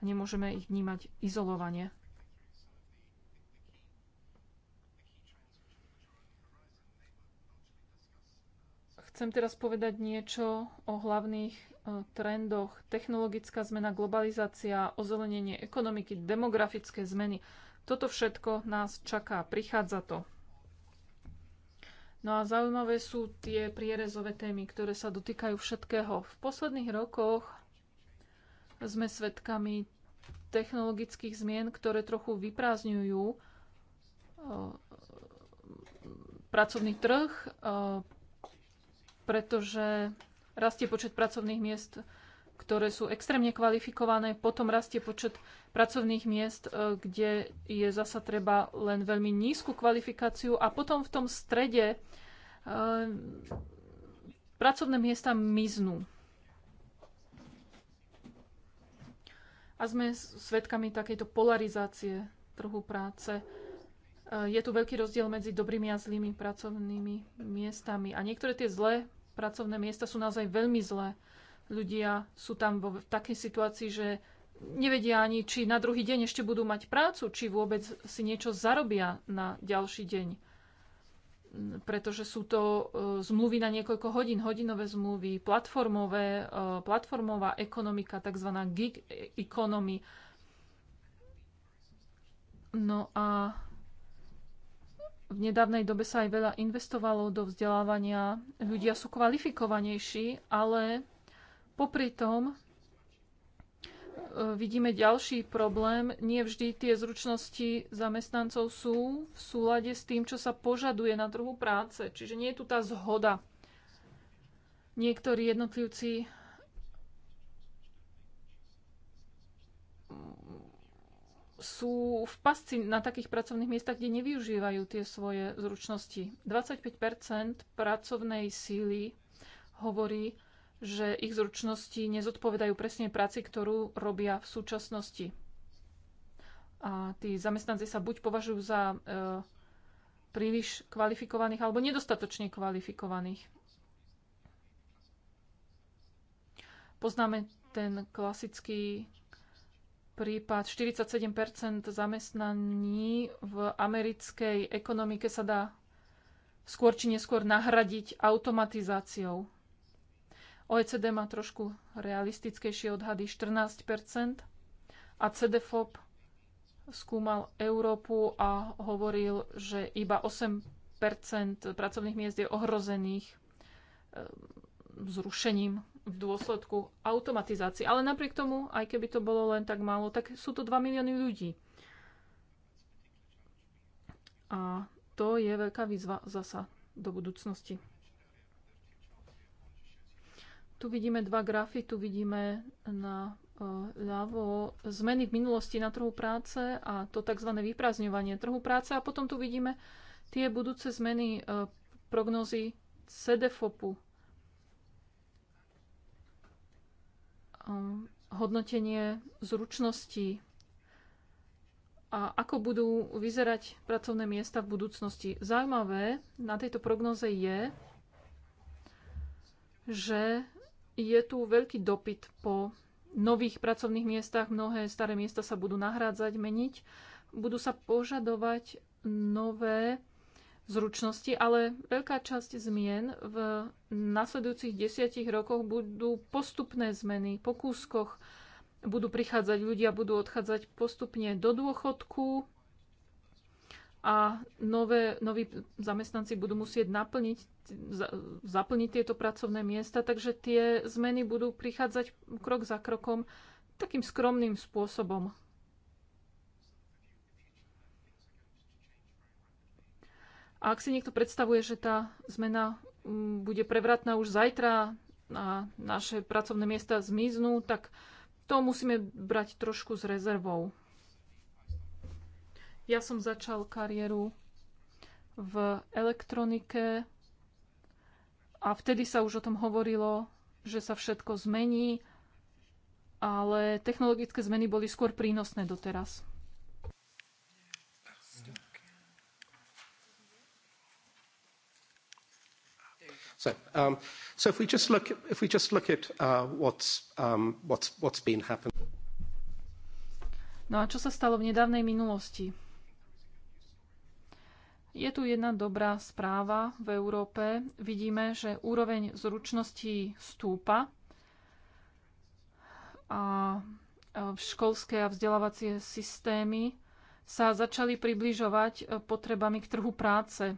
a nemôžeme ich vnímať izolovane. Chcem teraz povedať niečo o hlavných e, trendoch. Technologická zmena, globalizácia, ozelenenie ekonomiky, demografické zmeny. Toto všetko nás čaká, prichádza to. No a zaujímavé sú tie prierezové témy, ktoré sa dotýkajú všetkého. V posledných rokoch sme svedkami technologických zmien, ktoré trochu vyprázdňujú eh, pracovný trh, eh, pretože rastie počet pracovných miest, ktoré sú extrémne kvalifikované, potom rastie počet pracovných miest, eh, kde je zasa treba len veľmi nízku kvalifikáciu a potom v tom strede pracovné miesta miznú. a sme svedkami takejto polarizácie trhu práce. E, je tu veľký rozdiel medzi dobrými a zlými pracovnými miestami. A niektoré tie zlé pracovné miesta sú naozaj veľmi zlé. Ľudia sú tam vo takej situácii, že nevedia ani, či na druhý deň ešte budú mať prácu, či vôbec si niečo zarobia na ďalší deň pretože sú to e, zmluvy na niekoľko hodín, hodinové zmluvy, platformové, e, platformová ekonomika, tzv. gig economy. No a v nedávnej dobe sa aj veľa investovalo do vzdelávania. Ľudia sú kvalifikovanejší, ale popri tom vidíme ďalší problém. Nie vždy tie zručnosti zamestnancov sú v súlade s tým, čo sa požaduje na trhu práce. Čiže nie je tu tá zhoda. Niektorí jednotlivci sú v pasci na takých pracovných miestach, kde nevyužívajú tie svoje zručnosti. 25 pracovnej síly hovorí, že ich zručnosti nezodpovedajú presne práci, ktorú robia v súčasnosti. A tí zamestnanci sa buď považujú za e, príliš kvalifikovaných alebo nedostatočne kvalifikovaných. Poznáme ten klasický prípad 47 zamestnaní v americkej ekonomike sa dá skôr či neskôr nahradiť automatizáciou. OECD má trošku realistickejšie odhady 14 a CDFOP skúmal Európu a hovoril, že iba 8 pracovných miest je ohrozených ehm, zrušením v dôsledku automatizácie. Ale napriek tomu, aj keby to bolo len tak málo, tak sú to 2 milióny ľudí. A to je veľká výzva zasa do budúcnosti. Tu vidíme dva grafy, tu vidíme na e, ľavo zmeny v minulosti na trhu práce a to tzv. vyprázdňovanie trhu práce a potom tu vidíme tie budúce zmeny e, prognozy CDFOPu. E, hodnotenie zručností a ako budú vyzerať pracovné miesta v budúcnosti. Zaujímavé na tejto prognoze je, že je tu veľký dopyt po nových pracovných miestach. Mnohé staré miesta sa budú nahrádzať, meniť. Budú sa požadovať nové zručnosti, ale veľká časť zmien v nasledujúcich desiatich rokoch budú postupné zmeny po kúskoch. Budú prichádzať ľudia, budú odchádzať postupne do dôchodku, a nové, noví zamestnanci budú musieť naplniť, za, zaplniť tieto pracovné miesta, takže tie zmeny budú prichádzať krok za krokom takým skromným spôsobom. A ak si niekto predstavuje, že tá zmena mm, bude prevratná už zajtra a naše pracovné miesta zmiznú, tak to musíme brať trošku s rezervou. Ja som začal kariéru v elektronike a vtedy sa už o tom hovorilo, že sa všetko zmení, ale technologické zmeny boli skôr prínosné doteraz. So, um, so if we just look, if we just look at uh, what's, um, what's, what's been happening. No a čo sa stalo v nedávnej minulosti? Je tu jedna dobrá správa v Európe. Vidíme, že úroveň zručností stúpa a školské a vzdelávacie systémy sa začali približovať e, potrebami k trhu práce.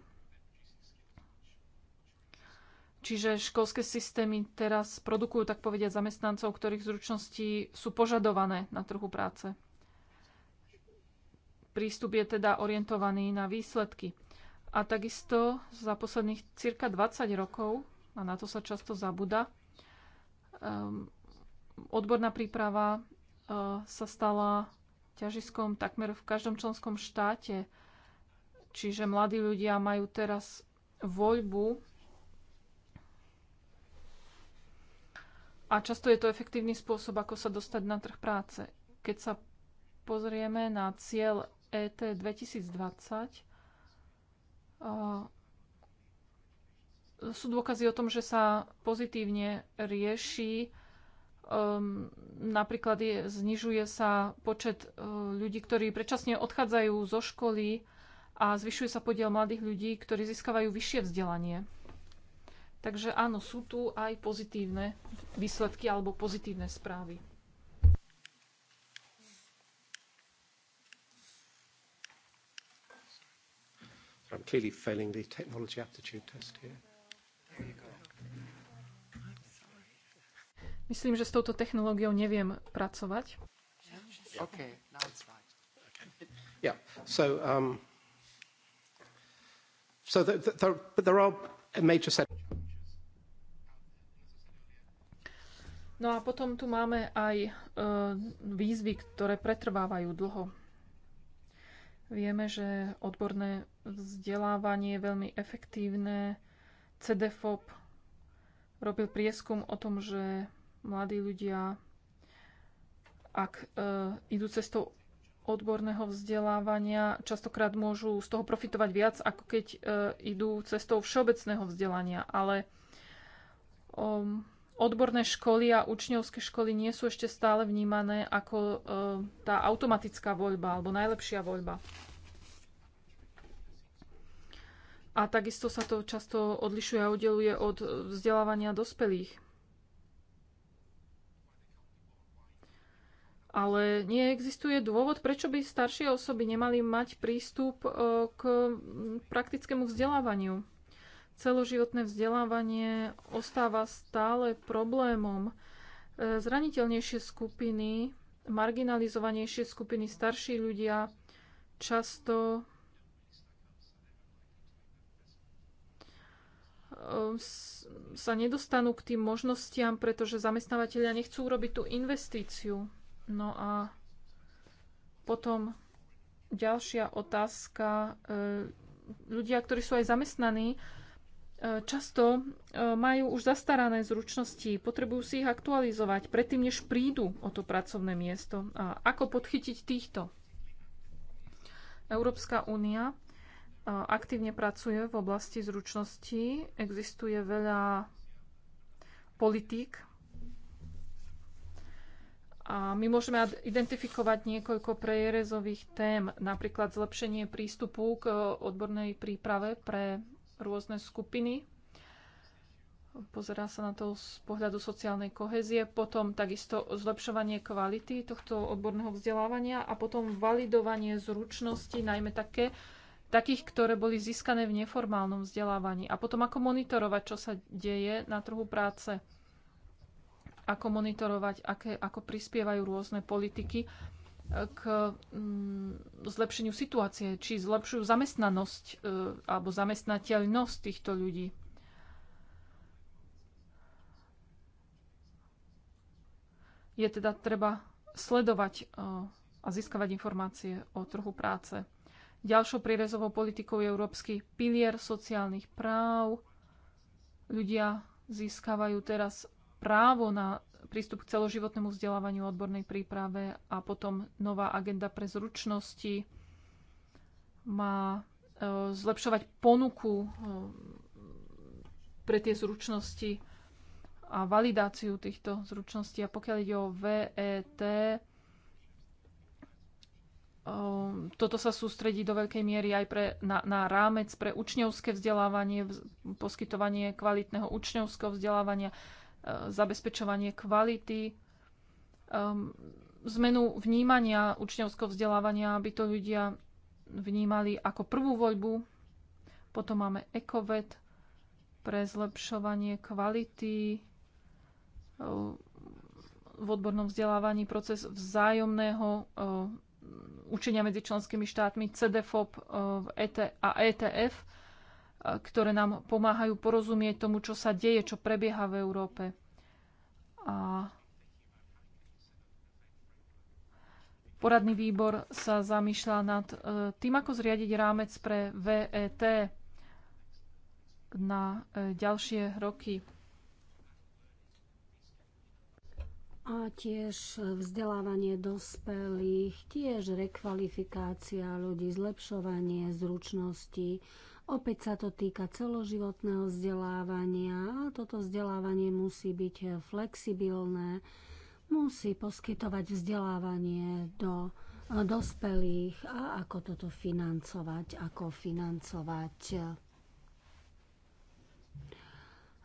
Čiže školské systémy teraz produkujú, tak povediať, zamestnancov, ktorých zručnosti sú požadované na trhu práce. Prístup je teda orientovaný na výsledky. A takisto za posledných cirka 20 rokov, a na to sa často zabúda, um, odborná príprava uh, sa stala ťažiskom takmer v každom členskom štáte. Čiže mladí ľudia majú teraz voľbu a často je to efektívny spôsob, ako sa dostať na trh práce. Keď sa pozrieme na cieľ e ET 2020, sú dôkazy o tom, že sa pozitívne rieši. Ehm, napríklad je, znižuje sa počet e, ľudí, ktorí predčasne odchádzajú zo školy a zvyšuje sa podiel mladých ľudí, ktorí získavajú vyššie vzdelanie. Takže áno, sú tu aj pozitívne výsledky alebo pozitívne správy. I'm clearly failing the technology aptitude test here. Myslím, že s touto technológiou neviem pracovať. Okay, now it's right. Okay. Yeah, so, um, so the, the, the, but there are major set No a potom tu máme aj e, výzvy, ktoré pretrvávajú dlho. Vieme, že odborné vzdelávanie je veľmi efektívne. CDFOP robil prieskum o tom, že mladí ľudia, ak e, idú cestou odborného vzdelávania, častokrát môžu z toho profitovať viac, ako keď e, idú cestou všeobecného vzdelania. Ale um, odborné školy a učňovské školy nie sú ešte stále vnímané ako e, tá automatická voľba alebo najlepšia voľba. A takisto sa to často odlišuje a oddeluje od vzdelávania dospelých. Ale neexistuje dôvod, prečo by staršie osoby nemali mať prístup e, k praktickému vzdelávaniu. Celoživotné vzdelávanie ostáva stále problémom. E, zraniteľnejšie skupiny, marginalizovanejšie skupiny, starší ľudia často e, sa nedostanú k tým možnostiam, pretože zamestnávateľia nechcú urobiť tú investíciu. No a potom ďalšia otázka. E, ľudia, ktorí sú aj zamestnaní, E, často e, majú už zastarané zručnosti, potrebujú si ich aktualizovať predtým, než prídu o to pracovné miesto. A ako podchytiť týchto? Európska únia e, aktívne pracuje v oblasti zručností. Existuje veľa politík a my môžeme identifikovať niekoľko prejerezových tém, napríklad zlepšenie prístupu k odbornej príprave pre rôzne skupiny. Pozerá sa na to z pohľadu sociálnej kohezie, potom takisto zlepšovanie kvality tohto odborného vzdelávania a potom validovanie zručnosti, najmä také, takých, ktoré boli získané v neformálnom vzdelávaní. A potom ako monitorovať, čo sa deje na trhu práce, ako monitorovať, aké, ako prispievajú rôzne politiky k mm, zlepšeniu situácie, či zlepšujú zamestnanosť e, alebo zamestnateľnosť týchto ľudí. Je teda treba sledovať e, a získavať informácie o trhu práce. Ďalšou prírezovou politikou je európsky pilier sociálnych práv. Ľudia získavajú teraz právo na prístup k celoživotnému vzdelávaniu, odbornej príprave a potom nová agenda pre zručnosti má e, zlepšovať ponuku e, pre tie zručnosti a validáciu týchto zručností. A pokiaľ ide o VET, e, toto sa sústredí do veľkej miery aj pre, na, na rámec pre učňovské vzdelávanie, poskytovanie kvalitného učňovského vzdelávania E, zabezpečovanie kvality, um, zmenu vnímania učňovského vzdelávania, aby to ľudia vnímali ako prvú voľbu. Potom máme ekovet pre zlepšovanie kvality e, v odbornom vzdelávaní, proces vzájomného e, učenia medzi členskými štátmi, CDFOP a ETF ktoré nám pomáhajú porozumieť tomu, čo sa deje, čo prebieha v Európe. A poradný výbor sa zamýšľa nad e, tým, ako zriadiť rámec pre VET na e, ďalšie roky. A tiež vzdelávanie dospelých, tiež rekvalifikácia ľudí, zlepšovanie zručností Opäť sa to týka celoživotného vzdelávania a toto vzdelávanie musí byť flexibilné, musí poskytovať vzdelávanie do eh, dospelých a ako toto financovať, ako financovať eh,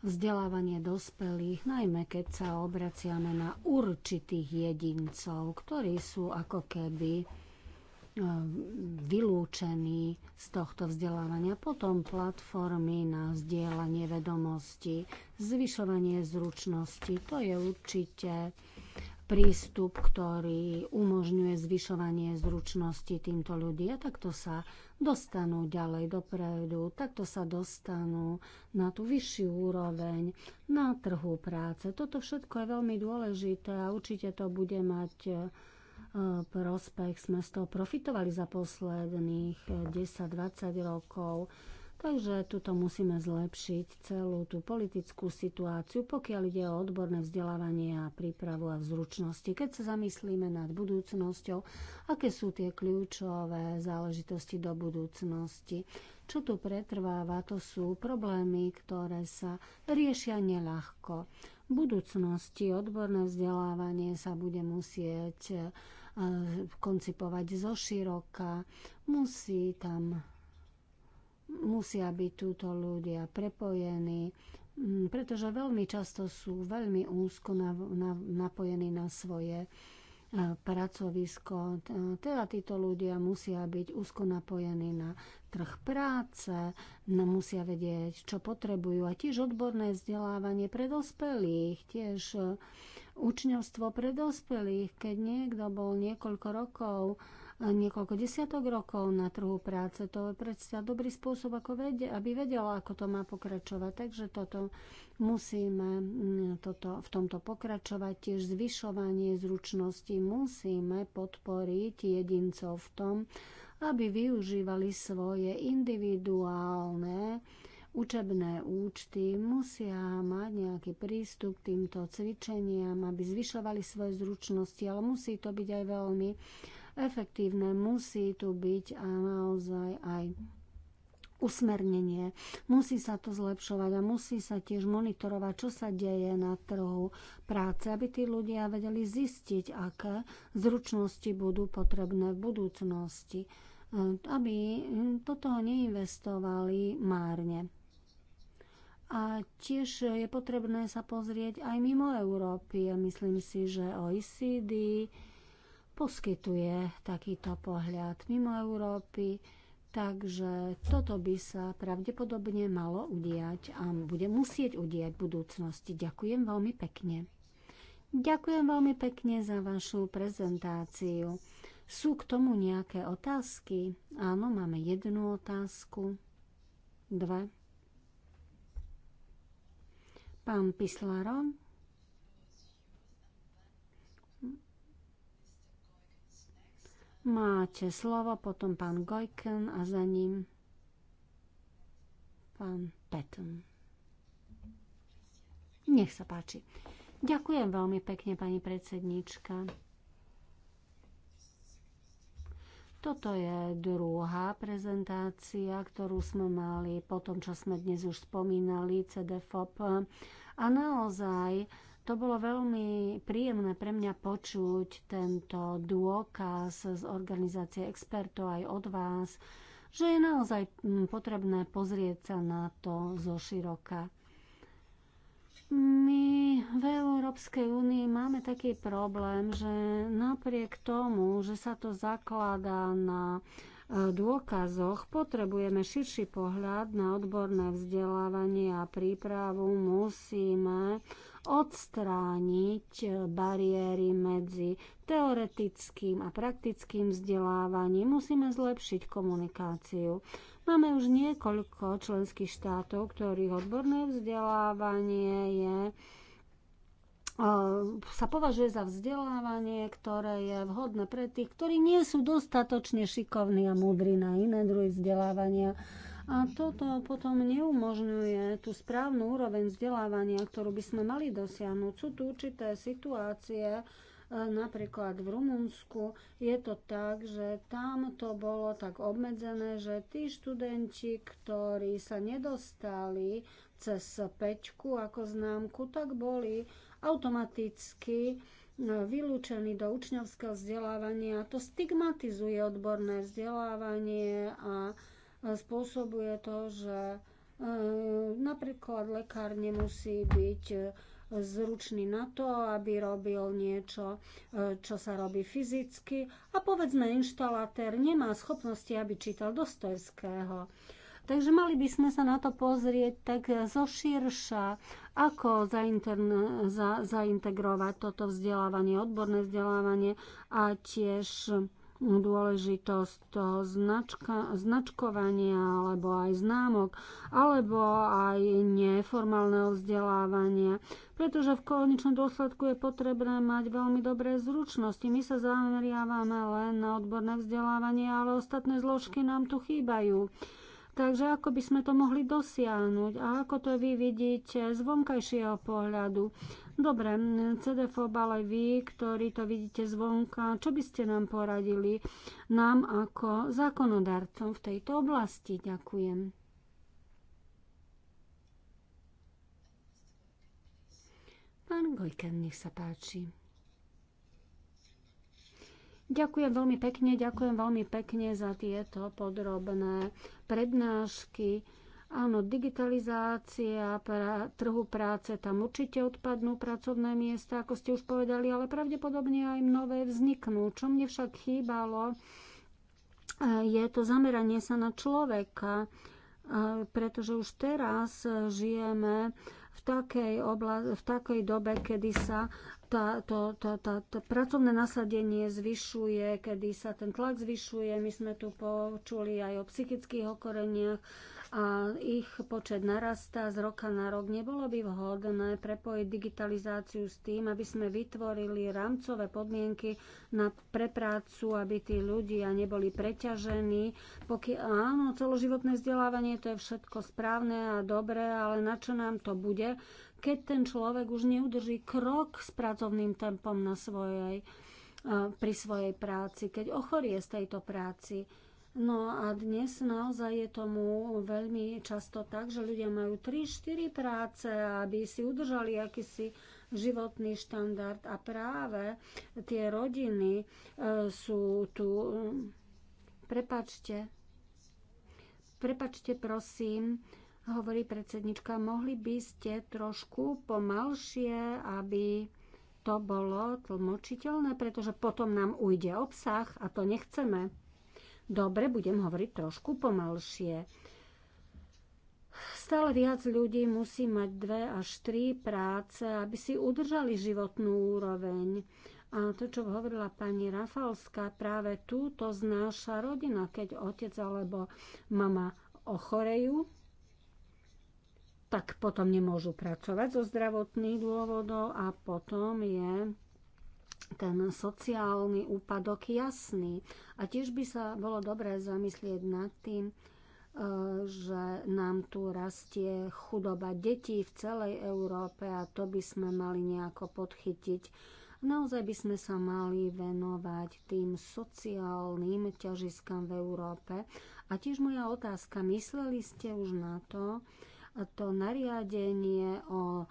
vzdelávanie dospelých, najmä keď sa obraciame na určitých jedincov, ktorí sú ako keby vylúčení z tohto vzdelávania. Potom platformy na vzdielanie vedomosti, zvyšovanie zručnosti. To je určite prístup, ktorý umožňuje zvyšovanie zručnosti týmto ľudí a takto sa dostanú ďalej dopredu, takto sa dostanú na tú vyššiu úroveň, na trhu práce. Toto všetko je veľmi dôležité a určite to bude mať E, prospech. Sme z toho profitovali za posledných 10-20 e, rokov. Takže tuto musíme zlepšiť celú tú politickú situáciu, pokiaľ ide o odborné vzdelávanie a prípravu a vzručnosti. Keď sa zamyslíme nad budúcnosťou, aké sú tie kľúčové záležitosti do budúcnosti. Čo tu pretrváva, to sú problémy, ktoré sa riešia neľahko. V budúcnosti odborné vzdelávanie sa bude musieť e, Eh, koncipovať zo široka. Musí tam, musia byť túto ľudia prepojení, mm, pretože veľmi často sú veľmi úzko napojení na svoje eh, pracovisko. Teda títo ľudia musia byť úzko napojení na trh práce, musia vedieť, čo potrebujú a tiež odborné vzdelávanie pre dospelých, tiež eh, učňovstvo pre dospelých, keď niekto bol niekoľko rokov niekoľko desiatok rokov na trhu práce. To je predsa dobrý spôsob, ako vedie, aby vedela, ako to má pokračovať. Takže toto musíme mm, toto, v tomto pokračovať. Tiež zvyšovanie zručnosti musíme podporiť jedincov v tom, aby využívali svoje individuálne učebné účty musia mať nejaký prístup k týmto cvičeniam, aby zvyšovali svoje zručnosti, ale musí to byť aj veľmi efektívne, musí tu byť a naozaj aj usmernenie. Musí sa to zlepšovať a musí sa tiež monitorovať, čo sa deje na trhu práce, aby tí ľudia vedeli zistiť, aké zručnosti budú potrebné v budúcnosti, eh, aby do toho neinvestovali márne. A tiež je potrebné sa pozrieť aj mimo Európy. Ja myslím si, že OECD poskytuje takýto pohľad mimo Európy. Takže toto by sa pravdepodobne malo udiať a bude musieť udiať v budúcnosti. Ďakujem veľmi pekne. Ďakujem veľmi pekne za vašu prezentáciu. Sú k tomu nejaké otázky? Áno, máme jednu otázku, dve. Pán Pislaro. Máte slovo, potom pán Gojken a za ním pán Petn. Nech sa páči. Ďakujem veľmi pekne, pani predsednička. Toto je druhá prezentácia, ktorú sme mali po tom, čo sme dnes už spomínali, CDFOP. A naozaj to bolo veľmi príjemné pre mňa počuť tento dôkaz z organizácie expertov aj od vás, že je naozaj potrebné pozrieť sa na to zo široka my v Európskej únii máme taký problém, že napriek tomu, že sa to zakladá na dôkazoch potrebujeme širší pohľad na odborné vzdelávanie a prípravu. Musíme odstrániť bariéry medzi teoretickým a praktickým vzdelávaním. Musíme zlepšiť komunikáciu. Máme už niekoľko členských štátov, ktorých odborné vzdelávanie je sa považuje za vzdelávanie, ktoré je vhodné pre tých, ktorí nie sú dostatočne šikovní a múdri na iné druhy vzdelávania. A toto potom neumožňuje tú správnu úroveň vzdelávania, ktorú by sme mali dosiahnuť. Sú tu určité situácie, e, napríklad v Rumunsku je to tak, že tam to bolo tak obmedzené, že tí študenti, ktorí sa nedostali cez peťku ako známku, tak boli automaticky e, vylúčený do učňovského vzdelávania. To stigmatizuje odborné vzdelávanie a e, spôsobuje to, že e, napríklad lekár nemusí byť zručný na to, aby robil niečo, čo sa robí fyzicky. A povedzme, inštalatér nemá schopnosti, aby čítal Dostojského. Takže mali by sme sa na to pozrieť tak zo širša, ako za- zaintegrovať toto vzdelávanie, odborné vzdelávanie a tiež dôležitosť toho značka, značkovania alebo aj známok, alebo aj neformálneho vzdelávania, pretože v konečnom dôsledku je potrebné mať veľmi dobré zručnosti. My sa zameriavame len na odborné vzdelávanie, ale ostatné zložky nám tu chýbajú. Takže ako by sme to mohli dosiahnuť a ako to vy vidíte z vonkajšieho pohľadu? Dobre, CDFOB, ale vy, ktorí to vidíte zvonka, čo by ste nám poradili nám ako zákonodarcom v tejto oblasti? Ďakujem. Pán Gojken, nech sa páči. Ďakujem veľmi pekne, ďakujem veľmi pekne za tieto podrobné prednášky. Áno, digitalizácia pra, trhu práce, tam určite odpadnú pracovné miesta, ako ste už povedali, ale pravdepodobne aj nové vzniknú. Čo mne však chýbalo, eh, je to zameranie sa na človeka, eh, pretože už teraz žijeme v takej, obla- v takej dobe, kedy sa tá, to, tá, tá, to pracovné nasadenie zvyšuje, kedy sa ten tlak zvyšuje. My sme tu počuli aj o psychických okoreniach a ich počet narastá z roka na rok. Nebolo by vhodné prepojiť digitalizáciu s tým, aby sme vytvorili rámcové podmienky na preprácu, aby tí ľudia neboli preťažení. Pokiaľ, áno, celoživotné vzdelávanie to je všetko správne a dobré, ale na čo nám to bude, keď ten človek už neudrží krok s pracovným tempom na svojej, pri svojej práci, keď ochorie z tejto práci. No a dnes naozaj je tomu veľmi často tak, že ľudia majú 3-4 práce, aby si udržali akýsi životný štandard a práve tie rodiny e, sú tu. Mm, prepačte, prepačte prosím, hovorí predsednička, mohli by ste trošku pomalšie, aby to bolo tlmočiteľné, pretože potom nám ujde obsah a to nechceme. Dobre, budem hovoriť trošku pomalšie. Stále viac ľudí musí mať dve až tri práce, aby si udržali životnú úroveň. A to, čo hovorila pani Rafalská, práve tu to znáša rodina, keď otec alebo mama ochorejú, tak potom nemôžu pracovať zo zdravotných dôvodov a potom je ten sociálny úpadok jasný. A tiež by sa bolo dobré zamyslieť nad tým, e, že nám tu rastie chudoba detí v celej Európe a to by sme mali nejako podchytiť. Naozaj by sme sa mali venovať tým sociálnym ťažiskám v Európe. A tiež moja otázka, mysleli ste už na to, to nariadenie o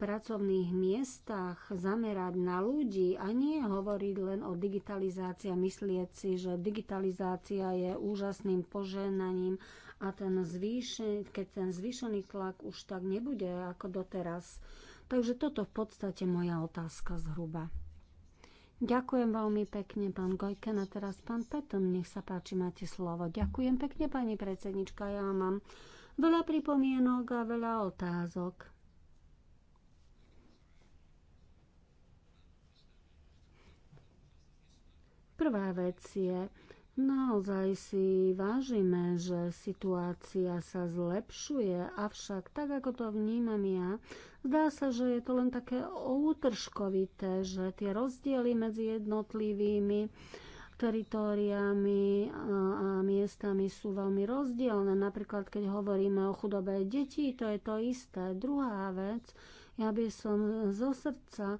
pracovných miestach zamerať na ľudí a nie hovoriť len o digitalizácii a myslieť si, že digitalizácia je úžasným poženaním a ten zvýšen, keď ten zvýšený tlak už tak nebude ako doteraz. Takže toto v podstate moja otázka zhruba. Ďakujem veľmi pekne, pán Gojken. A teraz pán Petom, nech sa páči, máte slovo. Ďakujem pekne, pani predsednička. Ja mám Veľa pripomienok a veľa otázok. Prvá vec je, Naozaj si vážime, že situácia sa zlepšuje, avšak tak, ako to vnímam ja, zdá sa, že je to len také útržkovité, že tie rozdiely medzi jednotlivými teritóriami a, miestami sú veľmi rozdielne. Napríklad, keď hovoríme o chudobe detí, to je to isté. Druhá vec, ja by som zo srdca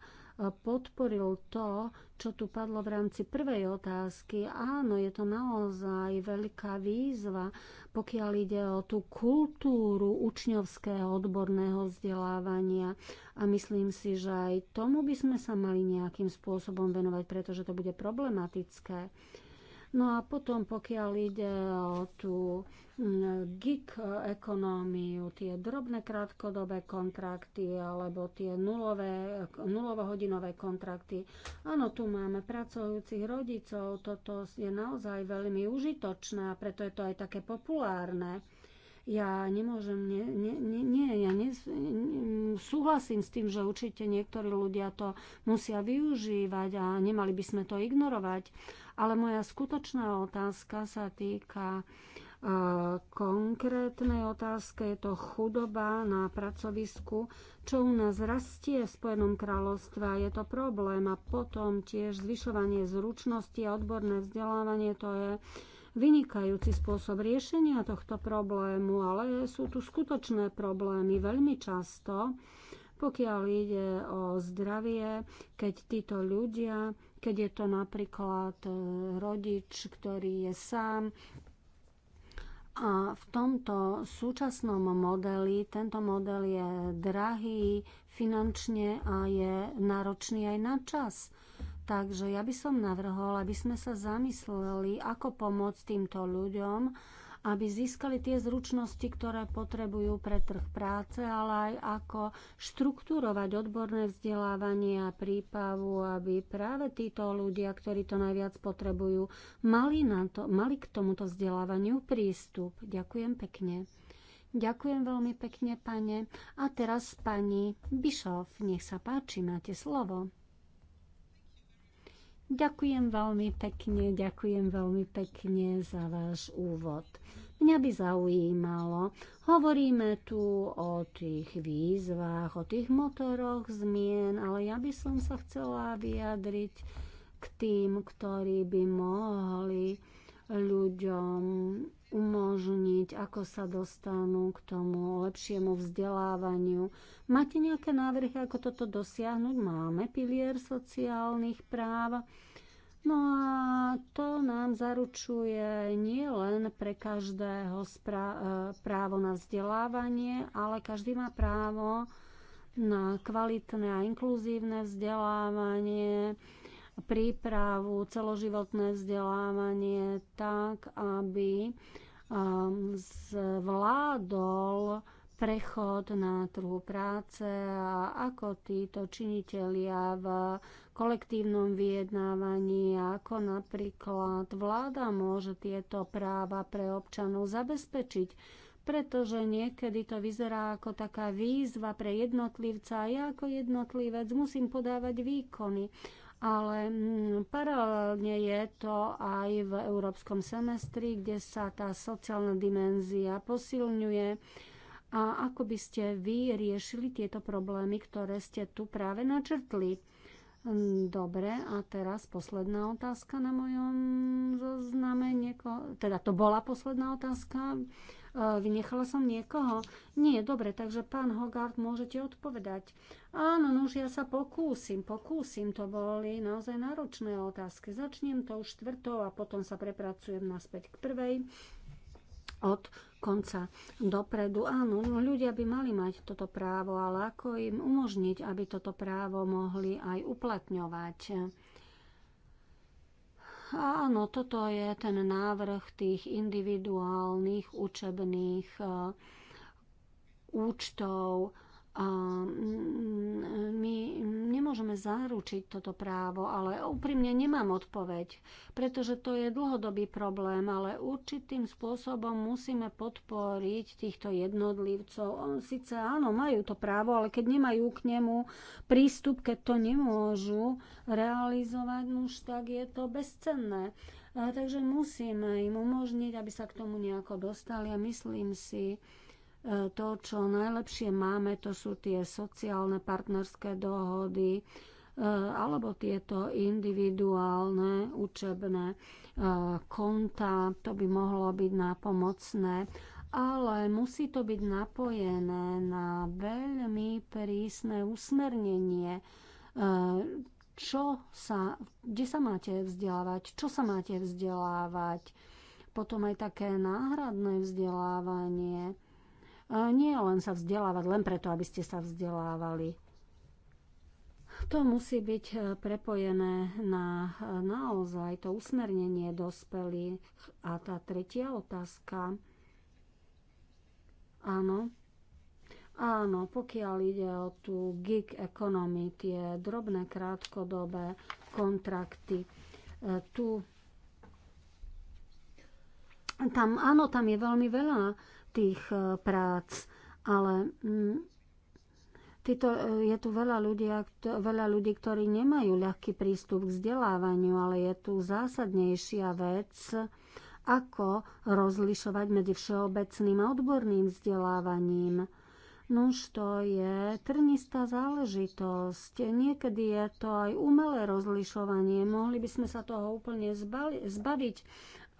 podporil to, čo tu padlo v rámci prvej otázky. Áno, je to naozaj veľká výzva, pokiaľ ide o tú kultúru učňovského odborného vzdelávania. A myslím si, že aj tomu by sme sa mali nejakým spôsobom venovať, pretože to bude problematické. No a potom, pokiaľ ide o tú mm, gig ekonómiu, tie drobné krátkodobé kontrakty alebo tie nulové, nulovohodinové kontrakty. Áno, tu máme pracujúcich rodičov, toto je naozaj veľmi užitočné a preto je to aj také populárne. Ja nemôžem, nie, nie, nie, nie ja ne, súhlasím s tým, že určite niektorí ľudia to musia využívať a nemali by sme to ignorovať. Ale moja skutočná otázka sa týka e, konkrétnej otázky, je to chudoba na pracovisku, čo u nás rastie v Spojenom kráľovstve, je to problém a potom tiež zvyšovanie zručnosti a odborné vzdelávanie, to je vynikajúci spôsob riešenia tohto problému, ale sú tu skutočné problémy veľmi často, pokiaľ ide o zdravie, keď títo ľudia, keď je to napríklad e, rodič, ktorý je sám, a v tomto súčasnom modeli, tento model je drahý finančne a je náročný aj na čas. Takže ja by som navrhol, aby sme sa zamysleli, ako pomôcť týmto ľuďom, aby získali tie zručnosti, ktoré potrebujú pre trh práce, ale aj ako štruktúrovať odborné vzdelávanie a prípavu, aby práve títo ľudia, ktorí to najviac potrebujú, mali, na to, mali k tomuto vzdelávaniu prístup. Ďakujem pekne. Ďakujem veľmi pekne, pane. A teraz pani Bišov, nech sa páči, máte slovo. Ďakujem veľmi pekne, ďakujem veľmi pekne za váš úvod. Mňa by zaujímalo, hovoríme tu o tých výzvach, o tých motoroch zmien, ale ja by som sa chcela vyjadriť k tým, ktorí by mohli ľuďom umožniť, ako sa dostanú k tomu lepšiemu vzdelávaniu. Máte nejaké návrhy, ako toto dosiahnuť? Máme pilier sociálnych práv. No a to nám zaručuje nie len pre každého e, právo na vzdelávanie, ale každý má právo na kvalitné a inkluzívne vzdelávanie, prípravu, celoživotné vzdelávanie tak, aby um, zvládol prechod na trhu práce a ako títo činitelia v kolektívnom vyjednávaní, ako napríklad vláda môže tieto práva pre občanov zabezpečiť pretože niekedy to vyzerá ako taká výzva pre jednotlivca. Ja ako jednotlivec musím podávať výkony ale mm, paralelne je to aj v európskom semestri, kde sa tá sociálna dimenzia posilňuje. A ako by ste vy riešili tieto problémy, ktoré ste tu práve načrtli? Dobre, a teraz posledná otázka na mojom zozname. Nieko... Teda to bola posledná otázka. Vynechala som niekoho? Nie, dobre, takže pán Hogarth, môžete odpovedať. Áno, nuž ja sa pokúsim, pokúsim. To boli naozaj náročné otázky. Začnem tou štvrtou a potom sa prepracujem naspäť k prvej od konca dopredu. Áno, no, ľudia by mali mať toto právo, ale ako im umožniť, aby toto právo mohli aj uplatňovať? Áno, toto je ten návrh tých individuálnych učebných eh, účtov, a mm, my nemôžeme zaručiť toto právo, ale úprimne nemám odpoveď, pretože to je dlhodobý problém, ale určitým spôsobom musíme podporiť týchto jednotlivcov. Sice áno, majú to právo, ale keď nemajú k nemu prístup, keď to nemôžu realizovať, no už tak je to bezcenné. A takže musíme im umožniť, aby sa k tomu nejako dostali a myslím si, E, to, čo najlepšie máme, to sú tie sociálne partnerské dohody e, alebo tieto individuálne učebné e, konta. To by mohlo byť nápomocné ale musí to byť napojené na veľmi prísne usmernenie, čo sa, kde sa máte vzdelávať, čo sa máte vzdelávať, potom aj také náhradné vzdelávanie, nie len sa vzdelávať len preto, aby ste sa vzdelávali. To musí byť e, prepojené na e, naozaj to usmernenie dospelých. A tá tretia otázka. Áno. Áno, pokiaľ ide o tú gig economy, tie drobné krátkodobé kontrakty, e, tu tam, áno, tam je veľmi veľa tých e, prác, ale mm, Títo, e, je tu veľa ľudí, veľa ľudí, ktorí nemajú ľahký prístup k vzdelávaniu, ale je tu zásadnejšia vec, ako rozlišovať medzi všeobecným a odborným vzdelávaním. Nuž to je trnistá záležitosť. Niekedy je to aj umelé rozlišovanie. Mohli by sme sa toho úplne zbaviť.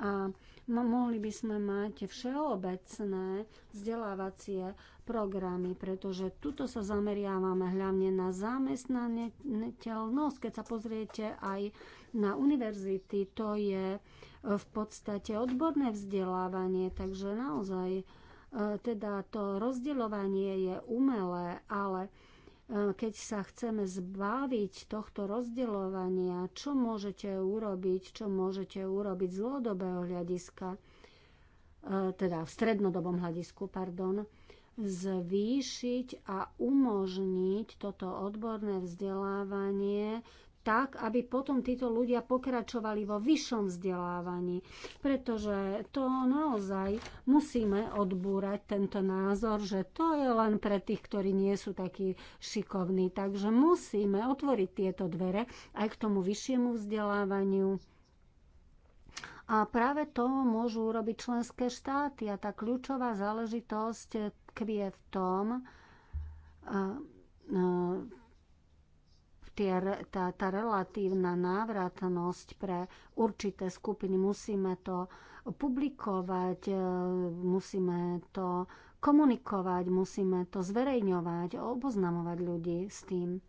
A No, mohli by sme mať všeobecné vzdelávacie programy, pretože tuto sa zameriavame hlavne na zamestnateľnosť. Keď sa pozriete aj na univerzity, to je e, v podstate odborné vzdelávanie, takže naozaj e, teda to rozdeľovanie je umelé, ale Eh, keď sa chceme zbaviť tohto rozdeľovania, čo môžete urobiť, čo môžete urobiť z dlhodobého hľadiska, eh, teda v strednodobom hľadisku, pardon, zvýšiť a umožniť toto odborné vzdelávanie tak, aby potom títo ľudia pokračovali vo vyššom vzdelávaní. Pretože to naozaj musíme odbúrať tento názor, že to je len pre tých, ktorí nie sú takí šikovní. Takže musíme otvoriť tieto dvere aj k tomu vyššiemu vzdelávaniu. A práve to môžu urobiť členské štáty. A tá kľúčová záležitosť kvie v tom, tie, tá, tá relatívna návratnosť pre určité skupiny. Musíme to publikovať, e, musíme to komunikovať, musíme to zverejňovať, oboznamovať ľudí s tým.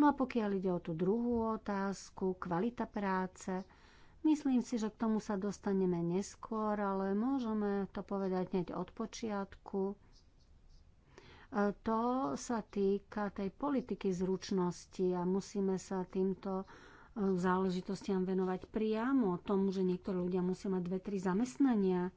No a pokiaľ ide o tú druhú otázku, kvalita práce, Myslím si, že k tomu sa dostaneme neskôr, ale môžeme to povedať hneď od počiatku. To sa týka tej politiky zručnosti a musíme sa týmto e, záležitostiam venovať priamo tomu, že niektorí ľudia musia mať dve, tri zamestnania.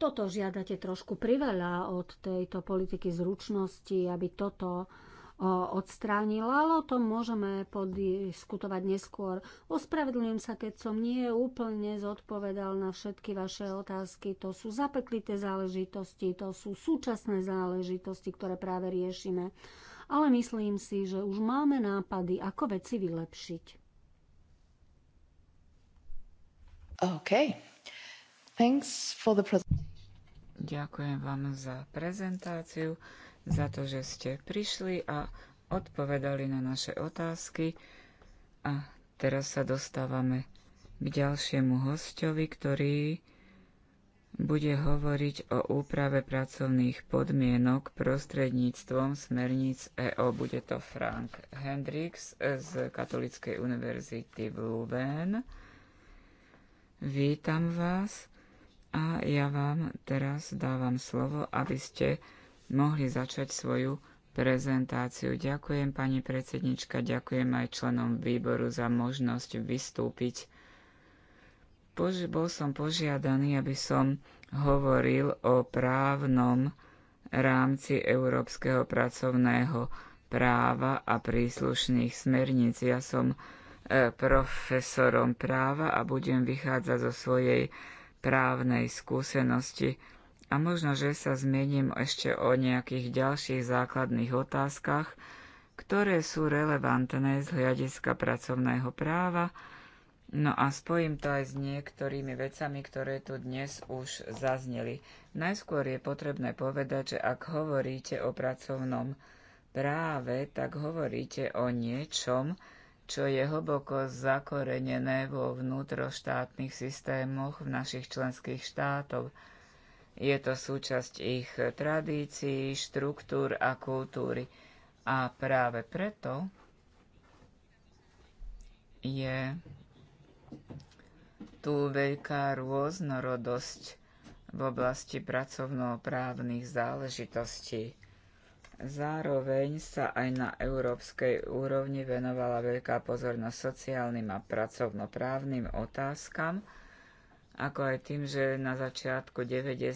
Toto žiadate trošku priveľa od tejto politiky zručnosti, aby toto odstránil, ale o tom môžeme podiskutovať neskôr. Ospravedlňujem sa, keď som nie úplne zodpovedal na všetky vaše otázky. To sú zapeklité záležitosti, to sú súčasné záležitosti, ktoré práve riešime. Ale myslím si, že už máme nápady, ako veci vylepšiť. OK. Thanks for the presentation. Ďakujem vám za prezentáciu za to, že ste prišli a odpovedali na naše otázky. A teraz sa dostávame k ďalšiemu hostovi, ktorý bude hovoriť o úprave pracovných podmienok prostredníctvom smerníc EO. Bude to Frank Hendrix z Katolíckej univerzity v Louvain. Vítam vás a ja vám teraz dávam slovo, aby ste mohli začať svoju prezentáciu. Ďakujem pani predsednička, ďakujem aj členom výboru za možnosť vystúpiť. Pož- bol som požiadaný, aby som hovoril o právnom rámci európskeho pracovného práva a príslušných smerníc. Ja som e, profesorom práva a budem vychádzať zo svojej právnej skúsenosti a možno, že sa zmením ešte o nejakých ďalších základných otázkach, ktoré sú relevantné z hľadiska pracovného práva, no a spojím to aj s niektorými vecami, ktoré tu dnes už zazneli. Najskôr je potrebné povedať, že ak hovoríte o pracovnom práve, tak hovoríte o niečom, čo je hlboko zakorenené vo vnútroštátnych systémoch v našich členských štátoch. Je to súčasť ich tradícií, štruktúr a kultúry. A práve preto je tu veľká rôznorodosť v oblasti pracovnoprávnych záležitostí. Zároveň sa aj na európskej úrovni venovala veľká pozornosť sociálnym a pracovnoprávnym otázkam, ako aj tým, že na začiatku 90.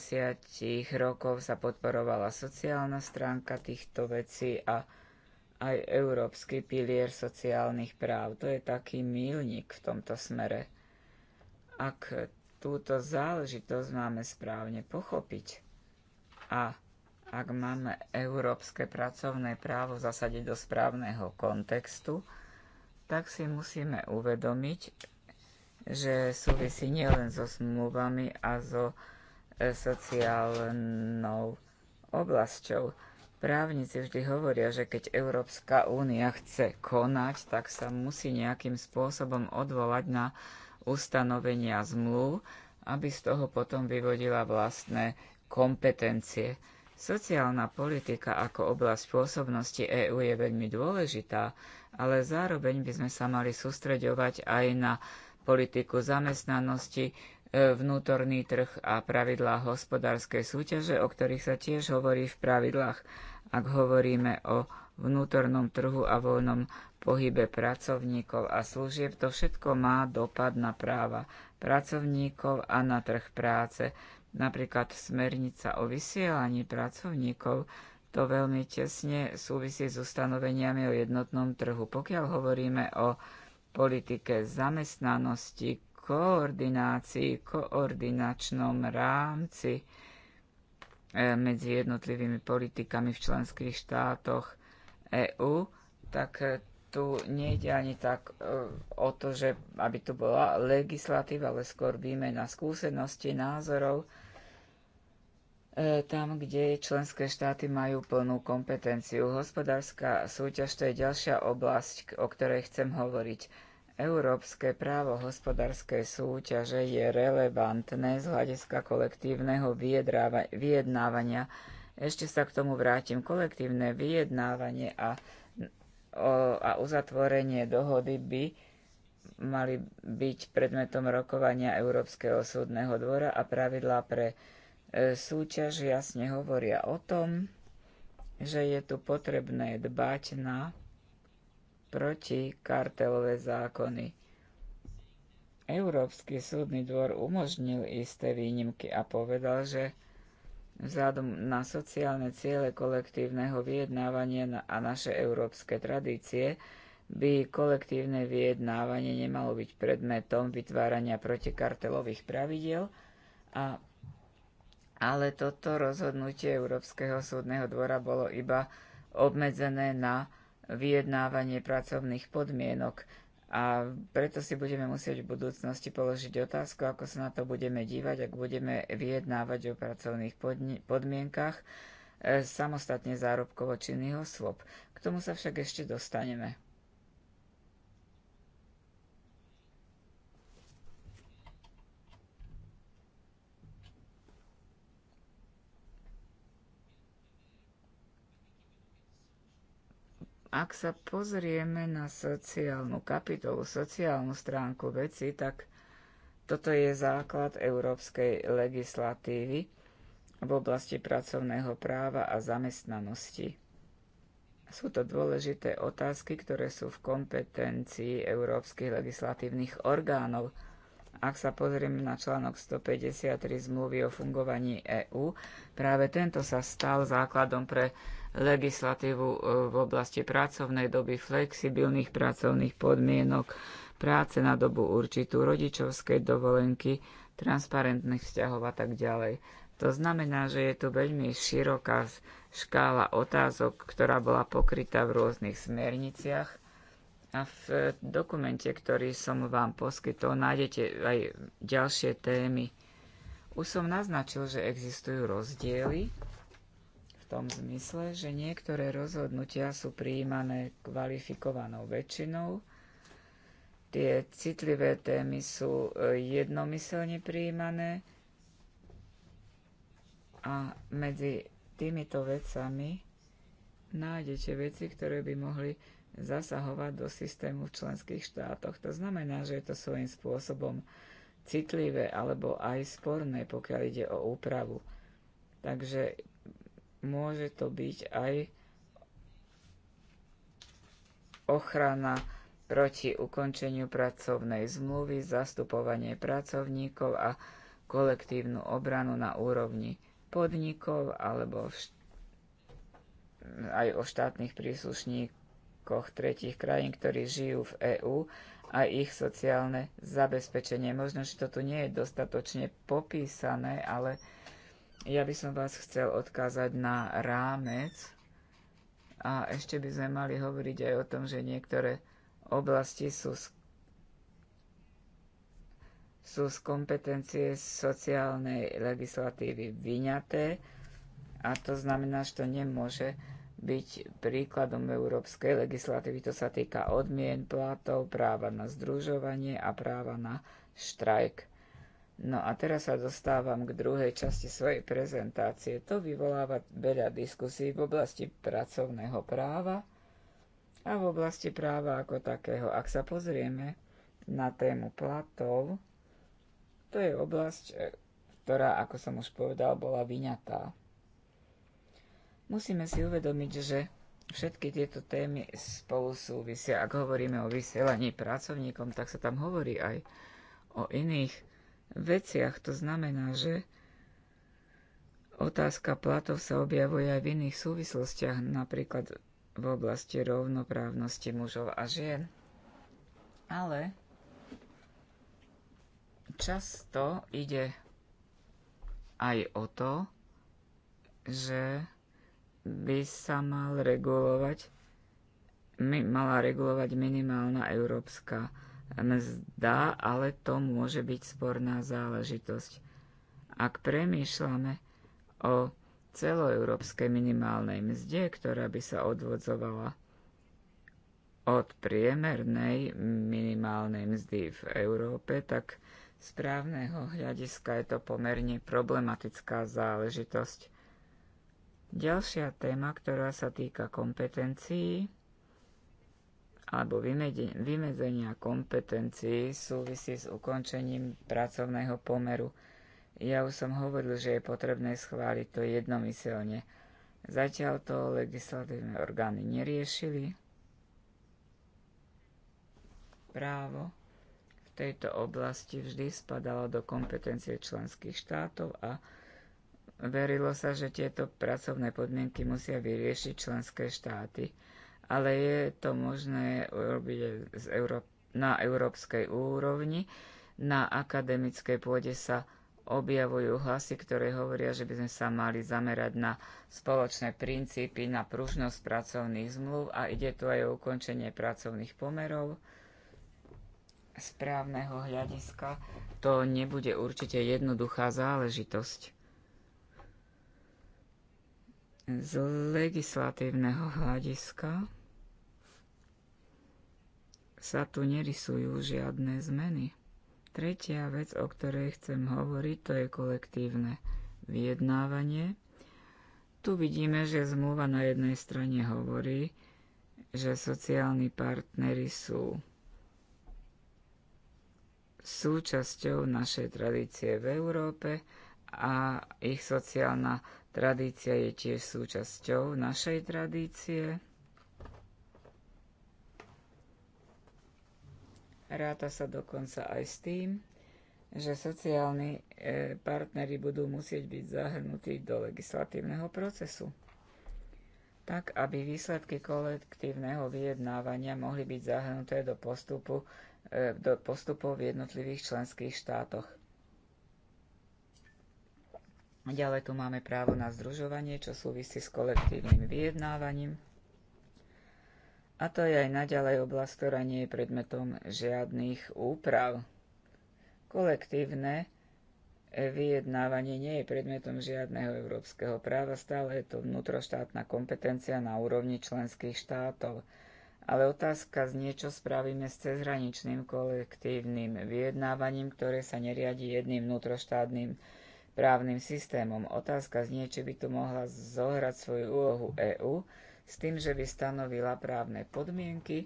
rokov sa podporovala sociálna stránka týchto vecí a aj európsky pilier sociálnych práv. To je taký mílnik v tomto smere. Ak túto záležitosť máme správne pochopiť a ak máme európske pracovné právo zasadiť do správneho kontextu, tak si musíme uvedomiť, že súvisí nielen so zmluvami a so e, sociálnou oblasťou. Právnici vždy hovoria, že keď Európska únia chce konať, tak sa musí nejakým spôsobom odvolať na ustanovenia zmluv, aby z toho potom vyvodila vlastné kompetencie. Sociálna politika ako oblasť pôsobnosti EÚ je veľmi dôležitá, ale zároveň by sme sa mali sústreďovať aj na politiku zamestnanosti, e, vnútorný trh a pravidlá hospodárskej súťaže, o ktorých sa tiež hovorí v pravidlách, ak hovoríme o vnútornom trhu a voľnom pohybe pracovníkov a služieb, to všetko má dopad na práva pracovníkov a na trh práce. Napríklad smernica o vysielaní pracovníkov to veľmi tesne súvisí s ustanoveniami o jednotnom trhu. Pokiaľ hovoríme o politike zamestnanosti, koordinácii, koordinačnom rámci eh, medzi jednotlivými politikami v členských štátoch EÚ, tak eh, tu nejde ani tak eh, o to, že aby tu bola legislatíva, ale skôr výmena skúsenosti, názorov, tam, kde členské štáty majú plnú kompetenciu. Hospodárska súťaž to je ďalšia oblasť, o ktorej chcem hovoriť. Európske právo hospodárskej súťaže je relevantné z hľadiska kolektívneho vyjednávania. Ešte sa k tomu vrátim. Kolektívne vyjednávanie a, o, a uzatvorenie dohody by mali byť predmetom rokovania Európskeho súdneho dvora a pravidlá pre e, súťaž jasne hovoria o tom, že je tu potrebné dbať na proti kartelové zákony. Európsky súdny dvor umožnil isté výnimky a povedal, že vzhľadom na sociálne ciele kolektívneho vyjednávania a naše európske tradície by kolektívne vyjednávanie nemalo byť predmetom vytvárania protikartelových pravidiel, a, ale toto rozhodnutie Európskeho súdneho dvora bolo iba obmedzené na vyjednávanie pracovných podmienok. A preto si budeme musieť v budúcnosti položiť otázku, ako sa na to budeme dívať, ak budeme vyjednávať o pracovných podmienkach e, samostatne zárobkovo činných osôb. K tomu sa však ešte dostaneme. Ak sa pozrieme na sociálnu kapitolu, sociálnu stránku veci, tak toto je základ európskej legislatívy v oblasti pracovného práva a zamestnanosti. Sú to dôležité otázky, ktoré sú v kompetencii európskych legislatívnych orgánov – ak sa pozrieme na článok 153 zmluvy o fungovaní EÚ, práve tento sa stal základom pre legislatívu e, v oblasti pracovnej doby, flexibilných pracovných podmienok, práce na dobu určitú, rodičovskej dovolenky, transparentných vzťahov a tak ďalej. To znamená, že je tu veľmi široká škála otázok, ktorá bola pokrytá v rôznych smerniciach a v e, dokumente, ktorý som vám poskytol, nájdete aj ďalšie témy. Už som naznačil, že existujú rozdiely v tom zmysle, že niektoré rozhodnutia sú prijímané kvalifikovanou väčšinou. Tie citlivé témy sú e, jednomyselne prijímané a medzi týmito vecami nájdete veci, ktoré by mohli zasahovať do systému v členských štátoch. To znamená, že je to svojím spôsobom citlivé alebo aj sporné, pokiaľ ide o úpravu. Takže môže to byť aj ochrana proti ukončeniu pracovnej zmluvy, zastupovanie pracovníkov a kolektívnu obranu na úrovni podnikov alebo aj o štátnych príslušníkov majetkoch tretich krajín, ktorí žijú v EÚ a ich sociálne zabezpečenie. Možno, že to tu nie je dostatočne popísané, ale ja by som vás chcel odkázať na rámec a ešte by sme mali hovoriť aj o tom, že niektoré oblasti sú z, sú z kompetencie sociálnej legislatívy vyňaté a to znamená, že to nemôže byť príkladom európskej legislatívy. To sa týka odmien, platov, práva na združovanie a práva na štrajk. No a teraz sa dostávam k druhej časti svojej prezentácie. To vyvoláva veľa diskusí v oblasti pracovného práva a v oblasti práva ako takého. Ak sa pozrieme na tému platov, to je oblasť, ktorá, ako som už povedal, bola vyňatá Musíme si uvedomiť, že všetky tieto témy spolu súvisia. Ak hovoríme o vysielaní pracovníkom, tak sa tam hovorí aj o iných veciach. To znamená, že otázka platov sa objavuje aj v iných súvislostiach, napríklad v oblasti rovnoprávnosti mužov a žien. Ale často ide aj o to, že by sa mal regulovať, mala regulovať minimálna európska mzda, ale to môže byť sporná záležitosť. Ak premýšľame o celoeurópskej minimálnej mzde, ktorá by sa odvodzovala od priemernej minimálnej mzdy v Európe, tak z právneho hľadiska je to pomerne problematická záležitosť. Ďalšia téma, ktorá sa týka kompetencií alebo vymedzenia kompetencií súvisí s ukončením pracovného pomeru. Ja už som hovoril, že je potrebné schváliť to jednomyselne. Zatiaľ to legislatívne orgány neriešili. Právo v tejto oblasti vždy spadalo do kompetencie členských štátov a Verilo sa, že tieto pracovné podmienky musia vyriešiť členské štáty, ale je to možné urobiť na európskej úrovni. Na akademickej pôde sa objavujú hlasy, ktoré hovoria, že by sme sa mali zamerať na spoločné princípy, na pružnosť pracovných zmluv a ide tu aj o ukončenie pracovných pomerov správneho hľadiska. To nebude určite jednoduchá záležitosť. Z legislatívneho hľadiska sa tu nerysujú žiadne zmeny. Tretia vec, o ktorej chcem hovoriť, to je kolektívne vyjednávanie. Tu vidíme, že zmluva na jednej strane hovorí, že sociálni partnery sú súčasťou našej tradície v Európe a ich sociálna Tradícia je tiež súčasťou našej tradície. Ráta sa dokonca aj s tým, že sociálni e, partnery budú musieť byť zahrnutí do legislatívneho procesu, tak aby výsledky kolektívneho vyjednávania mohli byť zahrnuté do, postupu, e, do postupov v jednotlivých členských štátoch. Ďalej tu máme právo na združovanie, čo súvisí s kolektívnym vyjednávaním. A to je aj naďalej oblasť, ktorá nie je predmetom žiadnych úprav. Kolektívne vyjednávanie nie je predmetom žiadneho európskeho práva, stále je to vnútroštátna kompetencia na úrovni členských štátov. Ale otázka z niečo spravíme s cezhraničným kolektívnym vyjednávaním, ktoré sa neriadi jedným vnútroštátnym právnym systémom. Otázka znie, či by tu mohla zohrať svoju úlohu EÚ s tým, že by stanovila právne podmienky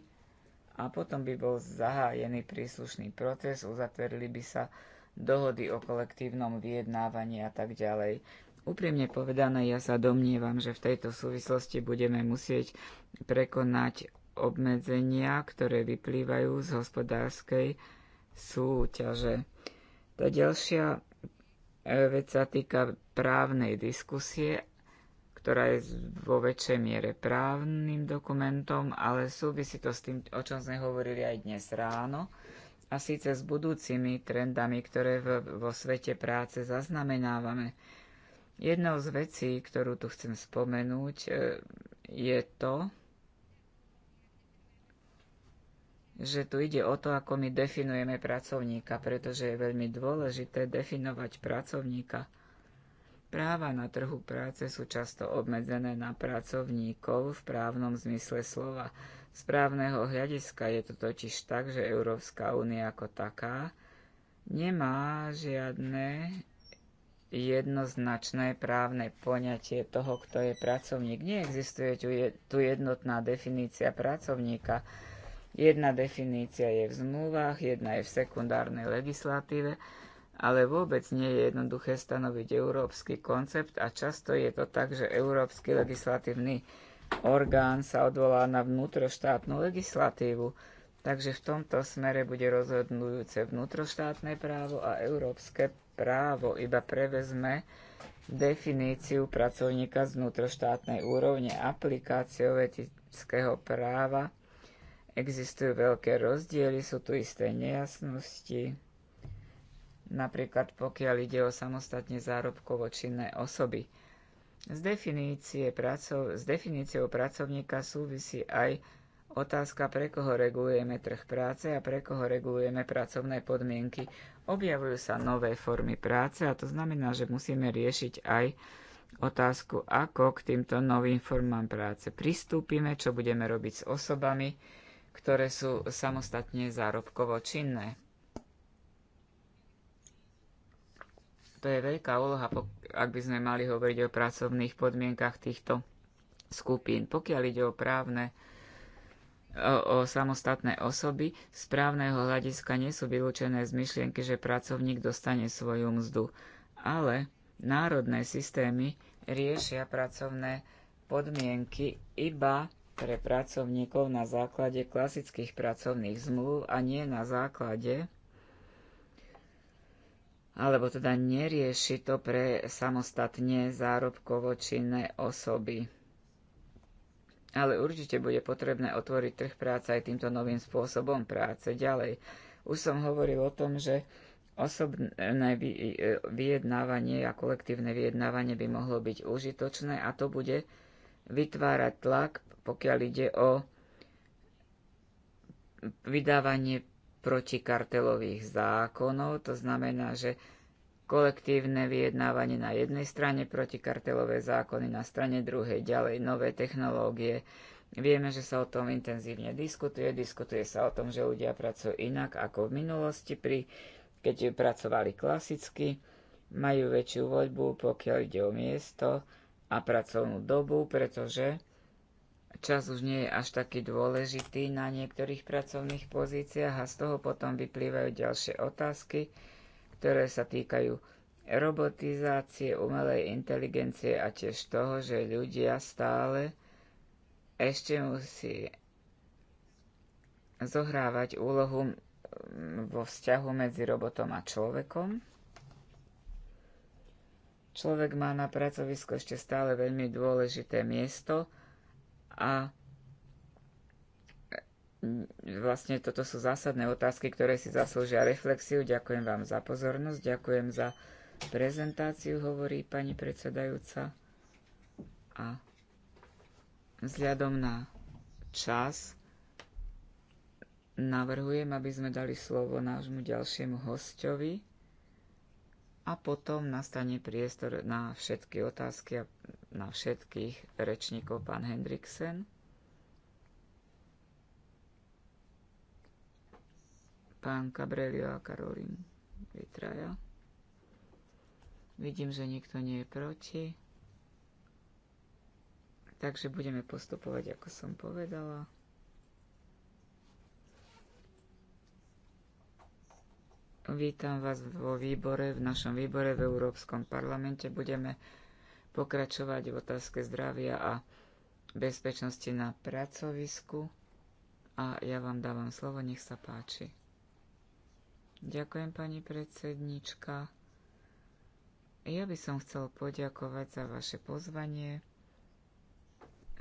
a potom by bol zahájený príslušný proces, uzatvorili by sa dohody o kolektívnom vyjednávaní a tak ďalej. Úprimne povedané, ja sa domnievam, že v tejto súvislosti budeme musieť prekonať obmedzenia, ktoré vyplývajú z hospodárskej súťaže. Tá ďalšia E, veď sa týka právnej diskusie, ktorá je vo väčšej miere právnym dokumentom, ale súvisí to s tým, o čom sme hovorili aj dnes ráno, a síce s budúcimi trendami, ktoré v, vo svete práce zaznamenávame. Jednou z vecí, ktorú tu chcem spomenúť, e, je to, že tu ide o to, ako my definujeme pracovníka, pretože je veľmi dôležité definovať pracovníka. Práva na trhu práce sú často obmedzené na pracovníkov v právnom zmysle slova. Z právneho hľadiska je to totiž tak, že Európska únia ako taká nemá žiadne jednoznačné právne poňatie toho, kto je pracovník. Neexistuje tu jednotná definícia pracovníka. Jedna definícia je v zmluvách, jedna je v sekundárnej legislatíve, ale vôbec nie je jednoduché stanoviť európsky koncept a často je to tak, že európsky legislatívny orgán sa odvolá na vnútroštátnu legislatívu, takže v tomto smere bude rozhodnujúce vnútroštátne právo a európske právo iba prevezme definíciu pracovníka z vnútroštátnej úrovne aplikáciou etického práva Existujú veľké rozdiely, sú tu isté nejasnosti. Napríklad pokiaľ ide o samostatne zárobkovo činné osoby. Z, definície pracov, s definíciou pracovníka súvisí aj otázka, pre koho regulujeme trh práce a pre koho regulujeme pracovné podmienky. Objavujú sa nové formy práce a to znamená, že musíme riešiť aj otázku, ako k týmto novým formám práce pristúpime, čo budeme robiť s osobami, ktoré sú samostatne zárobkovo činné. To je veľká úloha, ak by sme mali hovoriť o pracovných podmienkach týchto skupín. Pokiaľ ide o právne o, o samostatné osoby, z právneho hľadiska nie sú vylúčené z myšlienky, že pracovník dostane svoju mzdu. Ale národné systémy riešia pracovné podmienky iba pre pracovníkov na základe klasických pracovných zmluv a nie na základe alebo teda nerieši to pre samostatne zárobkovo činné osoby. Ale určite bude potrebné otvoriť trh práce aj týmto novým spôsobom práce. Ďalej, už som hovoril o tom, že osobné vyjednávanie a kolektívne vyjednávanie by mohlo byť užitočné a to bude vytvárať tlak pokiaľ ide o vydávanie protikartelových zákonov. To znamená, že kolektívne vyjednávanie na jednej strane, protikartelové zákony na strane druhej, ďalej nové technológie. Vieme, že sa o tom intenzívne diskutuje. Diskutuje sa o tom, že ľudia pracujú inak ako v minulosti, pri, keď pracovali klasicky. Majú väčšiu voľbu, pokiaľ ide o miesto a pracovnú dobu, pretože čas už nie je až taký dôležitý na niektorých pracovných pozíciách a z toho potom vyplývajú ďalšie otázky, ktoré sa týkajú robotizácie, umelej inteligencie a tiež toho, že ľudia stále ešte musí zohrávať úlohu vo vzťahu medzi robotom a človekom. Človek má na pracovisko ešte stále veľmi dôležité miesto – a vlastne toto sú zásadné otázky, ktoré si zaslúžia reflexiu. Ďakujem vám za pozornosť, ďakujem za prezentáciu, hovorí pani predsedajúca. A vzhľadom na čas navrhujem, aby sme dali slovo nášmu ďalšiemu hostovi a potom nastane priestor na všetky otázky a na všetkých rečníkov pán Hendriksen. Pán Cabrelio a Karolín Vitraja. Vidím, že nikto nie je proti. Takže budeme postupovať, ako som povedala. Vítam vás vo výbore, v našom výbore v Európskom parlamente. Budeme pokračovať v otázke zdravia a bezpečnosti na pracovisku. A ja vám dávam slovo, nech sa páči. Ďakujem, pani predsednička. Ja by som chcel poďakovať za vaše pozvanie.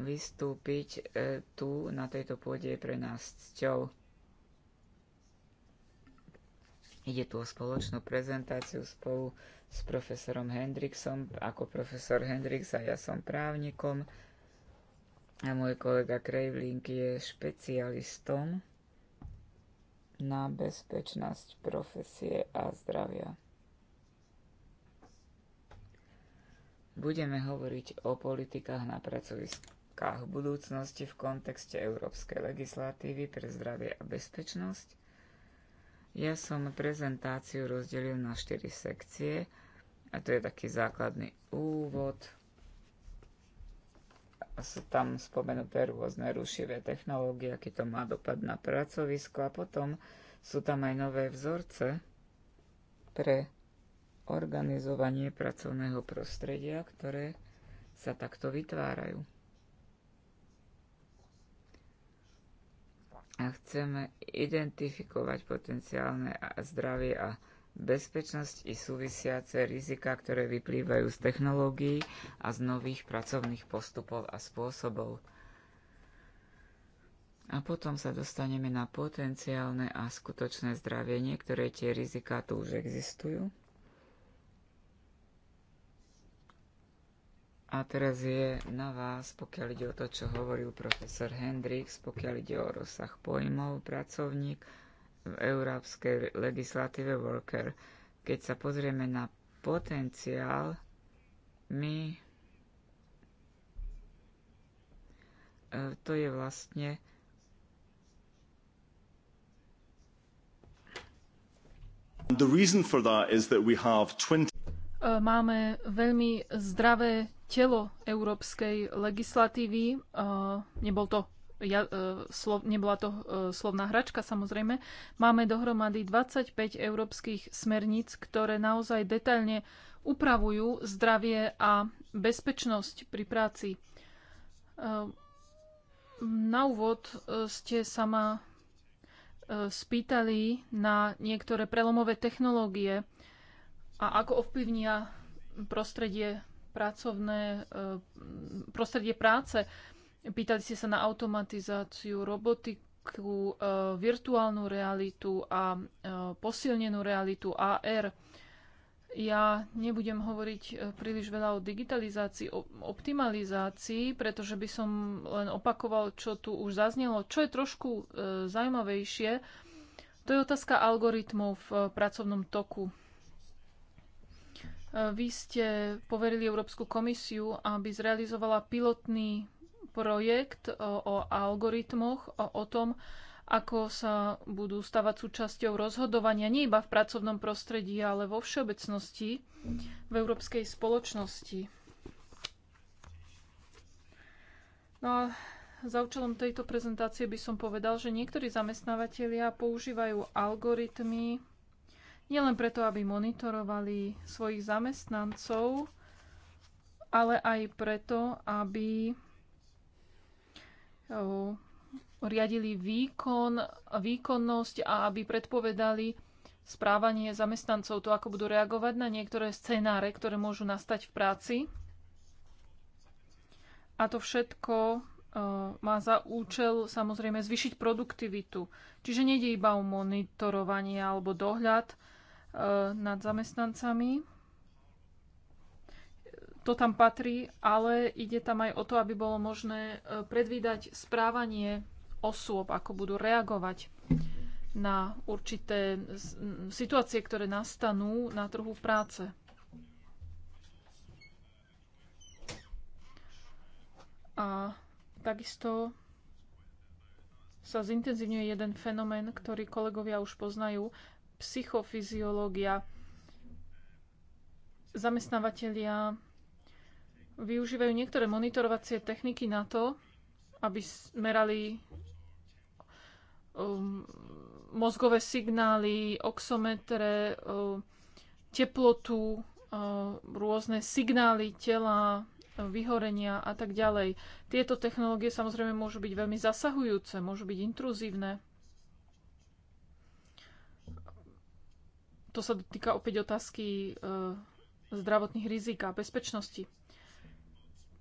Vystúpiť e, tu na tejto pôde pre nás cťou. Ide tu o spoločnú prezentáciu spolu s profesorom Hendrixom. Ako profesor Hendrix a ja som právnikom a môj kolega Kravlink je špecialistom na bezpečnosť profesie a zdravia. Budeme hovoriť o politikách na pracoviskách v budúcnosti v kontexte európskej legislatívy pre zdravie a bezpečnosť ja som prezentáciu rozdelil na 4 sekcie a to je taký základný úvod. A sú tam spomenuté rôzne rušivé technológie, aký to má dopad na pracovisko a potom sú tam aj nové vzorce pre organizovanie pracovného prostredia, ktoré sa takto vytvárajú. a chceme identifikovať potenciálne zdravie a bezpečnosť i súvisiace rizika, ktoré vyplývajú z technológií a z nových pracovných postupov a spôsobov. A potom sa dostaneme na potenciálne a skutočné zdravie. Niektoré tie rizika tu už existujú A teraz je na vás, pokiaľ ide o to, čo hovoril profesor Hendrix, pokiaľ ide o rozsah pojmov pracovník v európskej legislatíve worker. Keď sa pozrieme na potenciál, my e, to je vlastne The reason for that is that we have 20 e, Máme veľmi zdravé telo európskej legislatívy. Eh, nebol to ja, eh, slov, nebola to eh, slovná hračka samozrejme. Máme dohromady 25 európskych smerníc, ktoré naozaj detailne upravujú zdravie a bezpečnosť pri práci. Na úvod ste sa ma spýtali na niektoré prelomové technológie a ako ovplyvnia prostredie pracovné e, prostredie práce. Pýtali ste sa na automatizáciu, robotiku, e, virtuálnu realitu a e, posilnenú realitu AR. Ja nebudem hovoriť príliš veľa o digitalizácii, o optimalizácii, pretože by som len opakoval, čo tu už zaznelo. Čo je trošku zaujímavejšie, to je otázka algoritmov v pracovnom toku. E, vy ste poverili Európsku komisiu, aby zrealizovala pilotný projekt e, o, algoritmoch, o, o tom, ako sa budú stavať súčasťou rozhodovania nie iba v pracovnom prostredí, ale vo všeobecnosti v európskej spoločnosti. No a za účelom tejto prezentácie by som povedal, že niektorí zamestnávateľia používajú algoritmy nielen preto, aby monitorovali svojich zamestnancov, ale aj preto, aby riadili výkon, výkonnosť a aby predpovedali správanie zamestnancov, to ako budú reagovať na niektoré scenáre, ktoré môžu nastať v práci. A to všetko má za účel samozrejme zvyšiť produktivitu. Čiže nejde iba o monitorovanie alebo dohľad, Eh, nad zamestnancami. To tam patrí, ale ide tam aj o to, aby bolo možné eh, predvídať správanie osôb, ako budú reagovať na určité situácie, ktoré nastanú na trhu práce. A takisto sa zintenzívňuje jeden fenomén, ktorý kolegovia už poznajú, psychofyziológia. Zamestnávateľia využívajú niektoré monitorovacie techniky na to, aby merali um, mozgové signály, oxometre, um, teplotu, um, rôzne signály tela, vyhorenia a tak ďalej. Tieto technológie samozrejme môžu byť veľmi zasahujúce, môžu byť intruzívne. to sa týka opäť otázky e, zdravotných rizik a bezpečnosti.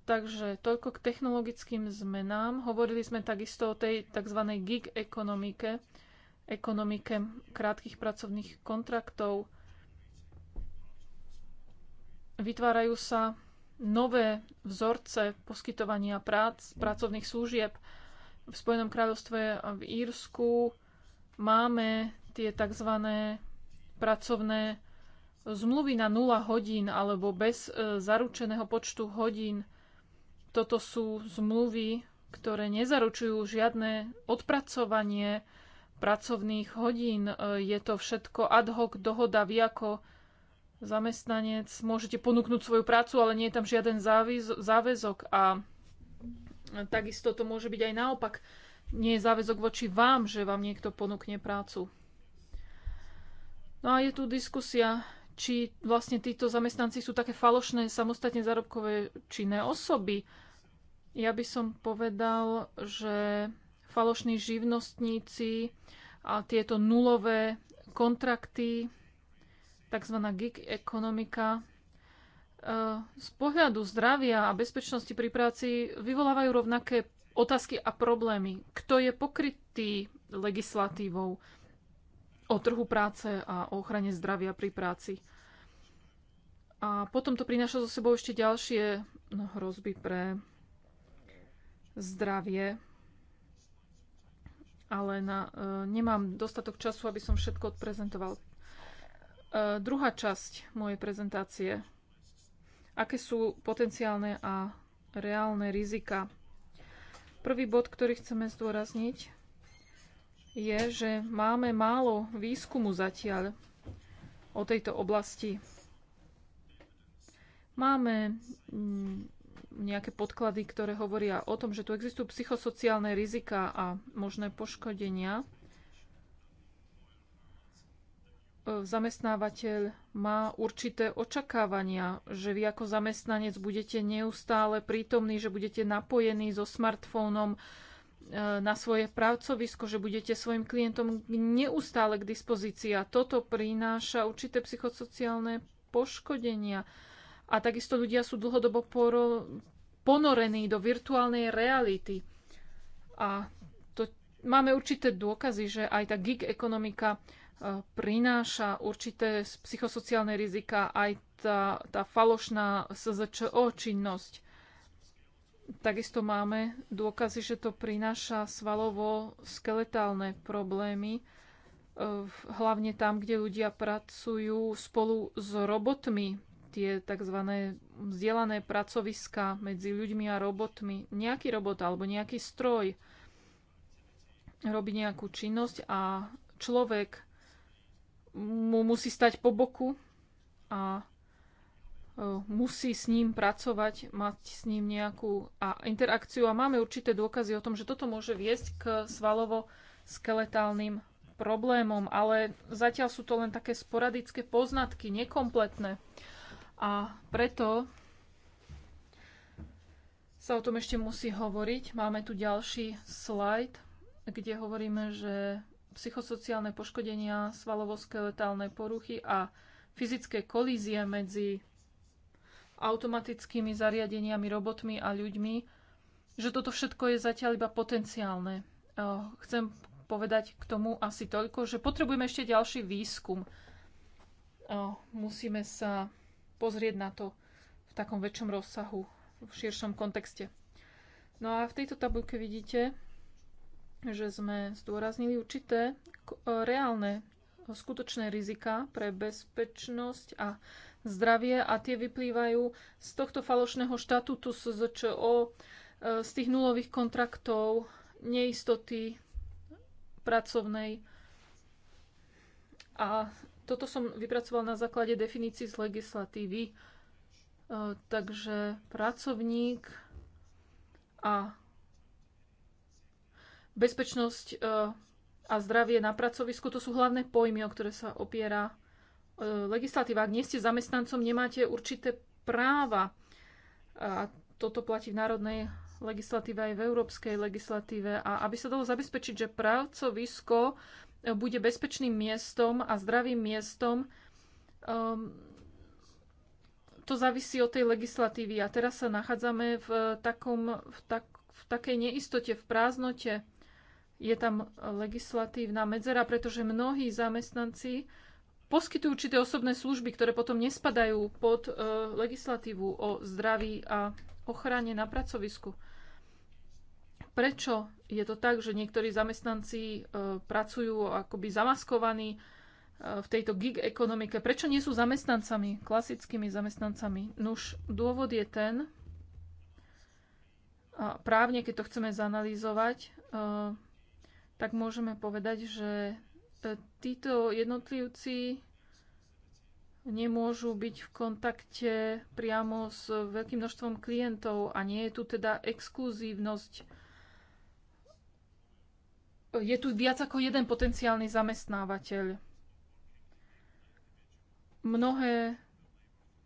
Takže toľko k technologickým zmenám. Hovorili sme takisto o tej tzv. gig ekonomike, ekonomike krátkých pracovných kontraktov. Vytvárajú sa nové vzorce poskytovania prác, pracovných služieb. V Spojenom kráľovstve a v Írsku máme tie tzv pracovné zmluvy na 0 hodín alebo bez e, zaručeného počtu hodín. Toto sú zmluvy, ktoré nezaručujú žiadne odpracovanie pracovných hodín. E, je to všetko ad hoc dohoda. Vy ako zamestnanec môžete ponúknuť svoju prácu, ale nie je tam žiaden záväzok. A takisto to môže byť aj naopak. Nie je záväzok voči vám, že vám niekto ponúkne prácu. No a je tu diskusia, či vlastne títo zamestnanci sú také falošné samostatne zárobkové činné osoby. Ja by som povedal, že falošní živnostníci a tieto nulové kontrakty, tzv. gig ekonomika, e, z pohľadu zdravia a bezpečnosti pri práci vyvolávajú rovnaké otázky a problémy. Kto je pokrytý legislatívou? o trhu práce a o ochrane zdravia pri práci. A potom to prináša so sebou ešte ďalšie hrozby pre zdravie. Ale na, e, nemám dostatok času, aby som všetko odprezentoval. E, druhá časť mojej prezentácie. Aké sú potenciálne a reálne rizika? Prvý bod, ktorý chceme zdôrazniť, je, že máme málo výskumu zatiaľ o tejto oblasti. Máme mm, nejaké podklady, ktoré hovoria o tom, že tu existujú psychosociálne rizika a možné poškodenia. E, zamestnávateľ má určité očakávania, že vy ako zamestnanec budete neustále prítomní, že budete napojení so smartfónom, Eh, na svoje pracovisko, že budete svojim klientom neustále k dispozícii a toto prináša určité psychosociálne poškodenia. A takisto ľudia sú dlhodobo ponorení do virtuálnej reality. A to, máme určité dôkazy, že aj tá gig ekonomika eh, prináša určité psychosociálne rizika, aj tá, tá falošná SZČO činnosť. Takisto máme dôkazy, že to prináša svalovo-skeletálne problémy, e, hlavne tam, kde ľudia pracujú spolu s robotmi, tie tzv. vzdelané pracoviska medzi ľuďmi a robotmi. Nejaký robot alebo nejaký stroj robí nejakú činnosť a človek mu musí stať po boku a musí s ním pracovať, mať s ním nejakú a interakciu a máme určité dôkazy o tom, že toto môže viesť k svalovo-skeletálnym problémom, ale zatiaľ sú to len také sporadické poznatky, nekompletné. A preto sa o tom ešte musí hovoriť. Máme tu ďalší slajd, kde hovoríme, že psychosociálne poškodenia, svalovo-skeletálne poruchy a fyzické kolízie medzi automatickými zariadeniami, robotmi a ľuďmi, že toto všetko je zatiaľ iba potenciálne. E, chcem povedať k tomu asi toľko, že potrebujeme ešte ďalší výskum. E, musíme sa pozrieť na to v takom väčšom rozsahu, v širšom kontexte. No a v tejto tabulke vidíte, že sme zdôraznili určité e, reálne skutočné rizika pre bezpečnosť a zdravie a tie vyplývajú z tohto falošného štatútu SZČO, e, z tých nulových kontraktov, neistoty pracovnej. A toto som vypracoval na základe definícií z legislatívy. E, takže pracovník a bezpečnosť e, a zdravie na pracovisku, to sú hlavné pojmy, o ktoré sa opiera E, legislatíva. Ak nie ste zamestnancom, nemáte určité práva. A toto platí v národnej legislatíve aj v európskej legislatíve. A aby sa dalo zabezpečiť, že pracovisko bude bezpečným miestom a zdravým miestom, um, to závisí od tej legislatívy. A teraz sa nachádzame v, takom, v, tak, v takej neistote, v prázdnote. Je tam legislatívna medzera, pretože mnohí zamestnanci poskytujú určité osobné služby, ktoré potom nespadajú pod e, legislatívu o zdraví a ochrane na pracovisku. Prečo je to tak, že niektorí zamestnanci e, pracujú akoby zamaskovaní e, v tejto gig ekonomike? Prečo nie sú zamestnancami, klasickými zamestnancami? Nuž, dôvod je ten, a právne, keď to chceme zanalýzovať, e, tak môžeme povedať, že E, títo jednotlivci nemôžu byť v kontakte priamo s veľkým množstvom klientov a nie je tu teda exkluzívnosť. Je tu viac ako jeden potenciálny zamestnávateľ. Mnohé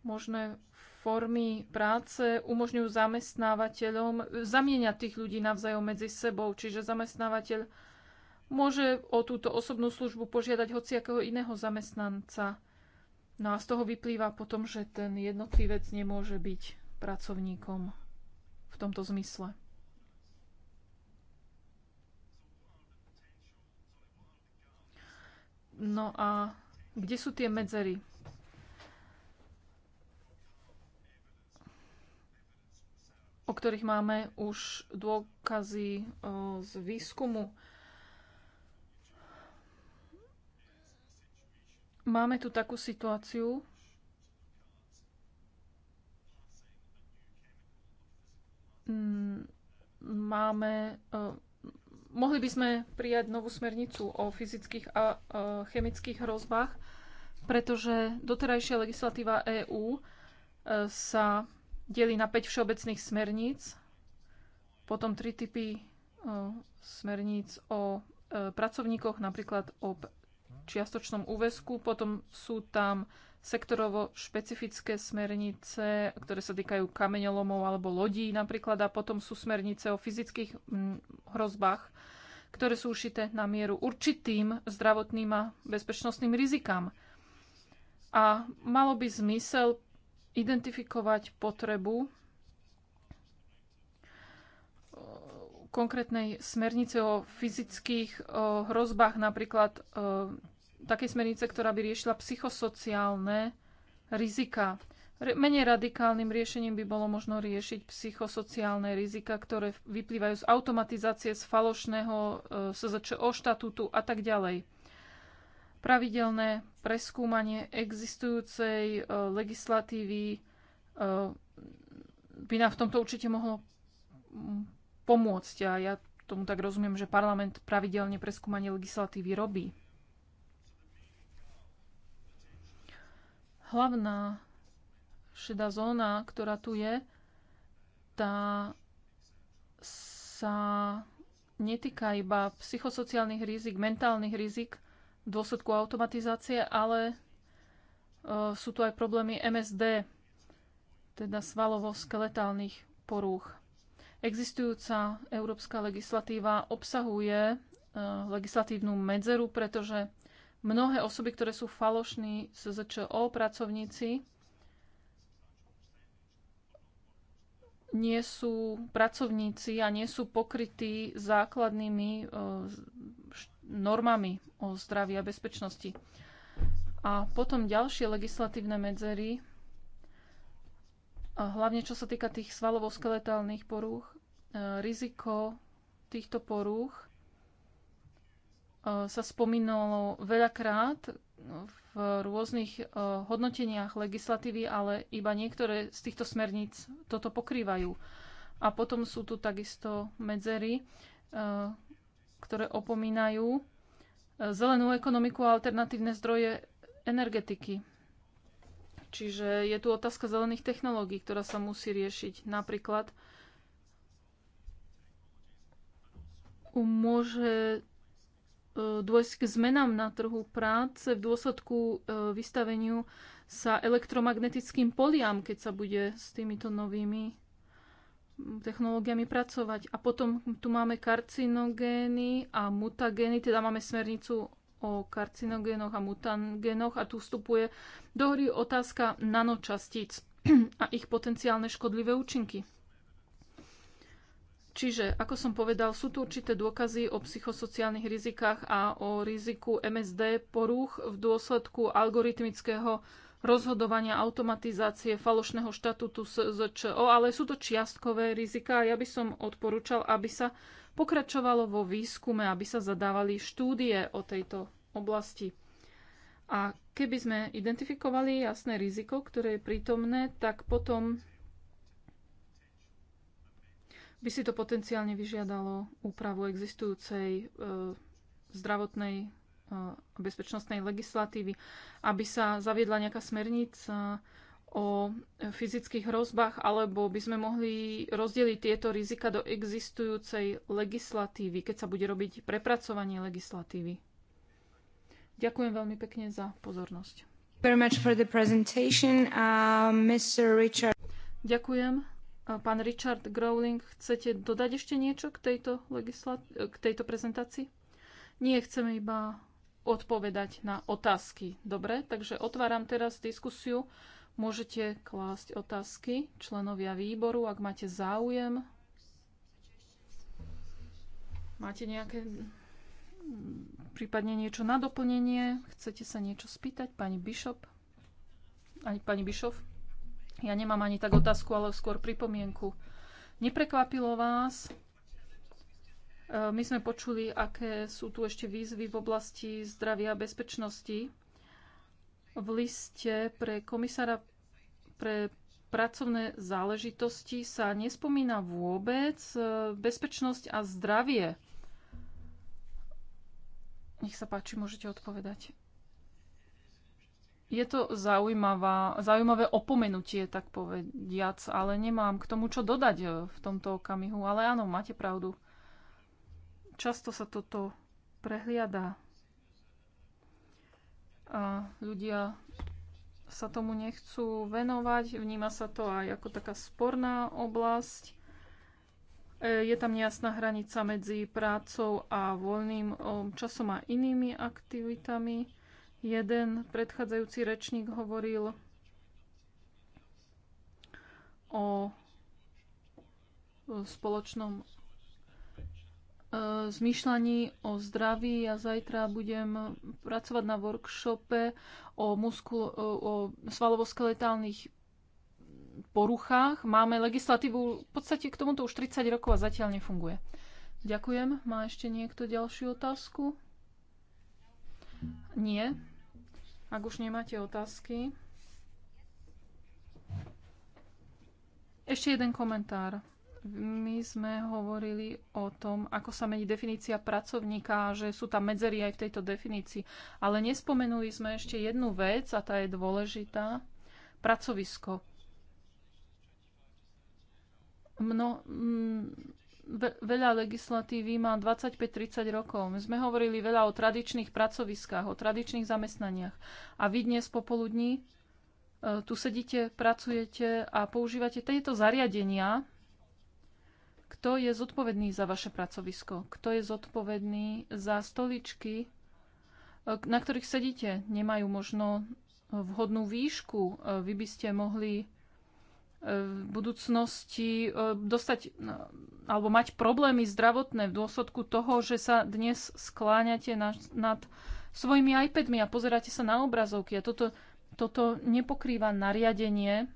možné formy práce umožňujú zamestnávateľom zamieňať tých ľudí navzájom medzi sebou, čiže zamestnávateľ môže o túto osobnú službu požiadať hociakého iného zamestnanca. No a z toho vyplýva potom, že ten jednotlivec nemôže byť pracovníkom v tomto zmysle. No a kde sú tie medzery? o ktorých máme už dôkazy z výskumu Máme tu takú situáciu, mm, máme, e, mohli by sme prijať novú smernicu o fyzických a e, chemických hrozbách, pretože doterajšia legislatíva EÚ e, sa delí na 5 všeobecných smerníc, potom 3 typy smerníc o pracovníkoch, napríklad o čiastočnom úvesku, potom sú tam sektorovo špecifické smernice, ktoré sa týkajú kameňolomov alebo lodí napríklad a potom sú smernice o fyzických mm, hrozbách, ktoré sú ušité na mieru určitým zdravotným a bezpečnostným rizikám. A malo by zmysel identifikovať potrebu konkrétnej smernice o fyzických o hrozbách, napríklad o, e, smernice, ktorá by riešila psychosociálne rizika. Re, menej radikálnym riešením by bolo možno riešiť psychosociálne rizika, ktoré vyplývajú z automatizácie, z falošného e, SZČO štatútu a tak ďalej. Pravidelné preskúmanie existujúcej e, legislatívy by nám v tomto určite mohlo pomôcť. A ja tomu tak rozumiem, že parlament pravidelne preskúmanie legislatívy robí. Hlavná šedá zóna, ktorá tu je, tá sa netýka iba psychosociálnych rizik, mentálnych rizik v dôsledku automatizácie, ale e, sú tu aj problémy MSD, teda svalovo-skeletálnych porúch. Existujúca európska legislatíva obsahuje eh, legislatívnu medzeru, pretože mnohé osoby, ktoré sú falošní SZČO pracovníci, nie sú pracovníci a nie sú pokrytí základnými eh, normami o zdraví a bezpečnosti. A potom ďalšie legislatívne medzery, hlavne čo sa týka tých svalovo-skeletálnych porúch, E, riziko týchto porúch e, sa spomínalo veľakrát v rôznych e, hodnoteniach legislatívy, ale iba niektoré z týchto smerníc toto pokrývajú. A potom sú tu takisto medzery, ktoré opomínajú zelenú ekonomiku a alternatívne zdroje energetiky. Čiže je tu otázka zelených technológií, ktorá sa musí riešiť. Napríklad môže e, dôjsť k zmenám na trhu práce v dôsledku e, vystaveniu sa elektromagnetickým poliam, keď sa bude s týmito novými technológiami pracovať. A potom tu máme karcinogény a mutagény, teda máme smernicu o karcinogénoch a mutagénoch a tu vstupuje do hry otázka nanočastíc [clears throat] a ich potenciálne škodlivé účinky. Čiže, ako som povedal, sú tu určité dôkazy o psychosociálnych rizikách a o riziku MSD poruch v dôsledku algoritmického rozhodovania, automatizácie, falošného štatútu Zčo, ale sú to čiastkové rizika a ja by som odporúčal, aby sa pokračovalo vo výskume, aby sa zadávali štúdie o tejto oblasti. A keby sme identifikovali jasné riziko, ktoré je prítomné, tak potom by si to potenciálne vyžiadalo úpravu existujúcej e, zdravotnej e, a bezpečnostnej legislatívy, aby sa zaviedla nejaká smernica o fyzických hrozbách, alebo by sme mohli rozdeliť tieto rizika do existujúcej legislatívy, keď sa bude robiť prepracovanie legislatívy. Ďakujem veľmi pekne za pozornosť. Very much for the presentation, uh, Mr. Richard. Ďakujem. Pán Richard Growling, chcete dodať ešte niečo k tejto, legislat- k tejto prezentácii? Nie, chceme iba odpovedať na otázky. Dobre, takže otváram teraz diskusiu. Môžete klásť otázky členovia výboru, ak máte záujem. Máte nejaké prípadne niečo na doplnenie? Chcete sa niečo spýtať, pani Bishop? Ani pani Bishop? Ja nemám ani tak otázku, ale skôr pripomienku. Neprekvapilo vás, e, my sme počuli, aké sú tu ešte výzvy v oblasti zdravia a bezpečnosti. V liste pre komisára pre pracovné záležitosti sa nespomína vôbec e, bezpečnosť a zdravie. Nech sa páči, môžete odpovedať je to zaujímavá, zaujímavé opomenutie, tak povediac, ale nemám k tomu, čo dodať eh, v tomto okamihu. Ale áno, máte pravdu. Často sa toto prehliada. A ľudia sa tomu nechcú venovať. Vníma sa to aj ako taká sporná oblasť. E, je tam nejasná hranica medzi prácou a voľným eh, časom a inými aktivitami Jeden predchádzajúci rečník hovoril o spoločnom e, zmyšľaní o zdraví. Ja zajtra budem pracovať na workshope o, muskul- o svalovoskeletálnych poruchách. Máme legislatívu v podstate k tomuto už 30 rokov a zatiaľ nefunguje. Ďakujem. Má ešte niekto ďalšiu otázku? Nie. Ak už nemáte otázky. Ešte jeden komentár. My sme hovorili o tom, ako sa mení definícia pracovníka, že sú tam medzery aj v tejto definícii. Ale nespomenuli sme ešte jednu vec, a tá je dôležitá. Pracovisko. Mno, veľa legislatívy má 25-30 rokov. My sme hovorili veľa o tradičných pracoviskách, o tradičných zamestnaniach. A vy dnes popoludní e, tu sedíte, pracujete a používate tieto zariadenia. Kto je zodpovedný za vaše pracovisko? Kto je zodpovedný za stoličky, e, na ktorých sedíte? Nemajú možno vhodnú výšku. E, vy by ste mohli v budúcnosti e, dostať no, alebo mať problémy zdravotné v dôsledku toho, že sa dnes skláňate nad svojimi iPadmi a pozeráte sa na obrazovky. A toto, toto nepokrýva nariadenie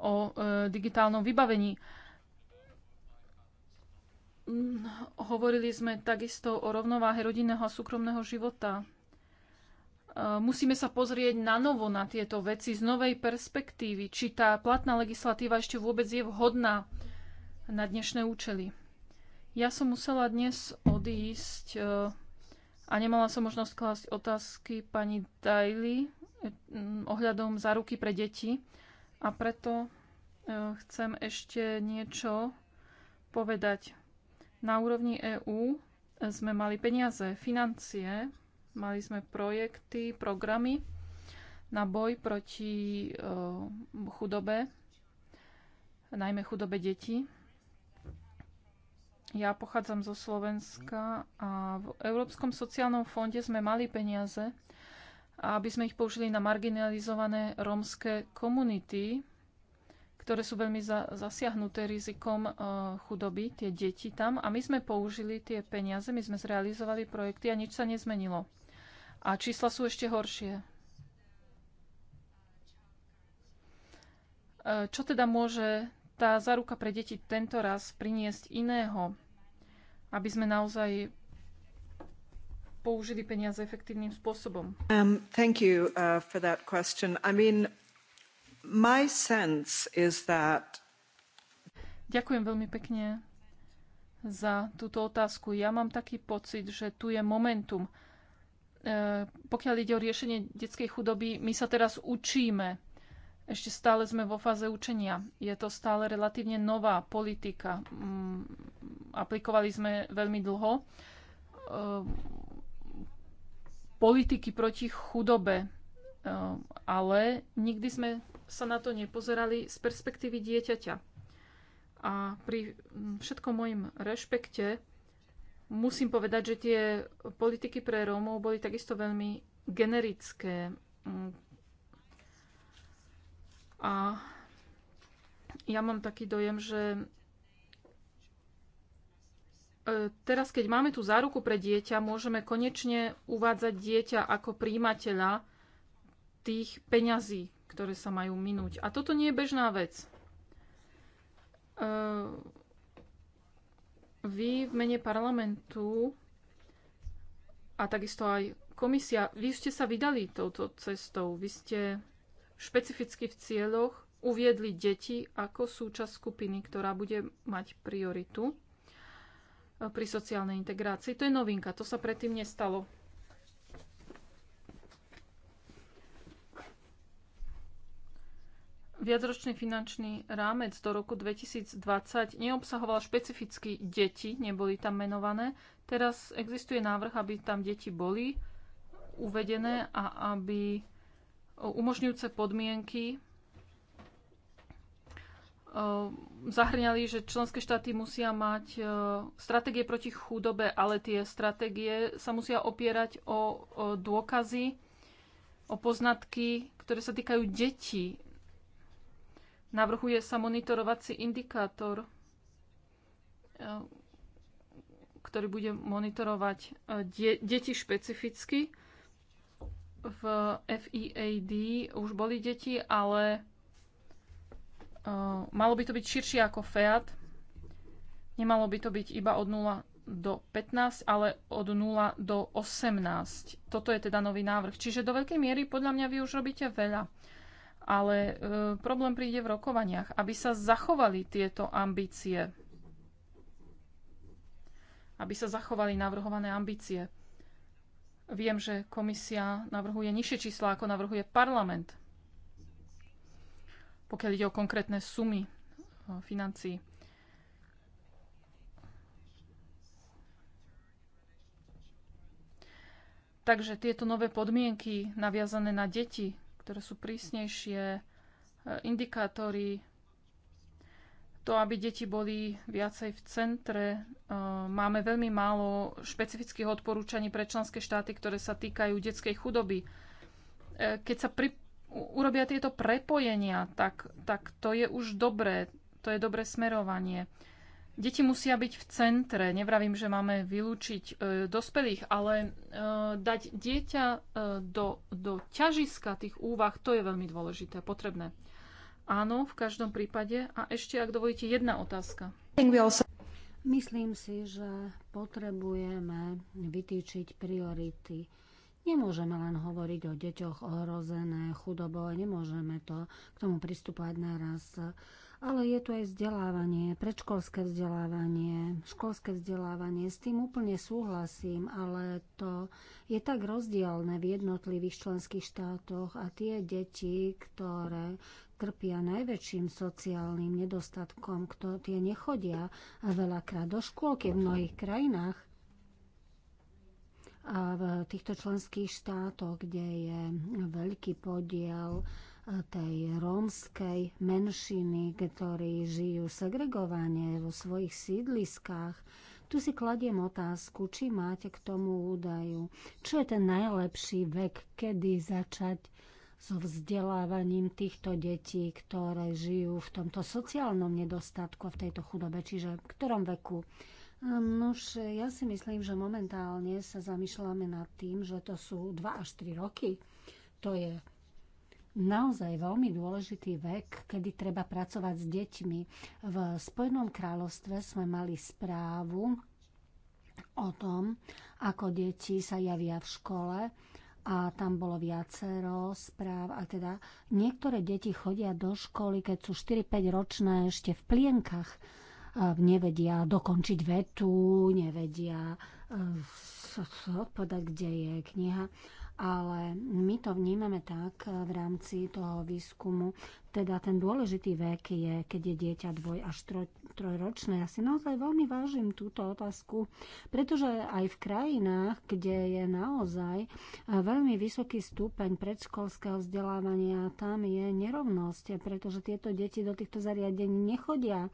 o e, digitálnom vybavení. Hm, hovorili sme takisto o rovnováhe rodinného a súkromného života. E, musíme sa pozrieť na novo na tieto veci z novej perspektívy, či tá platná legislatíva ešte vôbec je vhodná na dnešné účely. Ja som musela dnes odísť e, a nemala som možnosť klásť otázky pani Daily e, ohľadom záruky pre deti a preto chcem ešte niečo povedať. Na úrovni EÚ sme mali peniaze, financie Mali sme projekty, programy na boj proti e, chudobe, najmä chudobe detí. Ja pochádzam zo Slovenska a v Európskom sociálnom fonde sme mali peniaze, aby sme ich použili na marginalizované rómske komunity, ktoré sú veľmi za, zasiahnuté rizikom e, chudoby, tie deti tam. A my sme použili tie peniaze, my sme zrealizovali projekty a nič sa nezmenilo. A čísla sú ešte horšie. E, čo teda môže tá záruka pre deti tento raz priniesť iného, aby sme naozaj použili peniaze efektívnym spôsobom? Um, thank you uh, for that question. I mean, my sense is that... Ďakujem veľmi pekne za túto otázku. Ja mám taký pocit, že tu je momentum. E, pokiaľ ide o riešenie detskej chudoby, my sa teraz učíme. Ešte stále sme vo fáze učenia. Je to stále relatívne nová politika. Mm, aplikovali sme veľmi dlho e, politiky proti chudobe, e, ale nikdy sme sa na to nepozerali z perspektívy dieťaťa. A pri všetkom mojim rešpekte musím povedať, že tie politiky pre Rómov boli takisto veľmi generické. Mm. A ja mám taký dojem, že e, teraz, keď máme tú záruku pre dieťa, môžeme konečne uvádzať dieťa ako príjimateľa tých peňazí, ktoré sa majú minúť. A toto nie je bežná vec. E, vy v mene parlamentu a takisto aj komisia, vy ste sa vydali touto cestou. Vy ste špecificky v cieľoch uviedli deti ako súčasť skupiny, ktorá bude mať prioritu pri sociálnej integrácii. To je novinka, to sa predtým nestalo. Viacročný finančný rámec do roku 2020 neobsahoval špecificky deti, neboli tam menované. Teraz existuje návrh, aby tam deti boli uvedené a aby umožňujúce podmienky eh, zahrňali, že členské štáty musia mať eh, stratégie proti chudobe, ale tie stratégie sa musia opierať o dôkazy, o poznatky, ktoré sa týkajú detí Navrhuje sa monitorovací indikátor, e, ktorý bude monitorovať e, deti špecificky. V FEAD už boli deti, ale e, malo by to byť širšie ako FEAD. Nemalo by to byť iba od 0 do 15, ale od 0 do 18. Toto je teda nový návrh. Čiže do veľkej miery podľa mňa vy už robíte veľa. Ale e, problém príde v rokovaniach, aby sa zachovali tieto ambície. Aby sa zachovali navrhované ambície. Viem, že komisia navrhuje nižšie čísla, ako navrhuje parlament, pokiaľ ide o konkrétne sumy e, financií. Takže tieto nové podmienky naviazané na deti, ktoré sú prísnejšie, e, indikátory, to, aby deti boli viacej v centre. E, máme veľmi málo špecifických odporúčaní pre členské štáty, ktoré sa týkajú detskej chudoby. E, keď sa pri, urobia tieto prepojenia, tak, tak to je už dobré, to je dobré smerovanie. Deti musia byť v centre. Nevravím, že máme vylúčiť e, dospelých, ale e, dať dieťa e, do, do ťažiska tých úvah, to je veľmi dôležité, potrebné. Áno, v každom prípade. A ešte, ak dovolíte, jedna otázka. Myslím si, že potrebujeme vytýčiť priority. Nemôžeme len hovoriť o deťoch ohrozené chudobo, nemôžeme to k tomu pristúpať naraz ale je tu aj vzdelávanie, predškolské vzdelávanie, školské vzdelávanie. S tým úplne súhlasím, ale to je tak rozdielne v jednotlivých členských štátoch a tie deti, ktoré trpia najväčším sociálnym nedostatkom, kto tie nechodia veľakrát do škôlky v mnohých krajinách, a v týchto členských štátoch, kde je veľký podiel tej rómskej menšiny, ktorí žijú segregovane vo svojich sídliskách. Tu si kladiem otázku, či máte k tomu údaju. Čo je ten najlepší vek, kedy začať so vzdelávaním týchto detí, ktoré žijú v tomto sociálnom nedostatku a v tejto chudobe, čiže v ktorom veku. Nož, ja si myslím, že momentálne sa zamýšľame nad tým, že to sú 2 až 3 roky. To je naozaj veľmi dôležitý vek, kedy treba pracovať s deťmi. V Spojenom kráľovstve sme mali správu o tom, ako deti sa javia v škole a tam bolo viacero správ a teda niektoré deti chodia do školy, keď sú 4-5 ročné ešte v plienkach, nevedia dokončiť vetu, nevedia e, povedať, kde je kniha ale my to vnímame tak eh, v rámci toho výskumu, teda ten dôležitý vek je, keď je dieťa dvoj až troj, trojročné. Ja si naozaj veľmi vážim túto otázku, pretože aj v krajinách, kde je naozaj eh, veľmi vysoký stupeň predškolského vzdelávania, tam je nerovnosť, pretože tieto deti do týchto zariadení nechodia.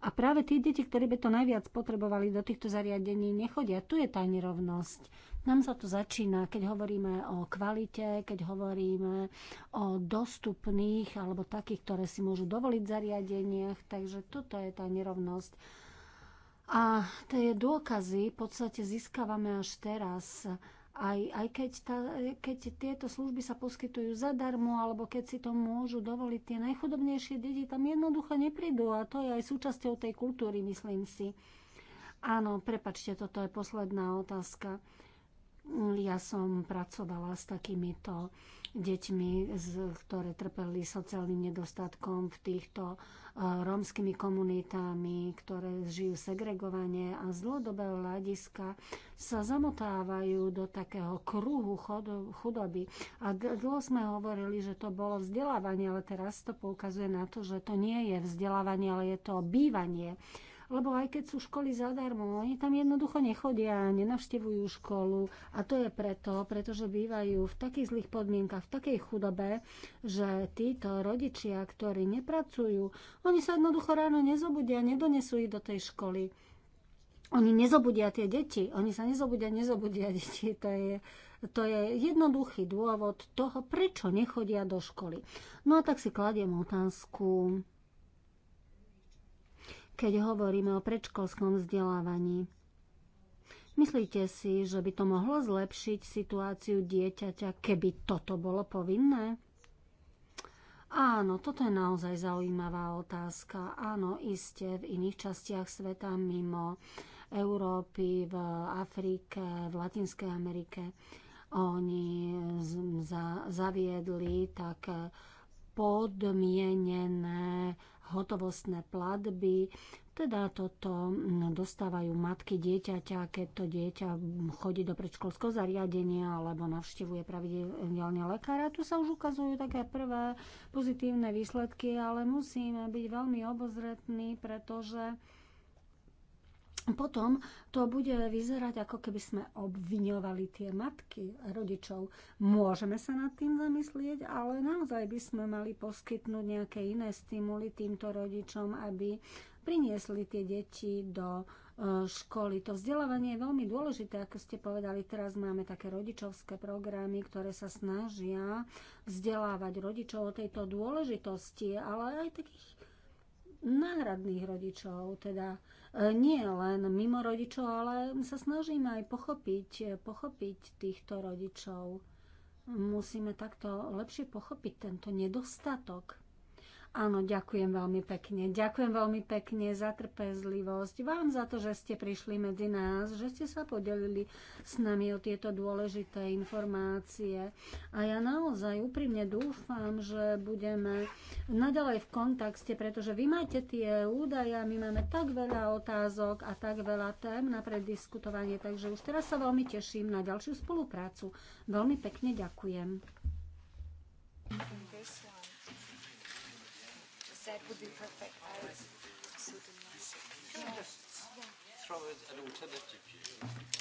A práve tí deti, ktoré by to najviac potrebovali do týchto zariadení, nechodia. Tu je tá nerovnosť nám sa to začína, keď hovoríme o kvalite, keď hovoríme o dostupných alebo takých, ktoré si môžu dovoliť v zariadeniach. Takže toto je tá nerovnosť. A tie dôkazy v podstate získavame až teraz. Aj, aj keď, tá, keď tieto služby sa poskytujú zadarmo, alebo keď si to môžu dovoliť tie najchudobnejšie deti, tam jednoducho neprídu a to je aj súčasťou tej kultúry, myslím si. Áno, prepačte, toto je posledná otázka. Ja som pracovala s takýmito deťmi, ktoré trpeli sociálnym nedostatkom v týchto eh, rómskymi komunitami, ktoré žijú segregovane a z dlhodobého hľadiska sa zamotávajú do takého kruhu chudoby. A dlho sme hovorili, že to bolo vzdelávanie, ale teraz to poukazuje na to, že to nie je vzdelávanie, ale je to bývanie lebo aj keď sú školy zadarmo, oni tam jednoducho nechodia, nenavštevujú školu a to je preto, pretože bývajú v takých zlých podmienkach, v takej chudobe, že títo rodičia, ktorí nepracujú, oni sa jednoducho ráno nezobudia, nedonesú ich do tej školy. Oni nezobudia tie deti, oni sa nezobudia, nezobudia [laughs] deti, to je, to je jednoduchý dôvod toho, prečo nechodia do školy. No a tak si kladiem otázku, keď hovoríme o predškolskom vzdelávaní. Myslíte si, že by to mohlo zlepšiť situáciu dieťaťa, keby toto bolo povinné? Áno, toto je naozaj zaujímavá otázka. Áno, iste v iných častiach sveta mimo Európy, v Afrike, v Latinskej Amerike oni zaviedli také podmienené hotovostné platby. Teda toto mm, dostávajú matky dieťaťa, keď to dieťa chodí do predškolského zariadenia alebo navštevuje pravidelne lekára. Tu sa už ukazujú také prvé pozitívne výsledky, ale musíme byť veľmi obozretní, pretože potom to bude vyzerať, ako keby sme obviňovali tie matky rodičov. Môžeme sa nad tým zamyslieť, ale naozaj by sme mali poskytnúť nejaké iné stimuly týmto rodičom, aby priniesli tie deti do e, školy. To vzdelávanie je veľmi dôležité, ako ste povedali. Teraz máme také rodičovské programy, ktoré sa snažia vzdelávať rodičov o tejto dôležitosti, ale aj takých náhradných rodičov, teda E, nie len mimo rodičov, ale sa snažíme aj pochopiť, e, pochopiť týchto rodičov. Musíme takto lepšie pochopiť tento nedostatok Áno, ďakujem veľmi pekne. Ďakujem veľmi pekne za trpezlivosť. Vám za to, že ste prišli medzi nás, že ste sa podelili s nami o tieto dôležité informácie. A ja naozaj úprimne dúfam, že budeme naďalej v kontakte, pretože vy máte tie údaje, my máme tak veľa otázok a tak veľa tém na prediskutovanie, takže už teraz sa veľmi teším na ďalšiu spoluprácu. Veľmi pekne ďakujem. Thank you would be perfect. Yes. so Yeah. Throw it an alternative view.